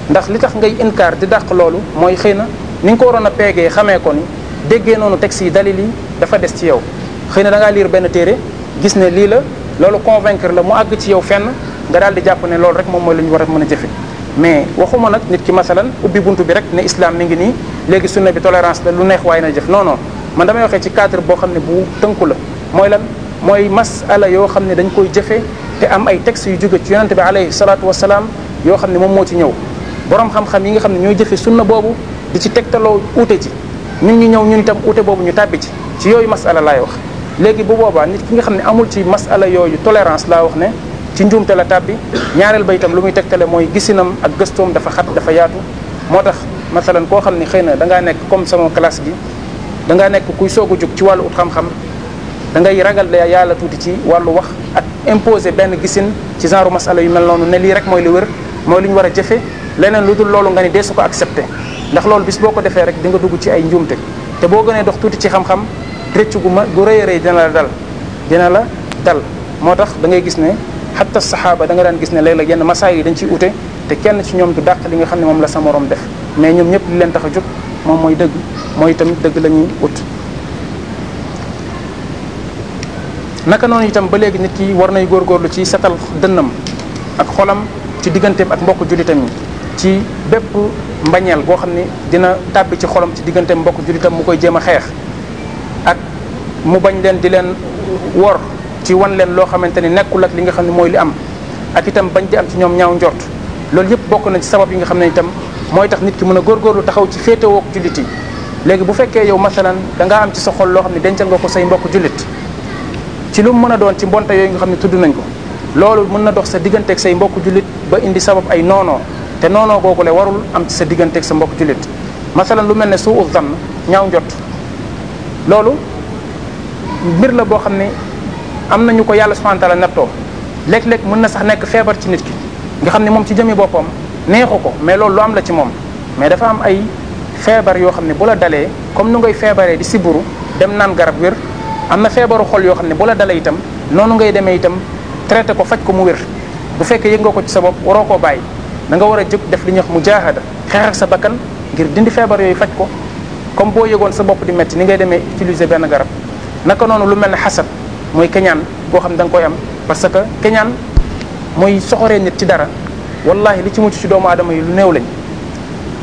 ndax li tax ngay inkaar di dàq loolu mooy xëy na ni nga ko waroon a peegee xamee ko ni déggee noonu texte yi dalil yi dafa des ci yow xëy na da liir benn téere gis ne lii la loolu convaincre la mu àgg ci yow fenn nga daal di jàpp ne loolu rek moom mooy lu ñu war a mën a jëfe mais waxuma nag nit ki masalan ubbi buntu bi rek ne islam mi ngi nii léegi sunna bi tolérance la lu neex waaye na jëf non non man waxee ci cadre boo xam ne bu tënku la mooy lan mooy masala yoo xam ne dañ koy jëfe te am ay text yu jóge ci yonente bi alayhi salaatu wasalaam yoo xam ne moom moo ci ñëw borom xam-xam yi nga xam ne ñooy jëfe sunna boobu di ci tegtaloo uute ci ñun ñu ñëw ñun itam uute boobu ñu tàbbi ci ci yooyu masala laay wax léegi bu boobaa nit ki nga xam ne amul ci masala yooyu tolérance laa wax ne ci njuumte la tàbbi ñaareel ba itam lu muy tegtale mooy gisinam ak gëstoom dafa xat dafa yaatu moo tax masalan koo xam ne xëy na da ngaa nekk comme sama classe gi da ngaa nekk kuy soog a jóg ci wàllu ut xam-xam da ngay ragal da yàlla tuuti ci wàllu wax ak imposer benn gisin ci genre masala yu mel noonu ne lii rek mooy li wér mooy li ñu war a jëfe leneen lu dul loolu nga ni dee su ko accepté ndax loolu bis boo ko defee rek di dugg ci ay njuumte te boo gënee dox tuuti ci xam-xam rëcc gu ma gu rëy a rëy dina la dal dina la dal moo tax da ngay gis ne xatta saxaaba da nga daan gis ne léeg-léeg yenn masaa yi dañ ciy ute te kenn ci ñoom du dàq li nga xam ne moom la sa morom def mais ñoom ñëpp li leen tax a jug moom mooy dëgg mooy tamit dëgg la ñuy ut naka noonu itam ba léegi nit ki war nay góorgóorlu ci setal dënnam ak xolam ci digganteem ak mbokk jullitam yi ci bépp mbañeel goo xam ne dina tàbbi ci xolam ci diggante mbokk jullitam mu koy jéem a xeex ak mu bañ leen di leen wor ci wan leen loo xamante ni nekkul ak li nga xam ne mooy li am ak itam bañ di am ci ñoom ñaaw njort loolu yëpp bokk na ci yi nga xam ne itam mooy tax nit ki mën a góorlu taxaw ci féetewook jullit yi léegi bu fekkee yow masalan danga am ci sa xol loo xam ne dencal nga ko say mbokk jullit ci lu mu mën a doon ci mbonte yooyu nga xam ne tudd nañ ko loolu mën na dox sa digganteeg say mbokk jullit ba indi sabab ay noonoo te noonoo googu le warul am ci sa digganteeg sa mbokk jullit masalan lu mel ne su us dann ñaaw njot loolu mbir la boo xam ne am nañu ko yàlla subhanahu wa taala nattoo léeg-léeg mën na sax nekk feebar ci nit ki nga xam ne moom ci jëmi boppam neexu ko mais loolu lu am la ci moom mais dafa am ay feebar yoo xam ne bu la dalee comme nu ngay feebaree di siburu dem naan garab wér am na feebaru xol yoo xam ne bu la dalee itam noonu ngay demee itam traité ko faj ko mu wér bu fekkee yëg nga ko ci sa bopp waroo koo bàyyi da war a jóg def li ñuy wax mujaahada xeex ak sa bakkan ngir dindi feebar yooyu faj ko comme boo yëgoon sa bopp di metti ni ngay demee utiliser benn garab naka noonu lu mel ni xasad mooy keñaan boo xam ne danga koy am parce que keñaan mooy soxoree nit ci dara wallahi li ci mucc ci doomu adama yi lu néew lañ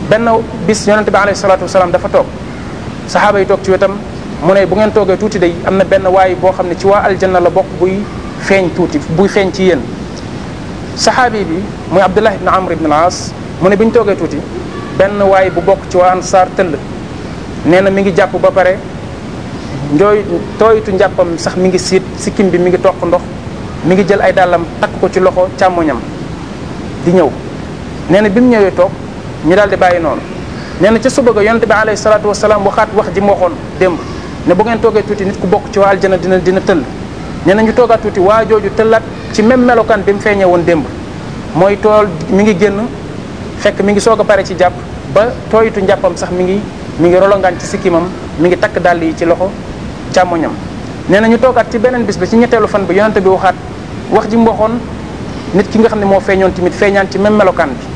benn bis yonente bi alayhi salatu wasalaam dafa toog saxaaba yi toog ci wetam mu ne bu ngeen toogee tuuti day am na benn waay boo xam ne ci waa aljanna la bokk buy feeñ tuuti buy feeñ ci yéen saxaabi bi muy abdullah ibn amr ibn al-As mu ne bi ñu toogee tuuti benn waay bu bokk ci waa ansaar tëll nee na mi ngi jàpp ba pare njooy tooyitu njàppam sax mi ngi siit sikkim bi mi ngi toq ndox mi ngi jël ay dàllam takk ko ci loxo càmmoñam di ñëw nee na bi mu ñëwee toog ñu daal di bàyyi noonu nee na ca suba ga yonente bi alayhi salaatu wasalaam waxaat wax ji mu waxoon démb ne bu ngeen toogee tuuti nit ku bokk ci waa aljana dina dina tëll nee na ñu toogaat tuuti waa jooju tëllaat ci même melokaan bi mu feeñee woon démb mooy tool mi ngi génn fekk mi ngi soog a pare ci jàpp ba tooyitu njàppam sax mi ngi mi ngi rolongaan ci sikkimam mi ngi takk dàll yi ci loxo càmmoñam nee na ñu toogaat ci beneen bis ba ci ñetteelu fan bi yonente bi waxaat wax ji mboxoon nit ki nga xam ne moo feeñoon tamit feeñaan ci même melokaan bi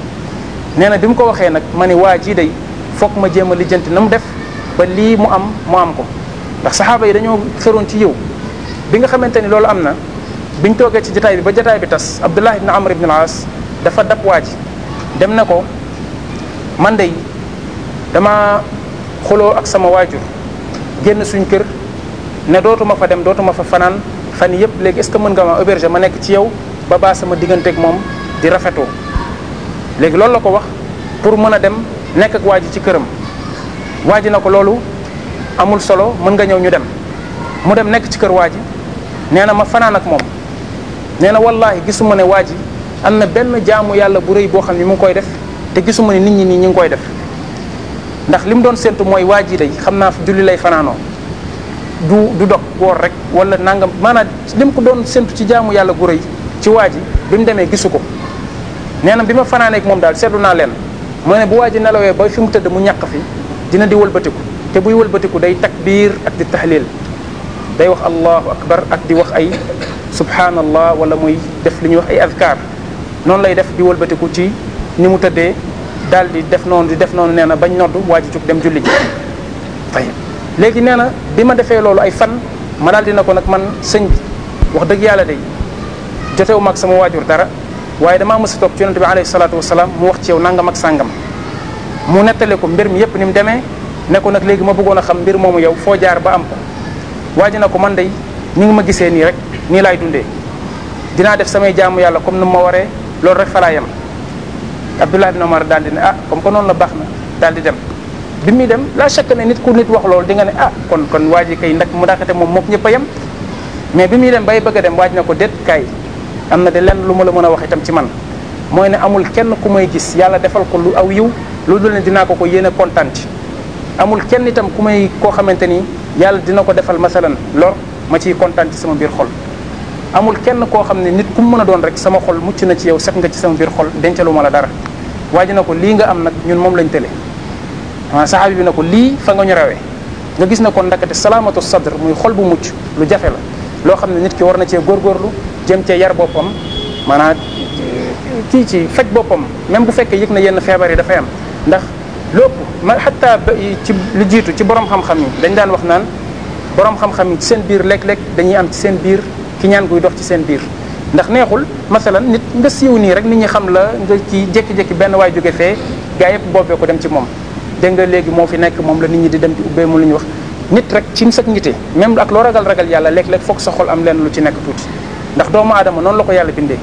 nee na bi mu ko waxee nag ma ne waa jii day foog ma jéem a lijjanti na mu def ba lii mu am mu am ko ndax yi dañoo feroon ci yiw bi nga xamante ni loolu am na biñ toogee ci jataay bi ba jataay bi tas Abdullah ibn Amr ibn al dafa dab waa ji dem na ko man dey dama xuloo ak sama waajur génn suñ kër ne dootuma fa dem dootuma fa fanaan fan yëpp léegi est-ce que mën nga ma héberger ma nekk ci yow ba baa sama ak moom di rafetoo léegi loolu la ko wax pour mën a dem nekk ak waa ji ci këram waa ji na ko loolu amul solo mën nga ñëw ñu dem mu dem nekk ci kër waa ji nee na ma fanaan ak moom nee na wallaahi gisuma ne waa ji am na benn jaamu yàlla bu rëy boo xam ne mu ngi koy def te gisuma ne nit ñi nii ñu ngi koy def ndax li mu doon séntu mooy waa ji day xam naa julli lay fanaanoo du du dog rek wala nangam maanaam li ko doon séntu ci jaamu yàlla gu rëy ci waa ji bi mu demee gisu ko nee na bi ma fanaaneek moom daal seetlu naa leen mooy ne bu waa nelawee ba fi mu tëdd mu ñàq fi dina di walbatiku te buy wëlbatiku day takbiir ak di tahlil day wax allahu akbar ak di wax ay subhanallah wala muy def li ñuy wax ay adkar noonu lay def di wëlbatiku ci ni mu tëddee daal di def noonu di def noonu nee na bañ noddu waa ji jug dem julli ji léegi nee na bi ma defee loolu ay fan ma daal na ko nag man sëñ bi wax dëgg yàlla day jotewu mag sama waajur dara waaye dama mës a toog ci yonente bi alayhi salaatu wasalaam mu wax ci yow nangam ak sàngam mu nettale ko mbir mi yépp ni mu demee ne ko nag léegi ma bëggoon a xam mbir moomu yow foo jaar ba am waaj na ko man day ni ngi ma gisee nii rek nii laay dundee dinaa def samay jàmm yàlla comme ni ma waree loolu rek fa laa yem Abdullah ibn Omar daal di ne ah comme que noonu la baax na daal di dem bi muy dem la chaque ne nit ku nit wax loolu di nga ne ah kon kon waa ji kay ndax mu ndaxate moom mook ñëpp a yem mais bi muy dem bay bëgg a dem waaj ji na ko déet kaay am na de lenn lu ma la mën a wax itam ci man mooy ne amul kenn ku may gis yàlla defal ko lu aw yiw lu dinaa ko ko yéene kontaan ci amul kenn itam ku may koo xamante ni yàlla dina ko defal masalan lor ma ciy kontaan ci sama biir xol amul kenn koo xam ne nit ku mu mën a doon rek sama xol mucc na ci yow set nga ci sama biir xol dencalu ma la dara ji na ko lii nga am nag ñun moom lañ tële waaw saxaabi bi na ko lii fa nga ñu rawee nga gis na kon ndakate salaamatu sadr muy xol bu mucc lu jafe la loo xam ne nit ki war na cee góorgóorlu jëm cee yar boppam maanaam eh, kii ci faj boppam même bu fekkee yëg na yenn feebar yi dafay am ndax lépp man xataa ba ci lu jiitu ci borom xam-xam yi dañ daan wax naan borom xam-xam yi ci seen biir léeg-léeg dañuy am ci seen biir ki ñaan guy dox ci seen biir ndax neexul masalan nit nga siiw nii rek nit ñi xam la nga ci jékki-jékki benn waay jóge fee gaa yëpp boobee ko dem ci moom dégg nga léegi moo fi nekk moom la nit ñi di dem di ubbee mu lu ñu wax nit rek ci mu sag nite même ak loo ragal ragal yàlla léeg-léeg foog sa xol am leen lu ci nekk tuuti ndax doomu aadama noonu la ko yàlla bindee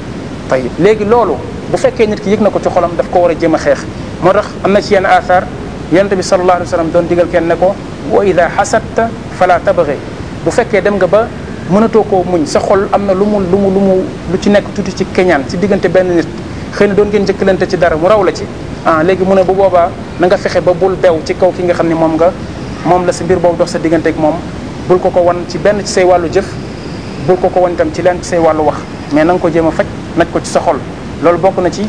tayib léegi loolu bu fekkee nit ki yëg na ko ci xolam daf ko war a jëm a xeex moo tax am na ci yenn athar yonent bi sallallahu alayhi wa sallam doon digal kenn ne ko wa ida xasatta falaa tabaxe bu fekkee dem nga ba mënatoo koo muñ sa xol am na lu mu lu mu lu mu lu ci nekk tuuti ci keñaan ci diggante benn nit xëy na doon ngeen njëkkalante ci dara mu raw la ci ah léegi mu ne bu boobaa na nga fexe ba bul dew ci kaw ki nga xam ni moom nga moom la si mbir boobu dox sa diggante moom bul ko ko wan ci benn ci say wàllu jëf bul ko ko wan itam ci leen say wàllu wax mais na ko jéem a faj naj ko ci sa xol loolu bokk na ci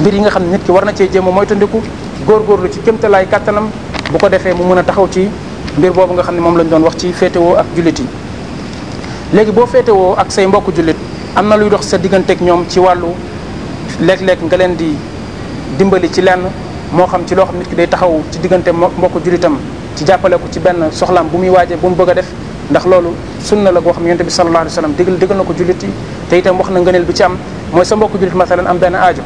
mbir yi nga xam ne nit ki war na cee jéem a moytandiku góorgóorlu ci kémtalaay kàttanam bu ko defee mu mën a taxaw ci mbir boobu nga xam ne moom lañu doon wax ci féetewoo ak jullit yi léegi boo féetewoo ak say mbokk jullit am na luy dox sa digganteeg ñoom ci wàllu léeg-léeg nga leen di dimbali ci lenn moo xam ci loo xam nit ki day taxaw ci diggante mbokk jullitam ci jàppale ko ci benn soxlaam bu muy waaje bu mu bëgg a def ndax loolu sunna la goo xam yonte bi sallallahu alayhi wasallam digal digal na ko jullit yi te itam wax na ngëneel bi ci am mooy sa mbokku jullit masalan am benn ajo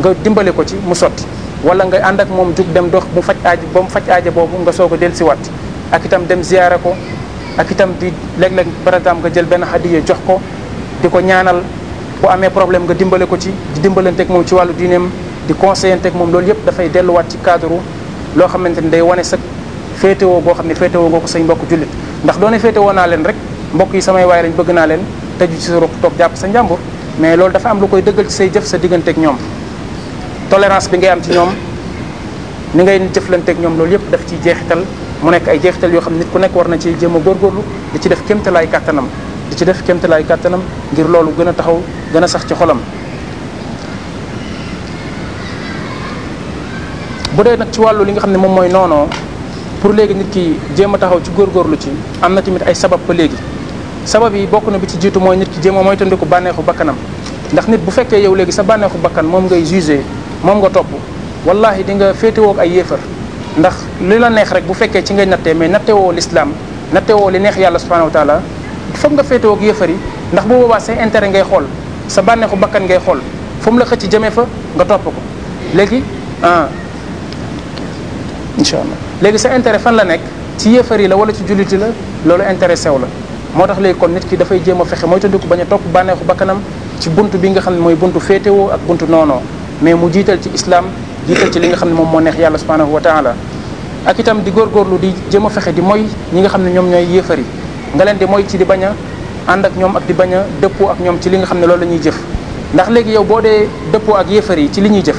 nga dimbale ko ci mu sotti wala nga ànd ak moom jug dem dox mu faj aajo ba mu faj aajo boobu nga soog a dellusiwaat ak itam dem ziyaara ko ak itam di léeg-léeg par exemple nga jël benn hadiya jox ko di ko ñaanal bu amee problème nga dimbale ko ci di dimbalanteeg moom ci wàllu diineem di conseillanteeg moom loolu yëpp dafay delluwaat ci cadre loo xamante ni day wane sa féetewoo boo xam ne féetewoo nga ko say mbokk jullit ndax doone féetewoo naa leen rek mbokk yi samay waay lañ bëgg naa leen tëju ci sa ruq toog jàpp sa njàmbur mais loolu dafa am lu koy dëggal ci say jëf sa diggante ak ñoom tolerance bi ngay am ci ñoom ni ngay jëflante ak ñoom loolu yëpp daf ciy jeexital mu nekk ay jeexital yoo xam nit ku nekk war na ci jéem a di ci def kéemtalaay kàttanam di ci def kéemtalaay kàttanam ngir loolu gën a taxaw gën a sax ci xolam bu dee nag ci wàllu li nga xam ne moom mooy noonoo pour léegi nit ki jéem a taxaw ci góorgóorlu ci am na tamit ay sabab ba léegi sabab yi bokk na bi ci jiitu mooy nit ki jéem a moytandiku bànneexu bakkanam ndax nit bu fekkee yow léegi sa bànneexu bakkan moom ngay jugé moom nga topp wallahi di nga féetewoo ay yéefar ndax li la neex rek bu fekkee ci ngay nattee mais nattewoo l'islam nattewoo li neex yàlla subhanahu wa taala foog nga féetewoo ak yéefar yi ndax bu boobaa say intérêt ngay xool sa bànneexu bakkan ngay xool fu mu la xëcc jëmee fa nga topp ko léegi ah incha allah léegi sa intérêt fan la nekk ci yéefar yi la wala ci julliti la loolu intérêt sew la moo tax léegi kon nit ki dafay jéem fexe mooy tëndiku bañ a topp bànneexu bakkanam ci bunt bi nga xam ne mooy buntu féetewoo ak buntu noonoo mais mu jiital ci islam ci li nga xam ne moom moo neex yàlla subhanahu wa taala ak itam di góorgóorlu di jéem a fexe di mooy ñi nga xam ne ñoom ñooy yéefar nga leen di mooy ci di bañ a ànd ñoom ak di bañ a dëppoo ak ñoom ci li nga xam ne loolu la ñuy jëf ndax léegi yow boo dee dëppoo ak yéefar yi ci li ñuy jëf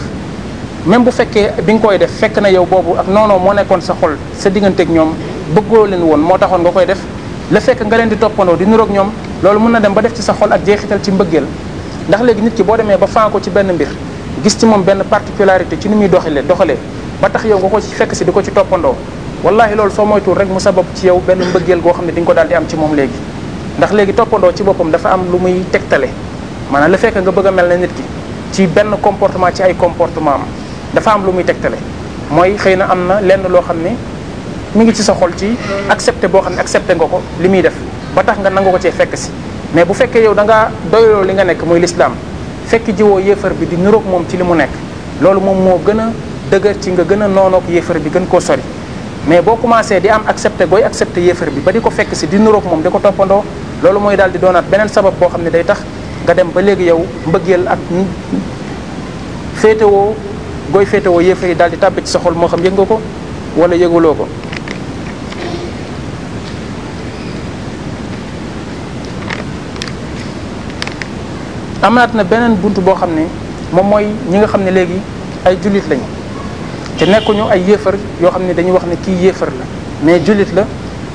même bu fekkee bi nga koy def fekk na yow boobu ak noonoo moo nekkoon sa xol sa digganteeg ñoom bëggoo leen woon moo taxoon nga koy def la fekk nga leen di toppandoo di niroog ñoom loolu mën na dem ba def ci sa xol ak jeexital ci mbëggeel ndax léegi nit ki boo demee ba fan ko ci benn mbir gis ci moom benn particularité ci ni muy doxalee doxalee ba tax yow nga ko ci fekk si di ko ci toppandoo wallahi loolu soo moytuwul rek mu sabab ci yow benn mbëggeel goo xam ne di nga ko daal am ci moom léegi ndax léegi toppandoo ci boppam dafa am lu muy tegtale maanaam la fekk nga bëgg a mel na nit ki ci benn comportement ci ay comportement dafa am lu muy tegtale mooy xëy na am na lenn loo xam ne mi ngi ci sa xol ci accepté boo xam ne accepté nga ko li muy def ba tax nga nangu ko cee fekk si mais bu fekkee yow da nga doyloo li nga nekk muy lislaam fekk jiwoo yéefar bi di niroog moom ci li mu nekk loolu moom moo gën a dëgër ci nga gën a noonook yéefar bi gën koo sori mais boo commencé di am accepté gooy accepté yéefar bi ba di ko fekk si di niroog moom di ko toppandoo loolu mooy daal di doonaat beneen sabab boo xam ne day tax nga dem ba léegi yow mbëggeel ak féetewoo gooy féetewoo yéefar daal di tàbbi ci sa xol moo xam yëg nga ko wala yëguloo ko amaat na beneen bunt boo xam ne moom mooy ñi nga xam ne léegi ay jullit lañu te nekkuñu ay yéefar yoo xam ne dañuy wax ne kii yéefar la mais jullit la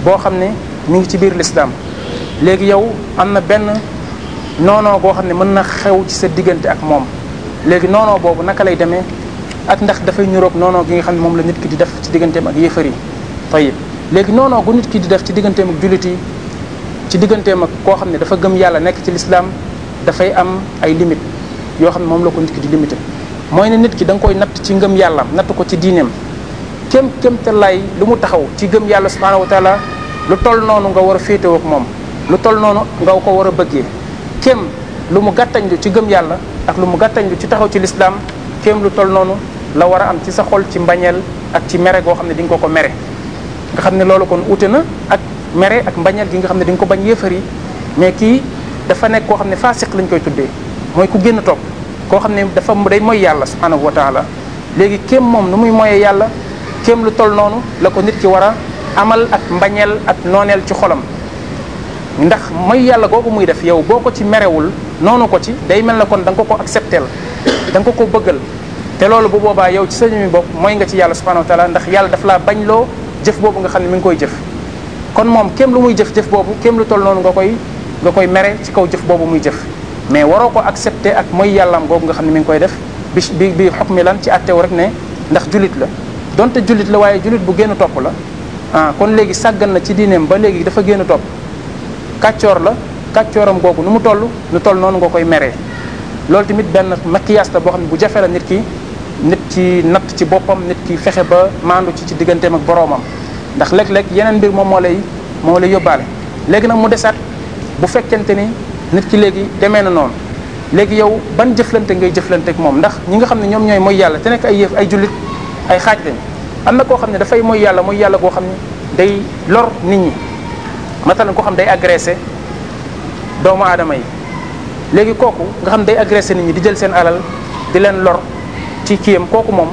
boo xam ne mi ngi ci biir lislaam léegi yow am na benn noonoo goo xam ne mën na xew ci sa diggante ak moom léegi noonoo boobu naka lay demee ak ndax dafay ñuroog noonoo gi nga xam ne moom la nit ki di def ci digganteem ak yéefar yi tayib léegi noonoo gu nit ki di def ci digganteem ak jullit yi ci digganteem ak koo xam ne dafa gëm yàlla nekk ci lislaam dafay am ay limite yoo xam ne moom la ko nit ki di limité mooy ne nit ki danga koy natt ci ngëm yàlla natt ko ci diineem kem kem te lay lu mu taxaw ci gëm yàlla subhanahu wa taala lu toll noonu nga war a féetewoo ak moom lu toll noonu nga ko war a bëggee kem lu mu gàttañlu ci gëm yàlla ak lu mu gàttañlu ci taxaw ci lislaam kem lu toll noonu la war a am ci sa xol ci mbañeel ak ci mere goo xam ne di nga ko ko mere nga xam ne loolu kon uute na ak mere ak mbañeel gi nga xam ne di ko bañ yéefar yi mais kii dafa nekk koo xam ne faasiq lañ koy tuddee mooy ku génn topp koo xam ne dafa day mooy yàlla subhanahu wa taala léegi kéem moom nu muy moyee yàlla kéem lu tol noonu la ko nit ki war a amal ak mbañeel ak nooneel ci xolam ndax mooy yàlla googu muy def yow boo ko ci merewul noonu ko ci day mel na kon da ko ko accepteel da nga ko ko bëggal te loolu bu boobaa yow ci sa mi bopp mooy nga ci yàlla subhanahu wa taala ndax yàlla daf laa bañ loo jëf boobu nga xam ne mi ngi koy jëf kon moom kéem lu muy jëf-jëf boobu kéem lu tol noonu nga koy nga koy mere ci kaw jëf boobu muy jëf mais waroo ko accepter ak mooy yàllaam googu nga xam ne mi ngi koy def bi bi bi xog mi lan ci attew rek ne ndax julit la donte julit la waaye julit bu génn topp la ah kon léegi sàggan na ci diineem ba léegi dafa génn topp kàccoor la kàccooram googu nu mu toll nu toll noonu nga koy meree loolu tamit benn maquillage la boo xam ne bu jafe la nit ki nit ci natt ci boppam nit ki fexe ba maandu ci ci digganteem ak boroomam ndax léeg-léeg yeneen mbir moom moo lay moo lay yóbbaale bu fekkente ni nit ki léegi demee na noonu léegi yow ban jëflante ngay jëflante ak moom ndax ñi nga xam ne ñoom ñooy mooy yàlla te nekk ay yëf ay jullit ay xaaj lañ am na koo xam ne dafay mooy yàlla mooy yàlla goo xam ne day lor nit ñi matalan koo xam day agressé doomu aadama yi léegi kooku nga xam day agressé nit ñi di jël seen alal di leen lor ci kiyam kooku moom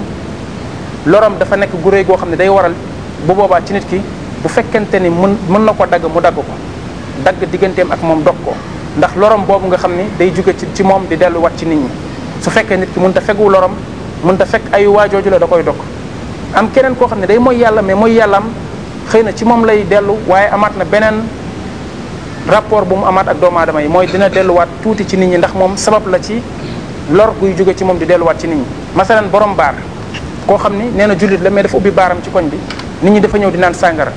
loram dafa nekk gu réy goo xam ne day waral bu boobaat ci nit ki bu fekkente ni mën mën na ko dagg mu dagg ko dagg digganteem ak moom dog ko ndax lorom boobu nga xam ni day jóge ci ci moom di delluwaat ci nit ñi su fekkee nit ki mënut a fegu lorom mun a fekk ay waajooju la da koy dog am keneen koo xam ne day mooy yàlla mais mooy yàllaam xëy na ci moom lay dellu waaye amaat na beneen rapport bu mu amaat ak doomu aadama yi mooy dina delluwaat tuuti ci nit ñi ndax moom sabab la ci lor guy jóge ci moom di delluwaat ci nit ñi masalan borom baar koo xam ni nee na jullit la mais dafa ubbi baaram ci koñ bi nit ñi dafa ñëw di naan sàngara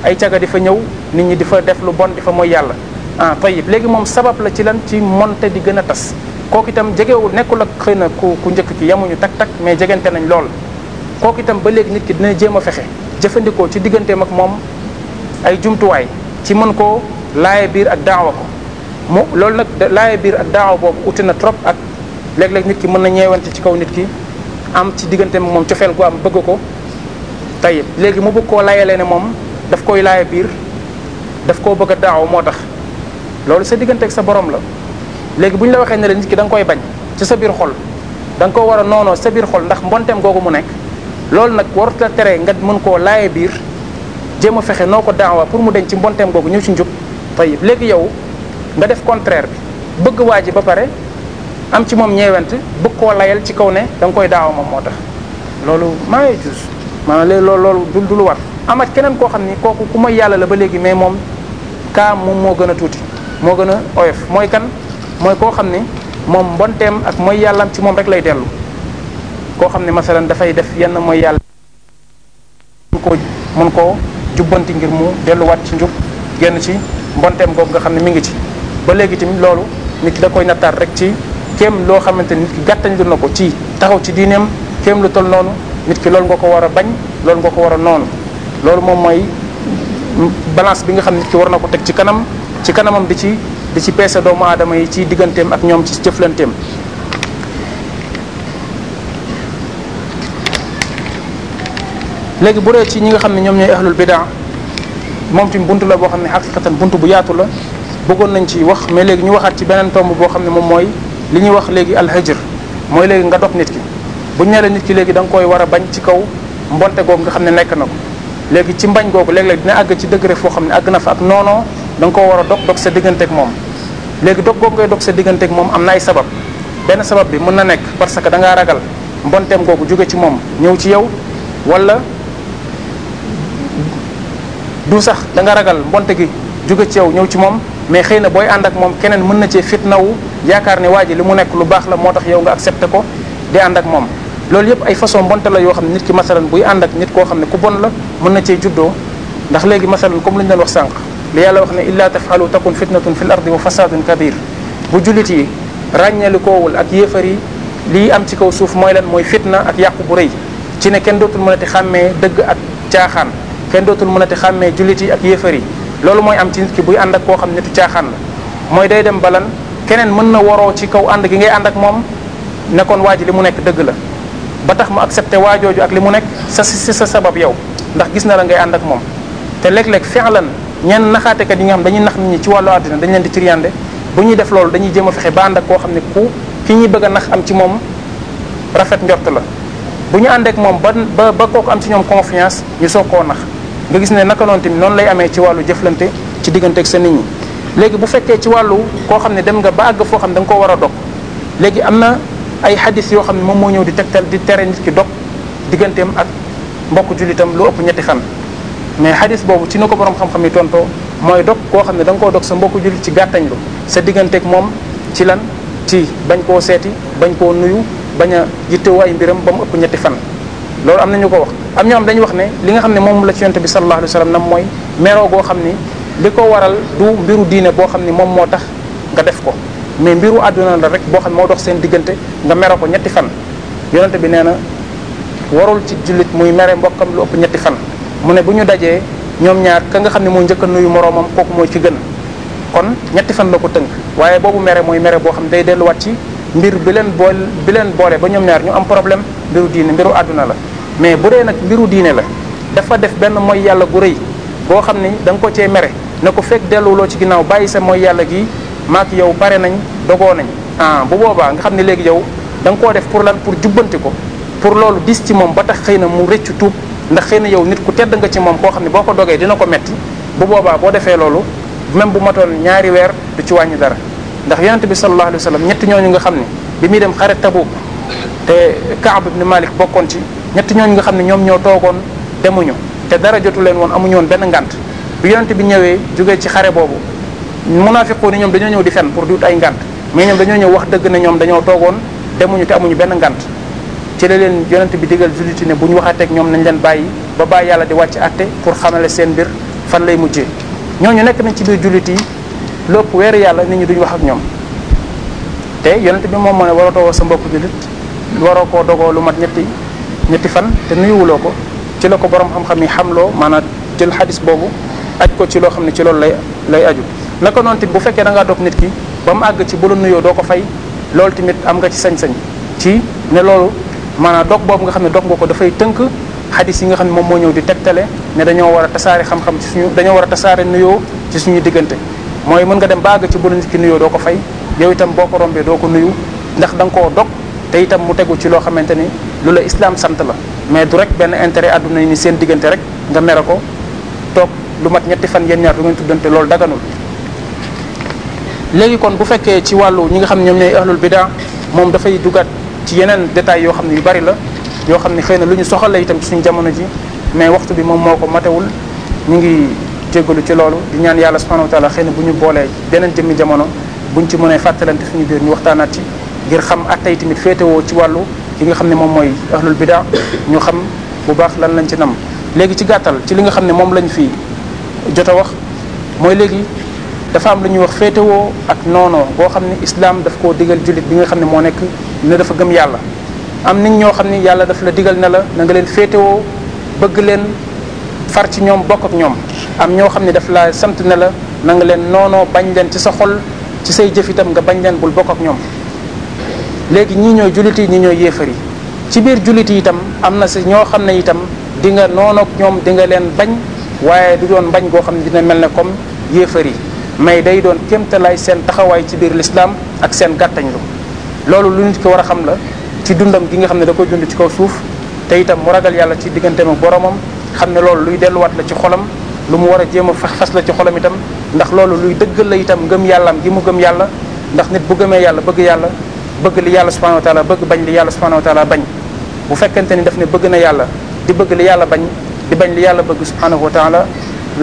ay caga di fa ñëw nit ñi di fa def lu bon di fa mooy yàlla ah tayib léegi moom sabab la ci lan ci monte di gën a tas kooku itam jegewul nekkul ak xëy na ku ku njëkk ki yamuñu tak takk mais jegante nañ lool kooku itam ba léegi nit ki dina jéem a fexe jëfandikoo ci digganteem ak moom ay jumtuwaay ci mën koo laaye biir ak daawa ko mu loolu nag laaye biir ak daawa boobu uti na trop ak léeg-léeg nit ki mën na ñeewante ci kaw nit ki am ci digganteem moom cofeel gu am bëgg ko tayib léegi mu bëgg koo layalee ne moom daf koy laaye biir daf koo bëgg a daaw moo tax loolu sa digganteeg sa borom la léegi bu ñu la waxee ne la nit ki danga koy bañ ci sa biir xol danga nga war a noonoo sa biir xol ndax mbonteem googu mu nekk loolu nag warut la tere nga mën koo laaya biir jéem a fexe noo ko daawa pour mu deñ ci mbonteem googu ñëw ci njub tayib léegi yow nga def contraire bi bëgg waa ji ba pare am ci moom ñeewent bëgg koo layal ci kaw ne danga koy daawa moom moo tax loolu maa ngi jus maanaam léegi amaat keneen koo xam ni kooku ku mooy yàlla la ba léegi mais moom kaa moom moo gën a tuuti moo gën a oyof mooy kan mooy koo xam ni moom mbonteem ak mooy yàlla ci moom rek lay dellu koo xam ne masalan dafay def yenn mooy yàlla mun koo mun koo jubbanti ngir mu delluwaat ci njub génn ci mbonteem googu nga xam ne mu ngi ci ba léegi tamit loolu nit ki da koy nattaat rek ci kéem loo xamante nit ki gàttañ lu na ko ci taxaw ci diineem kem lu tol noonu nit ki loolu nga ko war a bañ loolu nga ko war a noonu loolu moom mooy balance bi nga xam ne ki war na ko teg ci kanam ci kanamam di ci di ci peese doomu aadama yi ci digganteem ak ñoom ci jëflanteem léegi bu dee ci ñi nga xam ne ñoom ñooy ahlul bidaa moom tamit buntu la boo xam ne xaqiqatan bunt bu yaatu la bëggoon nañ ci wax mais léegi ñu waxaat ci beneen tomb boo xam ne moom mooy li ñuy wax léegi alhajr mooy léegi nga dog nit ki bu ñu nit ki léegi da nga koy war a bañ ci kaw mbonte googu nga xam ne nekk na ko léegi ci mbañ googu léeg-léeg dina àgg ci degré foo xam ne àgg na fa ak noonoo da nga koo war a dog dog sa digganteeg moom léegi dog googu ngay dog sa digganteeg moom am na ay sabab benn sabab bi mën na nekk parce que da ragal mbonteem googu jóge ci moom ñëw ci yow wala du sax danga nga ragal mbonte gi jóge ci yow ñëw ci moom mais xëy na booy ànd ak moom keneen mën na cee naw yaakaar ne waa ji li mu nekk lu baax la moo tax yow nga accepté ko di ànd ak moom loolu yëpp ay façon mbonte la yoo xam ne nit ki masalan buy ànd ak nit koo xam ne ku bon la mën na cee juddoo ndax léegi masalan comme lu ñu doon wax sànq li yàlla wax ne illa tafalu takun fitnatun fil ardi wa fasadun kabir bu jullit yi ràññeelu koowul ak yéefar yi lii am ci kaw suuf mooy lan mooy fitna ak yàqu bu rëy ci ne kenn dootul mënati xàmmee dëgg ak caaxaan kenn dootul mënati xàmmee jullit yi ak yéefar yi loolu mooy am ci nit ki buy ànd ak koo xam ne nitu caaxaan mooy day dem balan keneen mën na waroo ci kaw ànd gi ngay ànd ak moom nekkoon waa ji li mu nekk dëgg la ba tax mu accepté waajooju ak li mu nekk sa si sa sabab yow ndax gis na la ngay ànd ak moom te léeg-léeg fexlan ñenn naxaatekat yi nga xam dañuy nax nit ñi ci wàllu àddina dañ leen di triyande ñuy def loolu dañuy jéem a fexe ba ànd ak koo xam ne ku ki ñuy bëgg a nax am ci moom rafet njort la bu ñu ànd ak moom ba ba kooku am ci ñoom confiance ñu soo koo nax nga gis ne naka noon noonu tamit noonu lay amee ci wàllu jëflante ci diggante ak sa nit ñi léegi bu fekkee ci wàllu koo xam ne dem nga ba foo xam ne da nga war a dog léegi am ay xadis yoo xam ne moom moo ñëw di tegtal di tere nit ki dog digganteem ak mbokk jullitam lu ëpp ñetti fan mais xadis boobu ci na ko borom xam-xam yi tontoo mooy dog koo xam ne da nga sa mbokk jullit ci gàttañlu sa digganteeg moom ci lan ci bañ koo seeti bañ koo nuyu bañ a yittewoo ay mbiram ba ëpp ñetti fan loolu am na ko wax am ñoo xam dañu wax ne li nga xam ne moom la ci bi sallallahu alayhi wasallam nam mooy meroo goo xam ni li ko waral du mbiru diine boo xam ni moom moo tax nga def ko mais mbiru àdduna la rek boo xam moo dox seen diggante nga mere ko ñetti fan yonente bi nee na warul ci jullit muy mere mbokkam lu ëpp ñetti fan mu ne bu ñu dajee ñoom ñaar ka nga xam ne moo njëkk a nuyu moroomam kooku mooy ci gën kon ñetti fan la ko tënk waaye boobu mere mooy mere boo xam ne day delluwaat ci mbir bi leen bool bi leen boole ba ñoom ñaar ñu am problème mbiru diine mbiru àdduna la mais bu dee nag mbiru diine la dafa def benn mooy yàlla gu rëy boo xam ni da nga ko cee mere ne ko fekk delluwuloo ci ginnaaw bàyyi sa mooy yàlla gi maak yow pare nañ dogoo nañ ah bu boobaa nga xam ne léegi yow danga nga koo def pour lan pour jubbanti ko pour loolu dis ci moom ba tax xëy na mu rëccu tuub ndax xëy na yow nit ku tedd nga ci moom koo xam ne boo ko dogee dina ko metti bu boobaa boo defee loolu même bu matoon ñaari weer du ci wàññi dara ndax yonente bi sallallahu alayhi wa sallam ñetti ñooñu nga xam ne bi muy dem xare Tabuk te Kaab ibn Malik bokkoon ci ñetti ñooñu nga xam ne ñoom ñoo toogoon demuñu te dara jotu leen woon amuñu woon benn ngant bi yonente bi ñëwee jógee ci xare boobu munafiqu ni ñoom dañoo ñëw di fen pour ay ngant mais ñoom dañoo ñëw wax dëgg ne ñoom dañoo toogoon demuñu te amuñu benn ngant ci la leen yonent bi digal julliti ne bu ñu waxatee ak ñoom nañ leen bàyyi ba bàyyi yàlla di wàcc atte pour xamale seen mbir fan lay mujjee ñooñu nekk nañ ci biir jullit yi lépp weer yàlla nit ñi duñu wax ak ñoom te yonent bi moom moo ne waroo towoo sa mbokk jullit waroo koo dogoo lu mat ñetti ñetti fan te nuyuwuloo ko ci la ko borom xam-xam yi xamloo maanaam jël xadis boobu aj ko ci loo xam ne ci loolu lay lay aju naka noonu tamit bu fekkee da ngaa dog nit ki ba mu àgg ci bu la nuyoo doo ko fay loolu tamit am nga ci sañ-sañ ci ne loolu maanaam dog boobu nga xam ne dog nga ko dafay tënk xadis yi nga xam ne moom moo ñëw di tegtale ne dañoo war tasaare xam-xam suñu dañoo war a tasaare nuyoo ci suñu diggante mooy mën dem ba ci bu ki nuyoo doo ko fay yow itam boo ko rombee doo ko nuyu ndax da koo dog te itam mu tegul ci loo xamante ni lu la islam sant la mais du rek benn intérêt àdduna ni seen diggante rek nga mere ko toog lu mat ñetti fan yéen ñaar du ngeen tuddante loolu daganul léegi kon bu fekkee ci wàllu ñi nga xam ne ñoom ñooy ahlul bida moom dafay dugaat ci yeneen détails yoo xam ne yu bari la yoo xam ne xëy na lu ñu soxal la itam ci suñu jamono ji mais waxtu bi moom moo ko matewul ñu ngi jégalu ci loolu di ñaan yàlla subhanahu wa xëy na bu ñu boolee beneen jëmmi jamono buñ ci mënee fàttalante suñu biir ñu waxtaanaat ci ngir xam at attey tamit féetewoo ci wàllu ki nga xam ne moom mooy ahlul bida ñu xam bu baax lan lañ ci nam léegi ci gàttal ci li nga xam ne moom lañ fi jot a wax mooy léegi dafa am lu ñuy wax féetewoo ak noonoo boo xam ne islam daf koo digal jullit bi nga xam ne moo nekk ne dafa gëm yàlla am nit ñoo xam ne yàlla daf la digal ne la na leen féetewoo bëgg leen far ci ñoom bokk ak ñoom am ñoo xam ne daf la sant ne la nanga leen noonoo bañ leen ci sa xol ci say jëf itam nga bañ leen bul bokk ak ñoom léegi ñii ñooy jullit yi ñii ñooy yéefar yi ci biir jullit yi itam am na si ñoo xam ne itam di nga noonoog ñoom dinga nga leen bañ waaye du doon bañ goo xam ne dina mel ne comme yéefar yi mais day doon kéemtalaay seen taxawaay ci biir lislaam ak seen gàttañlu loolu lu nit ki war a xam la ci dundam gi nga xam ne da koy dund ci kaw suuf te itam mu ragal yàlla ci digganteem ak boromam xam ne loolu luy delluwaat la ci xolam lu mu war a jéem a fas la ci xolam itam ndax loolu luy dëggal la itam ngëm yàllaam gi mu gëm yàlla ndax nit bu gëmee yàlla bëgg yàlla bëgg li yàlla subhanahu wa taala bëgg bañ li yàlla subhanahu wa taala bañ bu fekkente ni daf ne bëgg na yàlla di bëgg li yàlla bañ di bañ li yàlla bëgg subhanahu wa taala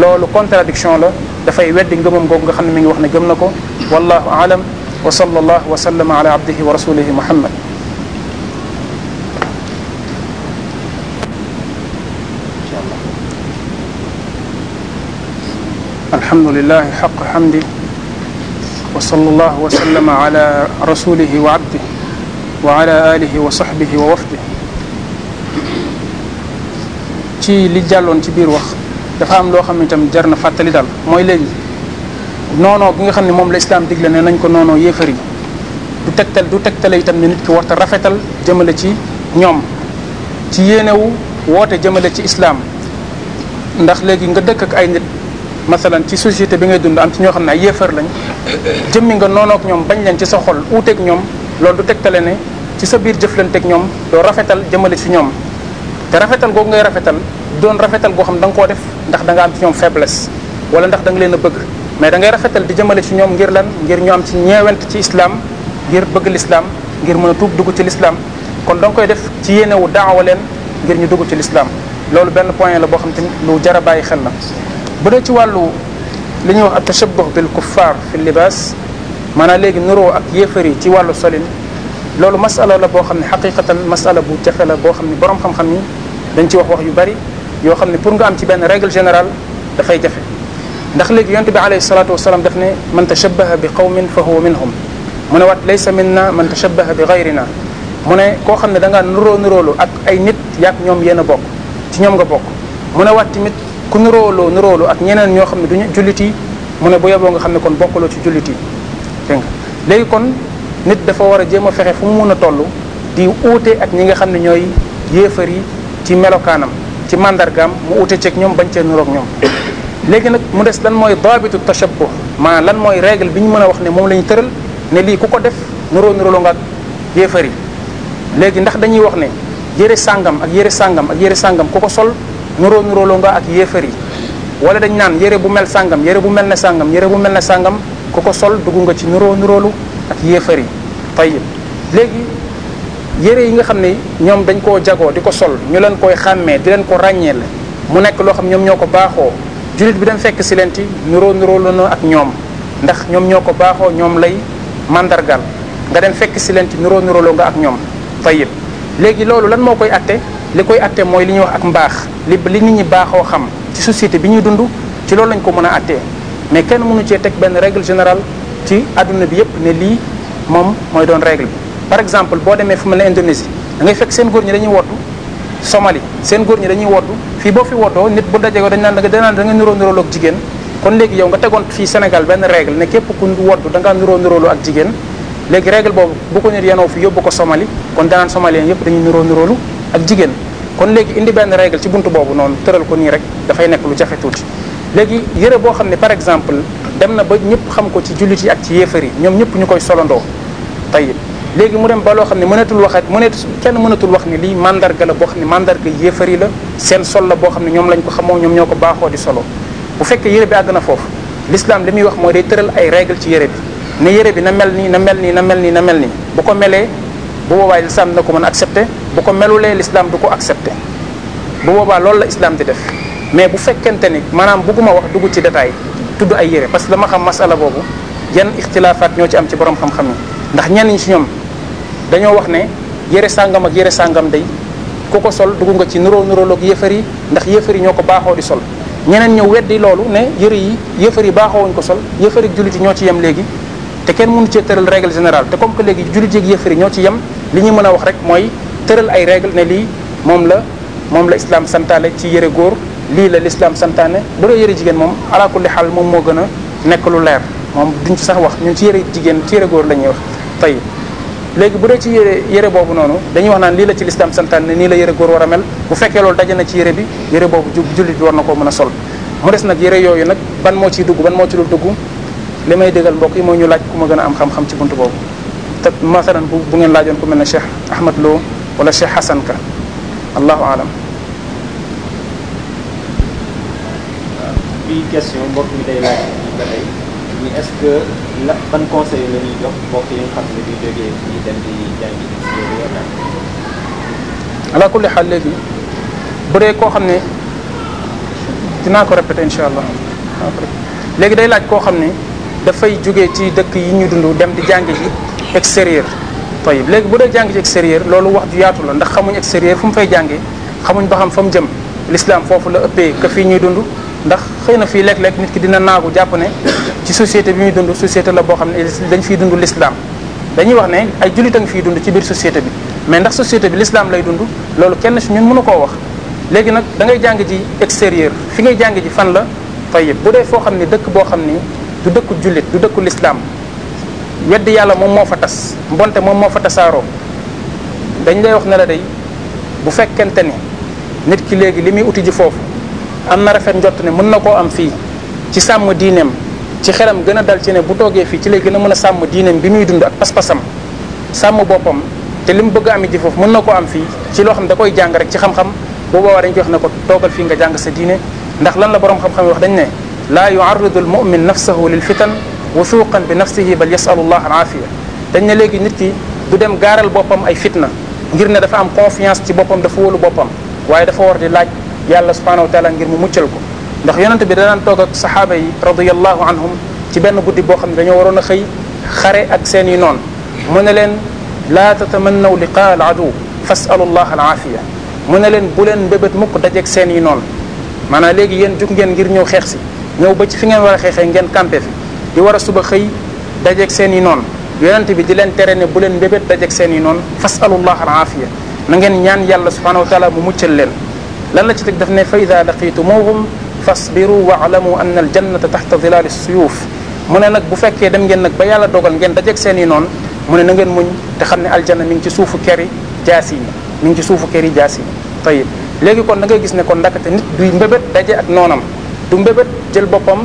loolu contradiction la dafay weddi ngëmam googu nga xam ne mi ngi wax ne gëm na ko wallahu aalam wa sallallahu wa sallama ala abdihi wa rasulihi muhammad alhamdulilahi xaq xamdi wa sallallahu wa sallama ala rasulihi wa abdihi wa ala alihi wa sahbihi wa wafdihi ci li jàlloon ci biir wax dafa am loo xam ne itam jar na fàttali daal mooy léegi noonoo gi nga xam ne moom la islam digle ne nañ ko noonoo yéefar yi du tegtal du tegtale itam ne nit ki warta rafetal jëmale ci ñoom ci yéenewu woote jëmale ci islam ndax léegi nga dëkk ak ay nit masalan ci société bi ngay dund am ci ñoo xam ne ay yéefar lañ jëmmi nga noonook ñoom bañ leen ci sa xol uuteeg ñoom loolu du tegtale ne ci sa biir jëflanteeg ñoom doo rafetal jëmale ci ñoom te rafetal googu ngay rafetal doon rafetal goo xam da nga koo def ndax danga nga am ci ñoom faiblesse wala ndax danga leen a bëgg mais dangay rafetal di jëmale ci ñoom ngir lan ngir ñu am ci ñeewent ci islam ngir bëgg l'islam ngir mën a tuub dugg ci l'islam kon da nga koy def ci yéenewu daawa leen ngir ñu dugg ci l'islam loolu benn point la boo xam te lu jar a bàyyi xel la bu dee ci wàllu li ñuy wax ak tashabbuh bil kuffar fi libaas maanaam léegi nuroo ak yéefar yi ci wàllu solin loolu masala la boo xam ne xaqiqatan masala bu jafe la boo xam ne borom xam-xam yi dañ ci wax yu bari yoo xam ne pour nga am ci benn règle général dafay jafe ndax léegi yonte bi alayhi salatu wasalaam def ne man tashabbaha bi qawmin fa huwa minhum mu ne wat laysa minna man tashabbaha bi gayrina mu ne koo xam ne da ngaa nuroo nuroolu ak ay nit yaag ñoom yéen bokk ci ñoom nga bokk mu ne waat tamit ku nurooloo nuroolu ak ñeneen ñoo xam ne duñu jullit yi mu ne bu yeboo nga xam ne kon bokkaloo ci jullit yi nga léegi kon nit dafa war a jéem a fexe fu mu mun a toll di uute ak ñi nga xam ne ñooy yéefar yi ci melokaanam ci mandargaam mu ute ceeg ñoom bañ cee nuroog ñoom léegi nag mu des lan mooy daabitu tashabbuh maa lan mooy règle bi ñu mën a wax ni moom lañu ñu tëral ne lii ku ko def nuroo nuroo nga ak yéefar yi léegi ndax dañuy wax ne yére sàngam ak yére sàngam ak yére sàngam ku ko sol nuroo nuroo nga ak yéefar yi wala dañ naan yére bu mel sàngam yére bu mel na sàngam yére bu mel na sàngam ku ko sol dugg nga ci nuroo nuroolu ak yéefar yi tayib léegi yére yi nga xam ne ñoom dañ koo jagoo di ko sol ñu leen koy xàmmee di leen ko la mu nekk loo xam ñoom ñoo ko baaxoo jullit bi dem fekk si leen ci nuroo nuroo ak ñoom ndax ñoom ñoo ko baaxoo ñoom lay mandargal nga dem fekk si leen ci nuroo nuroo nga ak ñoom tayib léegi loolu lan moo koy atte li koy atte mooy li ñuy wax ak mbaax li li nit ñi baaxoo xam ci société bi ñuy dund ci loolu lañ ko mën a attee mais kenn mënu cee teg benn règle générale ci àdduna bi yépp ne lii moom mooy doon règle bi par exemple boo demee fu ma ne Indonésie da ngay fekk seen góor ñi dañuy woddu somali seen góor ñi dañuy woddu fii boo fi woddoo nit bu dajegoo dañ naan da nga da nga nuroo nuróolu ak jigéen léegi yow nga tegoon fii Sénégal benn règle ne képp ku woddu da ngaa nuroo ak jigéen léegi règle boobu bu ko nit yenoo fi yóbbu ko somali kon danaan somalien yëpp dañuy niroo nuróolu ak jigéen kon léegi indi benn règle ci bunt boobu noonu tëral ko nii rek dafay nekk lu jafe tuuti léegi yëre boo xam ne par exemple dem na ba ñëpp xam ko ci jullit yi ak ci yéefar yi ñoom ñëpp ñu koy solandoo tayib léegi mu dem ba loo xam ne mënatul waxat mënatu kenn mënatul wax ne lii mandarga la boo xam ne mandarga yéefari la seen sol la boo xam ne ñoom lañ ko xamoo ñoom ñoo ko baaxoo di solo bu fekkee yére bi àgg na foofu l'islam li muy wax moo day tëral ay règle ci yére bi ne yére bi na mel nii na mel nii na mel nii na mel nii bu ko melee bu boobaa l'islam dina ko mën accepté bu ko melulee l'islam du ko accepté bu boobaa loolu la islam di def mais bu fekkente ni maanaam bugguma wax dugg ci détail tudd ay yére parce que dama xam masala boobu yan ixtilaafaat ñoo ci am ci borom xam-xam yi ndax ñenn ñi ci ñoom dañoo wax ne yére sàngam ak yére sàngam day ku ko sol dugg nga ci nuroo nurooloog yëfër yi ndax yëfër yi ñoo ko baaxoo di sol ñeneen ñëw weddi loolu ne yëre yi yëfër yi baaxoo wuñ ko sol yëfër jullit yi ñoo ci yem léegi te kenn mënu cee tëral règle générale te comme que léegi jullit yeeg yëfër ñoo ci yem li ñu mën a wax rek mooy tëral ay règle ne lii moom la moom la islam santaane ci yëre góor lii la l'islam santaane bu dee yëre jigéen moom ala kulli moom moo gën a nekk lu moom duñ ci sax wax ñun ci yëre jigéen ci góor la wax tey léegi bu dee ci yére yére boobu noonu dañu wax naan lii la ci lislam santaan ni nii la yére góor war a mel bu fekkee loolu daje na ci yére bi yére boobu jullit bi war na koo mën a sol mu des nag yére yooyu nag ban moo ciy dugg ban moo ci dul dugg li may déggal mbokk yi mooy ñu laaj ku ma gën a am xam-xam ci bunt boobu te masalan bu bu ngeen laajoon ku mel ne Cheikh Ahmad Lo wala Cheikh Hassan Ka allahu alam bi question mbokk mais est-ce que la ban conseil la mbokk yi xam ne bii jógee fii xaal léegi bu dee koo xam ne dinaa ko répété incha allah léegi day laaj koo xam ne dafay jóge ci dëkk yi ñuy dund dem di jàngi ji extérieur tayib léegi bu dee jàngi ci extérieur loolu wax ju yaatu la ndax xamuñ extérieur fu mu fay jàngee xamuñ ba xam fa mu jëm l'islam foofu la ëppee këf fii ñuy dund ndax xëy na fii léeg-léeg nit ki dina naagu jàpp ne ci société bi muy dund société la boo xam ne dañ fiy dund lislaam dañuy wax ne ay jullit a ngi fiy dund ci biir société bi mais ndax société bi l'islam lay dund loolu kenn si ñun a koo wax léegi nag dangay ngay jàng ji extérieur fi ngay jàng ji fan la tayib bu dee foo xam ni dëkk boo xam ni du dëkku jullit du dëkku l'islam weddi yàlla moom moo fa tas mbonte moom moo fa tasaaroo dañ lay wax ne la bu fekkente ni nit ki léegi li muy uti ji foofu am na rafet njott ne mën na koo am fii ci sàmm diineem ci xelam gën a dal ci ne bu toogee fii ci lay gën a mën a sàmm diineem bi muy dund ak pas-pasam sàmm boppam te li mu bëgg a amee ji foofu mën na koo am fii ci loo xam da koy jàng rek ci xam-xam bu boobaa dañ koy ko toogal fii nga jàng sa diine ndax lan la borom xam-xam yi wax dañ ne laa yuarridu almumin nafsahu lil fitan wusuqan bi nafsihi bal yasalu llah al aafia dañ ne léegi nit ki du dem gaaral boppam ay fitna ngir ne dafa am confiance ci boppam dafa wóolu boppam waaye dafa laaj yàlla subhanahu wa taala ngir mu muccal ko ndax yonente bi danaan toog ak saxaaba yi radiallahu anhum ci benn guddi boo xam ne dañoo waroon a xëy xare ak seen i noon mu ne leen laa tatamannaw liqa al aduw fasalu llah al aafiya mu ne leen bu leen mbébét mukk dajeeg seen i noonu maanaam léegi yéen jug ngeen ngir ñëw xeex si ñëw ba ci fi ngeen war a xeexee ngeen campé fi di war a suba xëy dajeeg seen i noonu yonente bi di leen tere ne bu leen mbébét dajeeg seen i noonu fasalullah al aafiya na ngeen ñaan yàlla subhanahu wa taala mu muccal leen lan la ci teg def ne fa ida laqitumuhum fasbiru waalamu anna al jannata taxta dilali suyuuf mu ne nag bu fekkee dem ngeen nag ba yàlla dogal ngeen dajeeg seeni noon mu ne na ngeen muñ te xam ne aljanna mi ngi ci suufu keri jaas yi mi ngi ci suufu keri jaas yi tayib léegi kon da ngay gis ne kon ndakate nit du mbébét daje ak noonam du mbébét jël boppam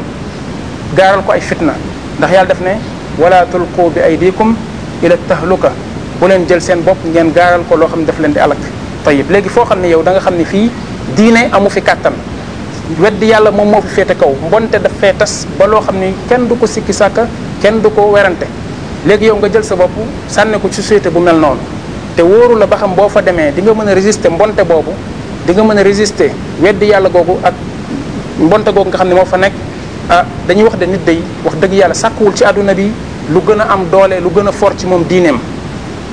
gaaral ko ay fitna ndax yàlla def ne wala tulqu bi aydikum ila tahluka bu leen jël seen bopp ngeen gaaral ko loo xam ne daf leen di alak léegi foo xam ne yow da nga xam ne fii diine amu fi kàttan weddi yàlla moom moo fi féete kaw mbonte daf fee tas ba loo xam ni kenn du ko sikki sàkk kenn du ko werante léegi yow nga jël sa bopp sànni ko ci société bu mel noonu te wóoru la ba xam boo fa demee di nga mën a résister mbonte boobu di nga mën a résister weddi yàlla googu ak mbonte googu nga xam ne moo fa nekk ah dañuy wax de nit day wax dëgg yàlla sàkkuwul ci àdduna bi lu gën a am doole lu gën a foor ci moom diineem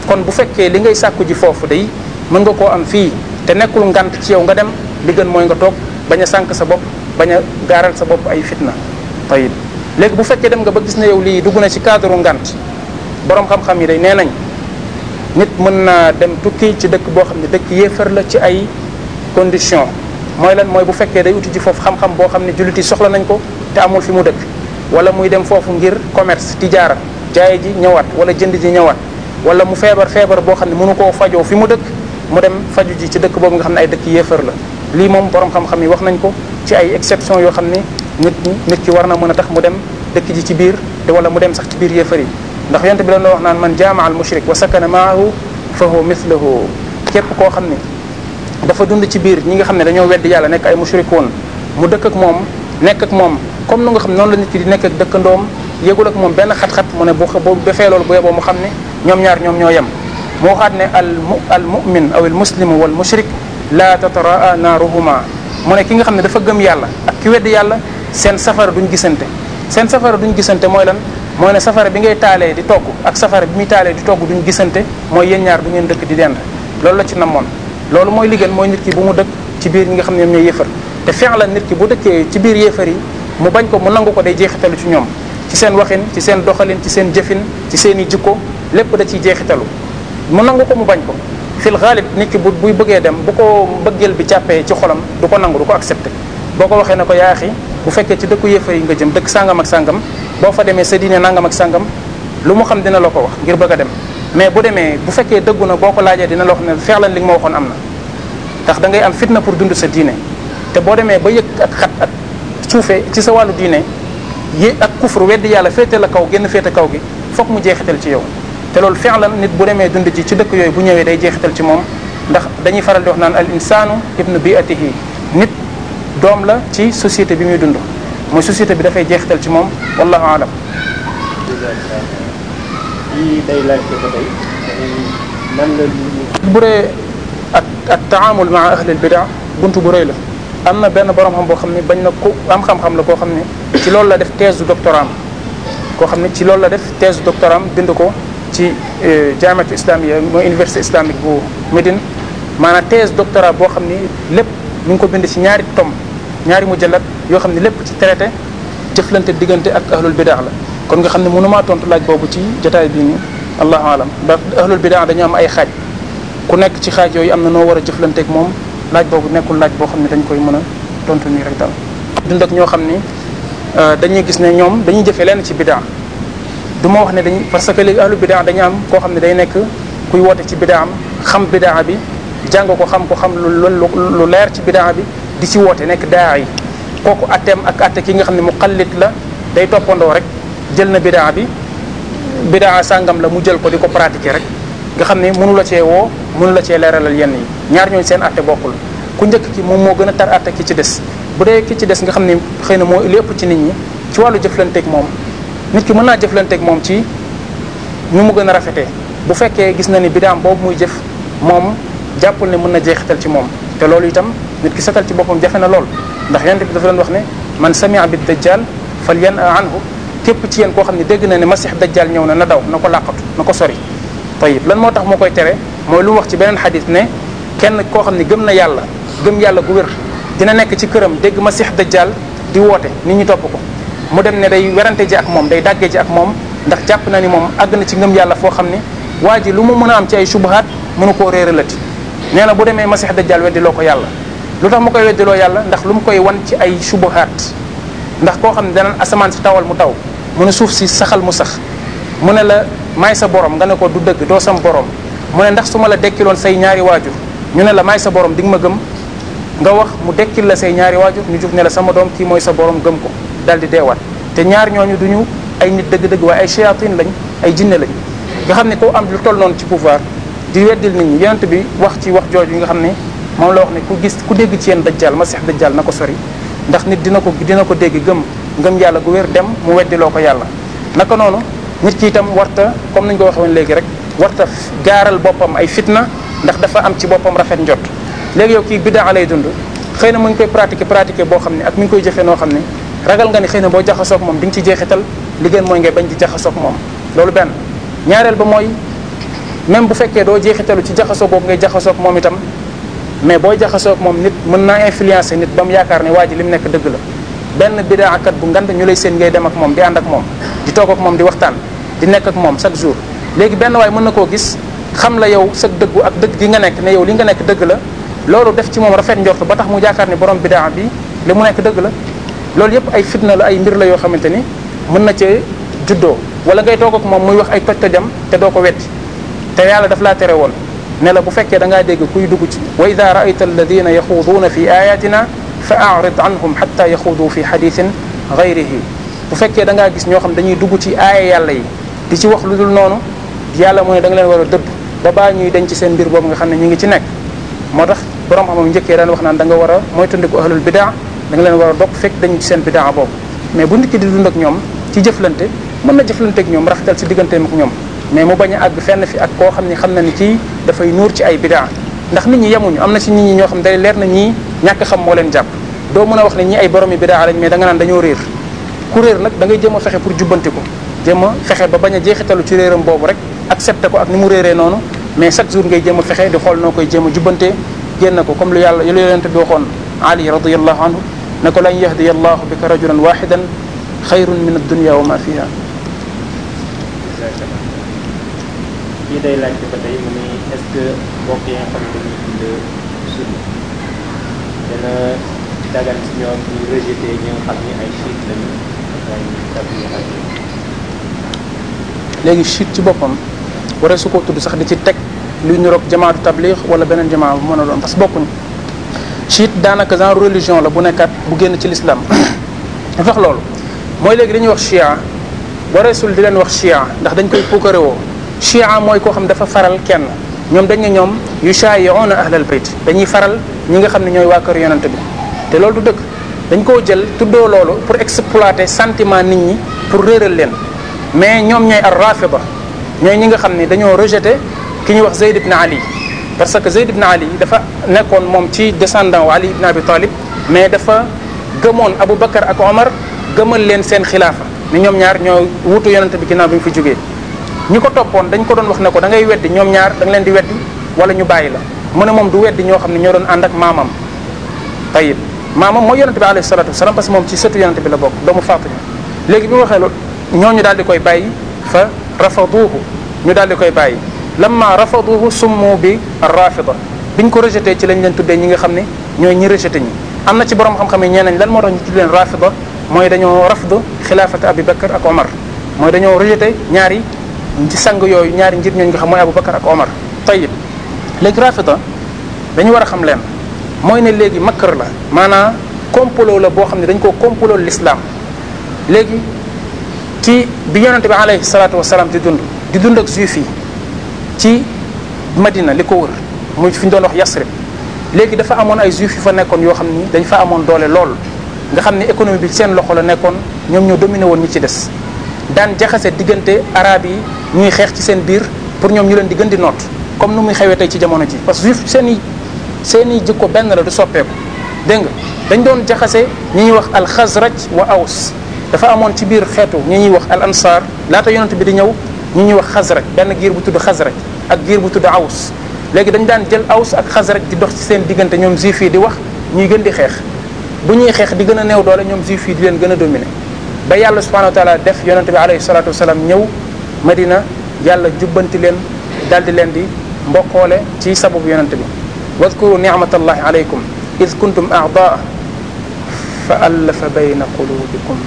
kon bu fekkee li ngay sàkku ji foofu day mën nga koo am fii te nekkul ngant ci yow nga dem li gën mooy nga toog bañ a sànq sa bopp bañ a gaaral sa bopp ay fitna tayib léegi bu fekkee dem nga ba gis na yow lii dugg na ci cadre ngant borom xam-xam yi day nee nañ nit mën naa dem tukki ci dëkk boo xam ne dëkk yéefar la ci ay condition mooy lan mooy bu fekkee day uti ci foofu xam-xam boo xam ne jullit yi soxla nañ ko te amul fi mu dëkk wala muy dem foofu ngir commerce tijaara jaay ji ñëwaat wala jënd ji ñëwaat wala mu feebar feebar boo xam ne mënu koo fajoo fi mu dëkk mu dem faju ji ci dëkk boobu nga xam ne ay dëkk yéefar la lii moom borom xam-xam yi wax nañ ko ci ay exception yoo xam ne nit ñi nit ki war na mën a tax mu dem dëkk ji ci biir te wala mu dem sax ci biir yéefar yi ndax yonte bi doon wax naan man jaama al mushrik wa sakana maahu fa huwa mithluhu képp koo xam ne dafa dund ci biir ñi nga xam ne dañoo wedd yàlla nekk ay mushrik woon mu dëkk ak moom nekk ak moom comme nu nga xam noonu la nit ki di nekk ak dëkkandoom yëgul ak moom benn xat-xat mu ne bu defee loolu xam ne ñoom ñaar ñoom ñoo yem mu waxaat ne al mu al mumin aw al muslimu wal mushrik la tatara naaruhuma mu ne ki nga xam ne dafa gëm yàlla ak ki wedd yàlla seen safara duñ gisante seen safara duñ gisante mooy lan mooy ne safara bi ngay taalee di togg ak safara bi muy taalee di togg duñ gisante mooy yéen ñaar du ngeen dëkk di dend loolu la ci namoon loolu mooy liggéey mooy nit ki bu mu dëkk ci biir ñi nga xam ne ñoom ñooy yéefar te feex la nit ki bu dëkkee ci biir yéefar yi mu bañ ko mu nangu ko day jeexitalu ci ñoom ci seen waxin ci seen doxalin ci seen jëfin ci seen i jikko lépp da ciy jeexitalu mu nangu ko mu bañ ko fil xaalib nit ki bu buy bëggee dem bu ko bëggeel bi jàppee ci xolam du ko nangu du ko accepté boo ko waxee ne ko yaaxi bu fekkee ci dëkku yéefar yi nga jëm dëkk sangam ak sangam boo fa demee sa diine nangam ak sàngam lu mu xam dina la ko wax ngir bëgg a dem mais bu demee bu fekkee dëggu na boo ko laajee dina la wax ne feexlan li nga ma waxoon am na ndax da ngay am fitna pour dund sa diine te boo demee ba yëg ak xat ak suufee ci sa wàllu diine yi ak kufru weddi yàlla féete la kaw génn féete kaw gi foog mu jeexital ci yow te loolu fexlan nit bu demee dund ji ci dëkk yooyu bu ñëwee day jeexital ci moom ndax dañuy faral di wax naan al insaanu ibnu biatihi nit doom la ci société bi muy dund mooy société bi dafay jeexital ci moom wallahu alam bu ree ak ak taamul maa ahlil bidaa buntu bu rëy la am na benn borom xam boo xam ne bañ na ku am xam-xam la koo xam ne ci loolu la def thèse doctoram doctorat koo xam ne ci loolu la def thèse du doctorat ko ci euh, jaamatu islamique mooy université islamique bu Médine maanaam thèse doctorat boo xam ni lépp ñu ngi ko bind ci ñaari tom ñaari mujallat yoo xam ne lépp ci traité jëflante diggante ak ahlul bidaa la kon nga xam ne mënumaa tontu laaj boobu ci jotaay bii nii allahu alam ndax ahlul bidaa dañu am ay xaaj ku nekk ci xaaj yi am na noo war a jëflanteeg moom laaj boobu nekkul laaj boo xam ne dañu koy mën a tontu nii rek daal dund ak ñoo xam ni euh, dañuy gis ne ñoom dañuy jëfee lenn ci bidaa du ma wax ne dañu parce que léegi ahlu bidaa dañu am koo xam ne day nekk kuy woote ci bidaam xam bidaa bi jàng ko xam ko xam lu lu leer ci bidaa bi di ci woote nekk daa yi kooku atteem ak atte ki nga xam ne mu xallit la day toppandoo rek jël na bidaa bi bidaa sàngam la mu jël ko di ko pratiquer rek nga xam ne mënu cee woo mënu la cee leeralal yenn yi ñaar ñooñu seen atte bokkul ku njëkk ki moom moo gën a tar atte ki ci des bu dee ki ci des nga xam ne xëy na moo lépp ci nit ñi ci wàllu jëflanteeg moom nit ki mën naa jëflanteeg moom ci nu mu gën a rafetee bu fekkee gis na ni bidaam boobu muy jëf moom jàppul ne mën na jeexital ci moom te loolu itam nit ki setal ci boppam jafe na loolu ndax yonent bi dafa doon wax ne man samia bi dajjal fal yan a anhu képp ci yéen koo xam ne dégg na ne masix dajjal ñëw na na daw na ko làqatu na ko sori tayib lan moo tax moo koy tere mooy lu wax ci beneen xadis ne kenn koo xam ne gëm na yàlla gëm yàlla gu wér dina nekk ci këram dégg masix dajjal di woote nit ñi topp ko mu dem ne day werante ji ak moom day dàggee ji ak moom ndax jàpp na ni moom àgg na ci ngëm yàlla foo xam ne waa ji lu mu mën a am ci ay subahaat mënu koo réeralati nee na bu demee masix dajjal weddiloo ko yàlla lu tax mu koy weddiloo yàlla ndax lu mu koy wan ci ay subahaat ndax koo xam ne danaan asamaan si tawal mu taw mu ne suuf si saxal mu sax mu ne la maay sa borom nga ne ko du dëgg doo sam borom mu ne ndax su ma la dekkiloon say ñaari waajur ñu ne la maay sa borom di ma gëm nga wax mu dekkil la say ñaari waajur ñu jug ne la sama doom kii mooy sa borom gëm ko daal di deewaat te ñaar ñooñu duñu ay nit dëgg-dëgg waaye ay shayatin lañ ay jinne lañ nga xam ne koo am lu toll noonu ci pouvoir di weddil nit ñi yonent bi wax ci wax jooju nga xam ne moom la wax ne ku gis ku dégg ci ma seex masix dajjal na ko sori ndax nit dina ko dina ko dégg gëm ngëm yàlla gu wér dem mu weddiloo ko yàlla naka noonu nit ki itam warta comme nañu ko waxee woon léegi rek warta gaaral boppam ay fitna ndax dafa am ci boppam rafet njot léegi yow kii na mu ngi boo xam ne ak koy jëfee noo xam ne ragal nga ni xëy na boo jaxasoog moom di nga ci jeexital li gën mooy ngay bañ ci jaxasoog moom loolu benn ñaareel ba mooy même bu fekkee doo jeexitalu ci jaxasoo boobu ngay jaxasoog moom itam mais booy jaxasoog moom nit mën naa influencer nit ba mu yaakaar ne waa ji li mu nekk dëgg la benn bidaakat bu ngand ñu lay seen ngay dem ak moom di ànd ak moom di toog ak moom di waxtaan di nekk ak moom chaque jour léegi benn waay mën na koo gis xam la yow sa dëggu ak dëgg gi nga nekk ne yow li nga nekk dëgg la loolu def ci moom rafet njort ba tax mu yaakaar ne borom bidaa bi li mu nekk dëgg la loolu yëpp ay fitna la ay mbir la yoo xamante ni mën na cee juddoo wala ngay toog moom muy wax ay toj tojam te doo ko wetti te yàlla daf laa tere woon ne la bu fekkee da ngaa dégg kuy dugg ci wa ida raayta alladina yaxuuduuna fi ayatina fa arid anhum xata yaxuudu fi xadithin gayrihi bu fekkee da ngaa gis ñoo xam dañuy dugg ci aaya yàlla yi di ci wax lu dul noonu yàlla mooy ne da leen war a dëdd ba baa ñuy ci seen mbir boobu nga xam ne ñu ngi ci nekk moo tax borom xamam njëkkee daan wax naan da nga war a mooy tundiku ahlul bidaa da leen war a dog fekk dañu ci seen bidaa boobu mais bu nit ki di dund ak ñoom ci jëflante mën na jëflante ak ñoom rafetal si digganteem ak ñoom mais mu bañ a àgg fenn fi ak koo xam ne xam na ni kii dafay nuur ci ay bidaa ndax nit ñi yemuñu am na si nit ñi ñoo xam day leer na ñii ñàkk xam leen jàpp doo mën a wax ne ñii ay borom yi bidaa lañ mais da nga naan dañoo réer ku réer nag da ngay jéem a fexe pour jubbanti ko jéem a ba a jeexitalu ci réeram boobu rek accepté ko ak ni mu réeree noonu mais chaque jour ngay jëm a fexe di xool noo koy jéem a jubbante génn ko comme lu yàlla lu yonente bi waxoon ali radiyallahu anhu ne ko lan yahdiya allahu bika rajulan waxidan xayrun min addunia wa ma fiha kii day laajte ba tey mu ni est-ce que mbokk yi nga xam ne dañuy dund sunna dana dagan si ñoom ñu rejeté ñi nga xam ni ay chiite lañu ay tabiat léegi chiite ci boppam waree su ko tudd sax di ci teg luy niroog jamaatu tabliix wala beneen jamaa bu mën a doon parce que bokkuñu chiite daanaka genre religion la bu nekkaat bu génn ci l'islam lu tax loolu mooy léegi dañuy wax chia wareesul di leen wax chia ndax dañ koy puukare woo chia mooy koo xam dafa faral kenn ñoom dañ ne ñoom yu shaayi'uuna ahlal bayt dañuy faral ñi nga xam ne ñooy waa kër yonent bi te loolu du dëgg dañ koo jël tuddoo loolu pour exploiter sentiment nit ñi pour réeral leen mais ñoom ñooy ar ba ñooy ñi nga xam ne dañoo rejeté ki ñuy wax Zayd ibn Ali parce que Zayd ibn Ali dafa nekkoon moom ci descendant wu Ali ibn Abi Talib mais dafa gëmoon Abu Bakar ak Omar gëmal leen seen xilaafa ni ñoom ñaar ñoo wutu yonente bi ginnaaw bi ñu fi jógee ñu ko toppoon dañ ko doon wax ne ko da ngay weddi ñoom ñaar da leen di weddi wala ñu bàyyi la mu ne moom du weddi ñoo xam ne ñoo doon ànd ak maamam tayib maamam mooy yonente bi alayhi salatu wasalam parce que moom ci sëtu yonente bi la bokk doomu Fatima léegi bi mu waxee loolu ñooñu daal di koy bàyyi fa rafaduhu ñu daal di koy bàyyi lamma rafaduhu summu bi rafida biñ ko rejeté ci lañ leen tuddee ñi nga xam ne ñooy ñi rejeté ñi am na ci borom xam-xam yi ñeneen lan moo tax ñu tudd leen rafida mooy dañoo rafd xilaafat abi bakar ak omar mooy dañoo rejeté ñaari ci sang yooyu ñaari njir ñooñu nga xam mooy abou bakar ak omar tayib léegi rafida dañu war a xam leen mooy ne léegi makkar la maanaa complot la boo xam ne dañ koo lu l'islam léegi ci bi yonente bi alayhi salatu wasalaam di dund di dund ak juif ci Madina li ko wër muy fi ñu doon wax Yasrib léegi dafa amoon ay juif yu fa nekkoon yoo xam ni dañ fa amoon doole lool nga xam ne économie bi seen loxo la nekkoon ñoom ñoo dominé woon ñu ci des daan jaxase diggante arab yi ñuy xeex ci seen biir pour ñoom ñu leen di gën di noot comme nu muy xewee tey ci jamono ji parce que juif seen i seen i benn la du soppeeku dégg nga dañ doon jaxase ñi ñuy wax al xasraj wa aws dafa amoon ci biir xeetu ñi ñuy wax al ansar laata yonent bi di ñëw ñi ñuy wax xasraj benn giir bu tudd xasraj ak giir bu tudd aws léegi dañ daan jël aws ak xasraj di dox ci seen diggante ñoom juif yi di wax ñuy gën di xeex bu ñuy xeex di gën a new doole ñoom juif yi di leen gën a dominer ba yàlla subhanahu wa taala def yonente bi alayhi salatu wasalaam ñëw madina yàlla jubbanti leen daal di leen di mbokkoole ci sababu yonente bi wadkuru nicmatallahi alaykum id kuntum adaa fa allafa bayna qulubikum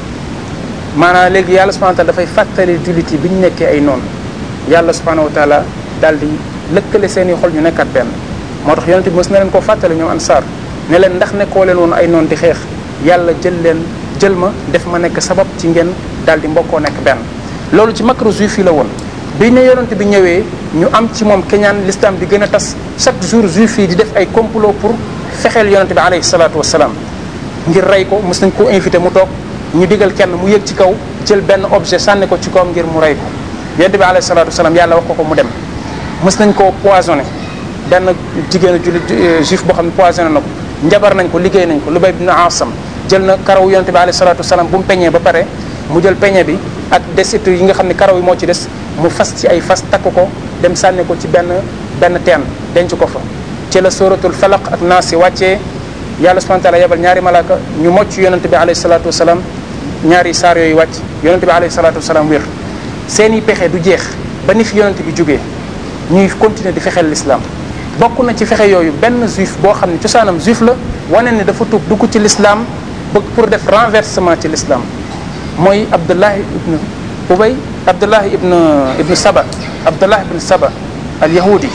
maanaa léegi yàlla subhanahu wa taala dafay fàttali jullit bi ñu nekkee ay noonu yàlla subhanahu wa daal di lëkkale seen i xol ñu nekkat benn moo tax yonente bi mës na leen koo fàttale ñoom ansaar ne leen ndax nekkoo leen woon ay noon di xeex yàlla jël leen jël ma def ma nekk sabab ci ngeen daal di mbokkoo nekk benn loolu ci makru juif yi la woon bi ne yonente bi ñëwee ñu am ci moom keñaan listam bi gën a tas chaque jour juif yi di def ay complot pour fexeel yonente bi alayhi salaatu wasalaam ngir rey ko mës nañ ko invité mu toog ñu digal kenn mu yëg ci kaw jël benn objet sànni ko ci kawam ngir mu rey ko yonente bi alayhi salaatu wasalaam yàlla wax ko ko mu dem mës nañ koo poisonné benn jigéenu jullit euh, juif boo xam ne poisonné na ko njabar nañ ko liggéey nañ ko lu bay ibn Asam jël na karaw yonte bi alayhi salatu wasalaam mu peñee ba pare mu jël peñe bi ak desitu yi nga xam ne karaw yi moo ci des mu fas ci ay fas takk ko dem sànni ko ci benn benn teen denc ko fa ci la suratul falaq ak naasi wàccee yàlla subhanahu wa yebal ñaari malaaka ñu mocc yonente bi alayhi salatu wasalaam ñaari saar yooyu wàcc yonente bi alayhi salatu wasalaam wér seen i pexe du jeex ba ni fi yonente bi jógee ñuy continuer di fexeel l'islam bokk na ci fexe yooyu benn juif boo xam ne cosaanam juif la wane ne dafa tuub dugg ci l'islam bëgg pour def renversement ci l'islam mooy Abdullah ibn Ubay Abdullah ibn ibn Saba Abdullah ibn Saba al yahudi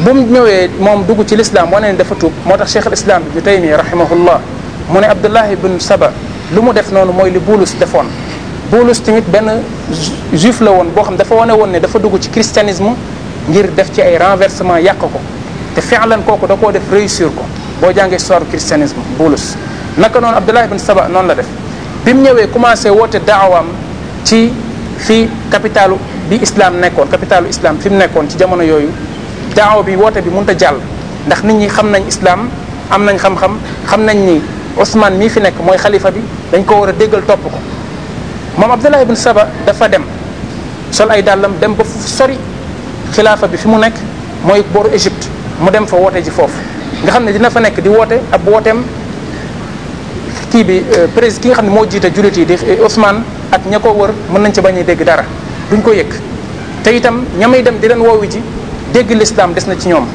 bu mu ñëwee moom dugg ci l'islam wane ne dafa tuub moo tax cheikh al islam ibn Taymi rahimahullah mu ne Abdullah ibn Saba lu mu def noonu mooy li Bulus defoon Bulus tamit benn juif la woon boo xam dafa wane woon ne dafa dugg ci christianisme ngir def ci ay renversement yàq ko te fexlan kooku da koo def réussir ko boo jàngee histoire christianisme Bulus naka noonu Abdullah ibn Saba noonu la def bi mu ñëwee commencé woote daawaam ci fii capitalu bi islam nekkoon capitalu islam fi mu nekkoon ci jamono yooyu daawa bi woote bi mun a jàll ndax nit ñi xam nañ islam am nañ xam-xam xam nañ ni Ousmane mii fi nekk mooy xalifa bi dañ koo war a déggal topp ko moom Abdullah ibn Saba dafa dem sol ay dàllam dem ba sori xilaafa bi fi mu nekk mooy booru Égypte mu dem fa woote ji foofu nga xam ne dina fa nekk di woote ab wooteem kii bi euh, président ki nga xam ne moo jiite jullit yi di euh, Ousmane ak ña ko wër mën nañ ci bañ dégg dara duñ ko yëg te itam ñamay dem di leen woowi ji dégg l'islam des na ci ñoom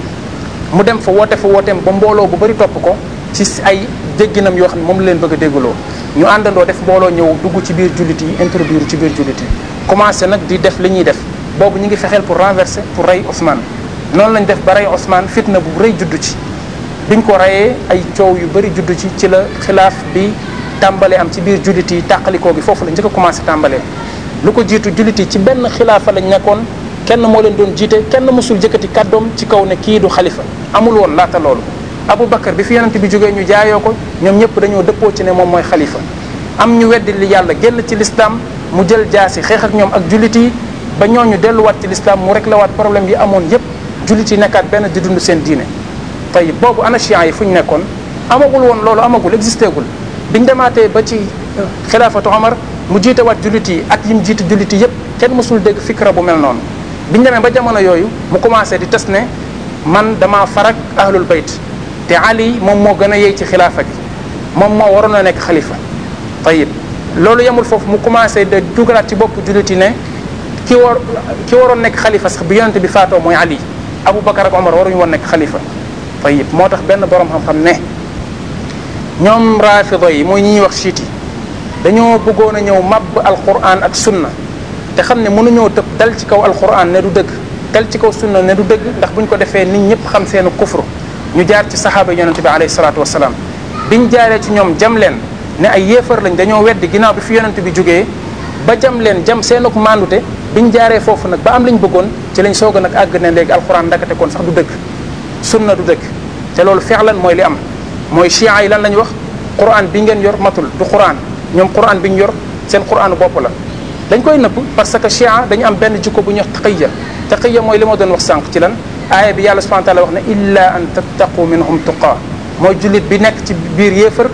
mu dem fa woote fa wooteem ba mbooloo bu bari topp ko ci ay dégginam yoo xam ne moom la leen bëgg a déggaloo ñu àndandoo def mbooloo ñëw dugg ci biir jullit yi introduire ci biir jullit yi commencé nag di def li ñuy def boobu ñu ngi fexeel pour renverser pour rey Ousmane noonu lañ def ba rey Ousmane fitna bu rëy juddu ci biñ ko reyee ay coow yu bëri juddu ci ci la xilaaf bi tàmbalee am ci biir jullit yi tàqalikoo gi foofu la njëkk a commencé tàmbalee lu ko jiitu jullit yi ci benn xilaafa lañ nekkoon kenn moo leen doon jiite kenn mosul jëkkati kàddoom ci kaw ne kii du xalifa amul woon laata loolu Abu Bakar bi fi yonent bi jógee ñu jaayoo ko ñoom ñëpp dañoo dëppoo ci ne moom mooy xalifa am ñu weddi li yàlla génn ci lislaam mu jël jaasi xeex ak ñoom ak jullit yi ba ñoo ñooñu delluwaat ci lislaam mu rek lawaat problème yi amoon yépp jullit yi nekkaat benn di dund seen diine tey boobu ana chiites yi fu ñu nekkoon amagul woon loolu amagul existé gul biñ demaatee ba ci euh, xilaafatu Omar mu jiitewaat jullit yi at yim jiite jullit yi yépp kenn mësul dégg fikra bu mel noonu biñ demee ba jamono yooyu mu commencé di tes ne man damaa farak ahlul bayt te Ali moom moo gën a yey ci xilaafa gi moom moo waroon a nekk xalifa tayib loolu yemul foofu mu commencé de dugalaat ci bopp jullit ne ki war ki waroon nekk xalifa sax bi yonente bi faatoo mooy Ali Abu Bakar ak Omar waruñu woon nekk xalifa tayib moo tax benn borom xam-xam ne ñoom raafido yi mooy ñu ñuy wax siiti dañoo bëggoon a ñëw màbb alquran ak sunna te xam ne mënuñoo tëb dal ci kaw alquran ne du dëgg dal ci kaw sunna ne du dëgg ndax buñ ko defee nit ñëpp xam seenu kufru ñu jaar ci saxaaba yonente bi alayhi salaatu wasalaam biñ jaaree ci ñoom jam leen ne ay yéefar lañ dañoo weddi ginnaaw bi fi yonente jógee ba jam leen jam seenuk mandute biñ jaaree foofu nag ba am lañ bëggoon ci lañ soog a nag àgg ne léegi alxuraan ndakate kon sax du dëgg sunna du dëgg te loolu lan mooy li am mooy chia yi lan lañ wax quran bi ngeen yor matul du quran ñoom quran bi ñu yor seen quranu bopp la dañ koy nëbb parce que chia dañu am benn jukko bu ñuy wax taqiya taqiya mooy li moo doon wax sànq ci lan aaya bi yàlla subhanahu wa taala wax ne illa an tattaqu minhum tuqaa mooy jullit bi nekk ci biir yéefar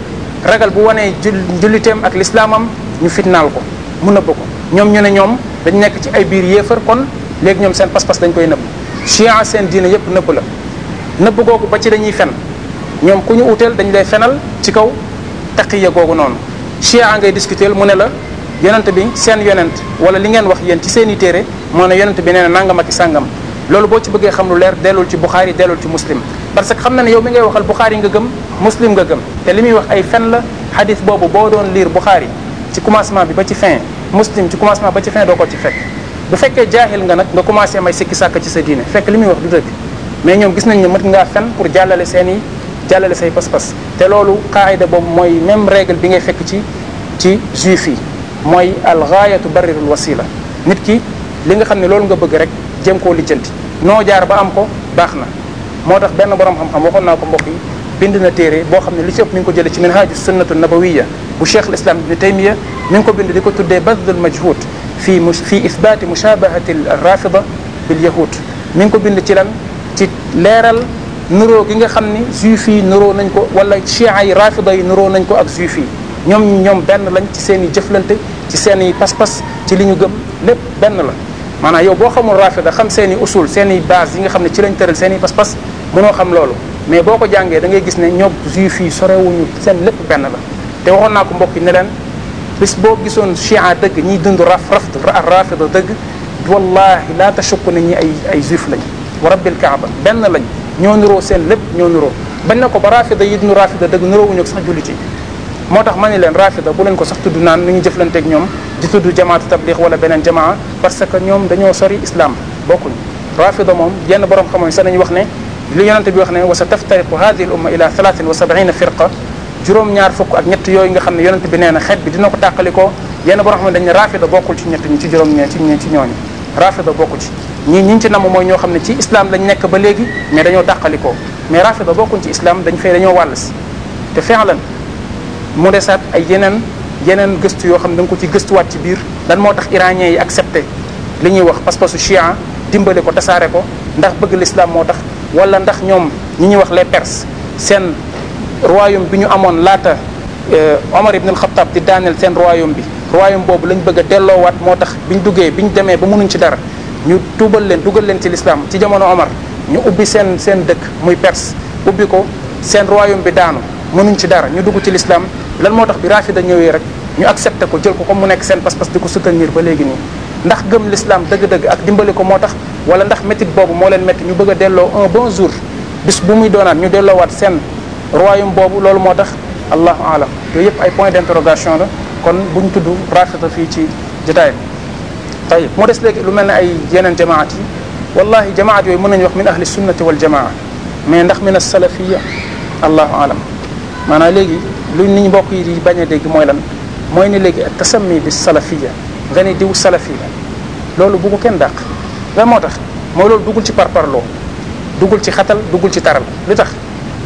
ragal bu wanee julliteem ak lislaamam ñu fitnaal ko mu nëbb ko ñoom ñu ne ñoom dañu nekk ci ay biir yéefar kon léegi ñoom seen pas-pas dañ koy nëbb chia seen diina yépp nëbb la nëbb googu ba ci dañuy fen ñoom ku ñu uteel dañu day fenal ci kaw taqiya googu noonu chia ngay discuter mu ne la yonent bi seen yonent wala li ngeen wax yéen ci seen i téere moo ne yonent bi nee na nangam sàngam loolu boo ci bëggee xam lu leer dellul ci Buxaari dellul ci muslim parce que xam na ne yow mi ngay waxal Buxaari nga gëm muslim nga gëm te li muy wax ay fen la xadis boobu boo doon liir Buxaari ci commencement bi ba ci fin muslim ci commencement ba ci fin doo ko ci fekk bu fekkee jaahil nga nag nga commencé ay sikki sàkk ci sa diine fekk li muy wax du dëgg mais ñoom gis nañ ne mën ngaa fen pour jàllale seen jàllale say pas-pas te loolu qaayida boobu mooy même règle bi ngay fekk ci ci juif yi mooy al gaayatu barirul wasila nit ki li nga xam ne loolu nga bëgg rek jëm koo lijjanti noo jaar ba am ko baax na moo tax benn borom xam-xam waxoon naa ko mbokk yi bindina na téere boo xam ne li ci ëpp mi ngi ko jëlee ci minhaaju sunnatu nabawiya bu cheikh al islam ibni taymiya mi ngi ko bind di ko tuddee badlul majhud fi fi ithbaati mushabahati rafida bil yahud mi ngi ko bind ci lan ci leeral nuroo gi nga xam ni juif yi nuroo nañ ko wala chia yi rafida yi nuroo nañ ko ak juif yi ñoom ñoom benn lañ ci seen i jëflante ci seen i pas-pas ci li ñu gëm lépp benn la maanaam yow boo xamul rafida xam seen i usul seen i yi nga xam ne ci lañ tëral seen i pas-pas mënoo xam loolu mais boo ko jàngee dangay gis ne ñoom juif yi sorewuñu seen lépp benn la te waxoon naa ko mbokk yi ne leen bis boo gisoon chia dëgg ñiy dund raf rafd rafida dëgg wallahi laa tashukku ne ñi ay ay juif lañ wa rabbil kaaba benn lañ ñoo niroo seen lépp ñoo niroo bañ na ko ba rafida yi dund rafida dëgg niroowuñu ak sax jullit yi moo tax ma ni leen rafida bu leen ko sax tudd naan nu ñu jëflanteeg ñoom di tudd jamaatu tabliq wala beneen jamaa parce que ñoom dañoo sori islam bokkuñ rafida moom yenn borom xamoon sax nañu wax ne li yonente bi wax ne wa sa taftariqu hadihi al umma ila thalatin wa sab'ina firqa juróom-ñaar fukk ak ñett yooyu nga xam ne yonente bi nee na xeet bi dina ko tàqalikoo yenn borom xam ne dañ ne rafida bokkul ci ñett ñi ci juróom ñe ci ci ñooñu rafida bokku ci ñii ñi ci namm mooy ñoo xam ne ci islam lañ nekk ba léegi mais dañoo tàqalikoo mais rafida bokkuñ ci islam dañ fay dañoo wàll si te fenlan mu desaat ay yeneen yeneen gëstu yoo xam ne da nga ko ci gëstuwaat ci biir lan moo tax iranien yi accepté li ñuy wax parce que su chia dimbale ko tasaare ko ndax bëgg l'islam moo tax wala ndax ñoom ñi ñuy wax les Perses seen royaume bi ñu amoon laata euh, Omar ibn al-Khattab di daaneel seen royaume bi royaume boobu lañ bëgg a delloowaat moo tax biñ duggee biñ demee ba mënuñ ci dara ñu tuubal leen dugal leen ci l'islam ci jamono Omar ñu ubbi seen seen dëkk muy Perse ubbi ko seen royaume bi daanu mënuñ ci dara ñu dugg ci l'islam lan moo tax bi Rafida ñëwee rek ñu accepté ko jël ko ko mu nekk seen pas-pas di ko soutenir ba léegi nii ndax gëm l'islam dëgg-dëgg ak dimbali ko moo tax wala ndax métit boobu moo leen métti ñu bëgg delloo un bon jour bis bu muy doonaat ñu delloowaat seen royaume boobu loolu moo tax allahu alam yooyu yëpp ay point d'interrogation la kon bu ñu tudd rafeta fii ci jotaay tay moo des léegi lu mel ni ay yeneen jamaat yi wallahi jamaat yooyu mën nañu wax min ahli sunnati wal jamaa mais ndax min as-salafiyya allahu alam maanaa léegi lu ni ñi mbokk yi di bañ a mooy lan mooy ne léegi at tasammi bi nga ne diw salafi la loolu bu kenn dàq lan moo tax mooy loolu duggul ci par par loo duggul ci xatal dugul ci taral li tax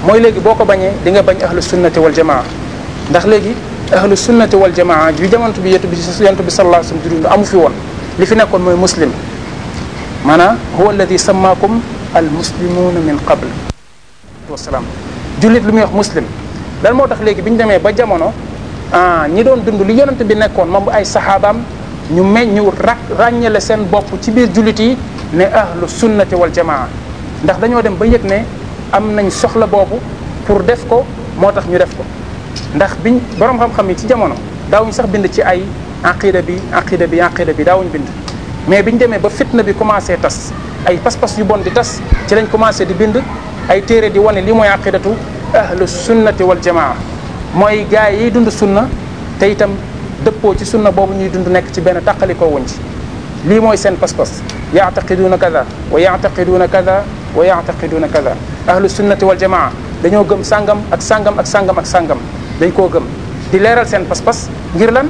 mooy léegi boo ko bañee di nga bañ ahlu sunnati wal jamaa ndax léegi ahlu sunnati wal jamaa ju jamono bi yetu bi yontu bi sallallahu alayhi wasallam amu fi woon li fi nekkoon mooy muslim maanaam huwa alladi sammaakum al muslimuuna min qabl wasalaam jullit lu muy wax muslim lan moo tax léegi bi ñu demee ba jamono ah ñi doon dund li yonent bi nekkoon moom ay saxaabaam ñu meññu rak ràññale seen bopp ci biir jullit yi ne ahlu sunnati wal jamaa ndax dañoo dem ba yëg ne am nañ soxla boobu pour def ko moo tax ñu def ko ndax biñ borom xam-xam yi ci jamono daawuñ sax bind ci ay aqida bi aqida bi aqida bi daawuñ bind mais biñ demee ba fitna bi commencé tas ay pas-pas yu bon di tas ci lañ commencé di bind ay téere di wane li mooy aqidatu ahlu sunnati wal jamaa mooy gaay yi dund sunna te itam dëppoo ci sunna boobu ñuy dund nekk ci benn tàqalikoo wuñ ci lii mooy seen pas-pas yaataqiduuna kada wa yaataqiduuna kada wa yaataqiduuna kada ahlu sunnati wa jamaa dañoo gëm sangam ak sangam ak sàngam ak sàngam dañ koo gëm di leeral seen pas-pas ngir lan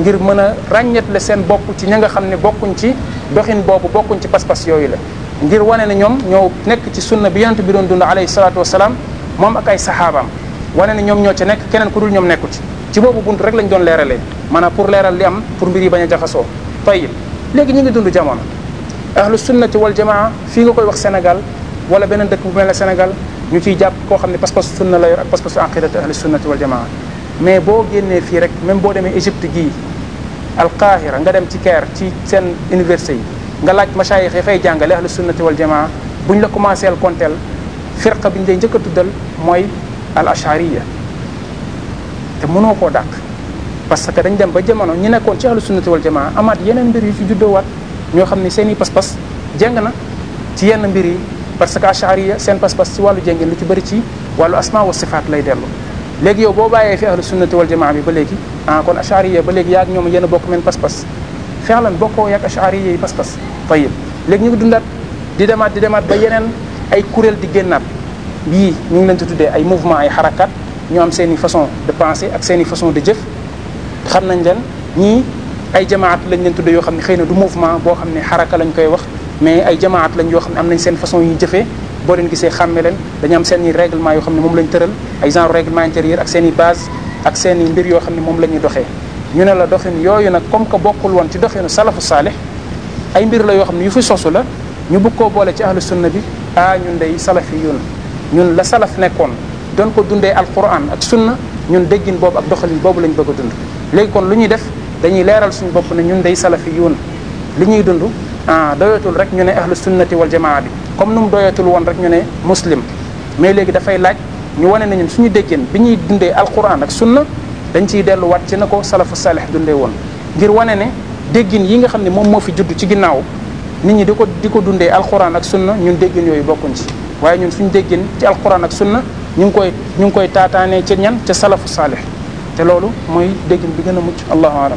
ngir mën a ràññetle seen bopp ci ña nga xam ne bokkuñ ci doxin boobu bokkuñ ci pas-pas yooyu la ngir wane na ñoom ñoo nekk ci sunna bi yonent bi doon dund alayhi salaatu salaam moom ak ay saxaabaam wane na ñoom ñoo ca nekk keneen ku ñoom nekku ci ci boobu bunt rek lañu doon leeralee maanaam pour leeral li am pour mbir yi bañ a jaxasoo tayib léegi ñu ngi dund jamono ahlu sunnati wal jamaa fii nga koy wax Sénégal wala beneen dëkk bu mel ne Sénégal ñu ciy jàpp koo xam ne parce que sunna la ak parce que su aqidati ahlu sunnati wal jamaa mais boo génnee fii rek même boo demee Égypte gii al qahira nga dem ci Caire ci seen université yi nga laaj mashayix yi fay jàngale ahlu sunnati wal bu ñu la commencé al konteel bi ñu lay njëkk a tuddal mooy al ashariya te mënoo koo dàq parce que dañ dem ba jamono ñi nekkoon ci ahlu sunnati wal jamaa amaat yeneen mbir yu ci juddoowaat ñoo xam ni seen i pas-pas jeng na ci yenn mbir yi parce que ashariya seen pas-pas ci wàllu jéngeen lu ci bëri ci wàllu asma wa sifaat lay dellu léegi yow boo bàyyee fi ahlu sunnati wal jamaa bi ba léegi ah kon ashariya ba léegi yaa ak ñoom yéen bokk meen pas-pas fexlan bokkoo yaag ashariya yi pas-pas tayib léegi ñu ngi dundaat di demaat di demaat ba yeneen ay kuréel di génnaat yii ñu ngi leen di tuddee ay mouvement ay xarakat ñu am seen i façon de penser ak seeni façon de jëf xam nañ leen ñii ay jamaat lañ leen tudde yoo xam ne xëy na du mouvement boo xam ne xaraka lañ koy wax mais ay jamaat lañ yoo xam ne am nañ seen façon yu jëfee boo leen gisee xàmme leen dañu am seen réglement règlement yoo xam ne moom lañ tëral ay genre règlement intérieur ak seen i base ak seeni i mbir yoo xam ne moom la ñuy doxee ñu ne la doxin yooyu nag comme que bokkul woon ci doxinu salafu saalih ay mbir la yoo xam ne yu fi la ñu bëgg koo boole ci ahlu sunna bi ah ñun day salafiyun ñun la salaf nekkoon doon ko dundee alquran ak sunna ñun déggin boobu ak doxalin boobu lañ bëgg a dund léegi kon lu ñuy def dañuy leeral suñu bopp ne ñun day salafiyuun li ñuy dund ah doyatul rek ñu ne ahlu sunnati wal jamaa bi comme nu mu doyatul woon rek ñu ne muslim mais léegi dafay laaj ñu wane ne ñun suñu déggin bi ñuy dundee alquran ak sunna dañ ciy delluwaat ci ne ko salafu salih dundee woon ngir wane ne déggin yi nga xam ne moom moo fi judd ci ginnaaw nit ñi di ko di ko dundee alquran ak sunna ñun déggin yooyu bokkuñ ci waaye ñun suñu déggin ci alquran ak sunna ñu ngi koy ñu ngi koy taataanee ca ñan ca salafu saalih te loolu mooy déggin bi gën a mucc allahu alam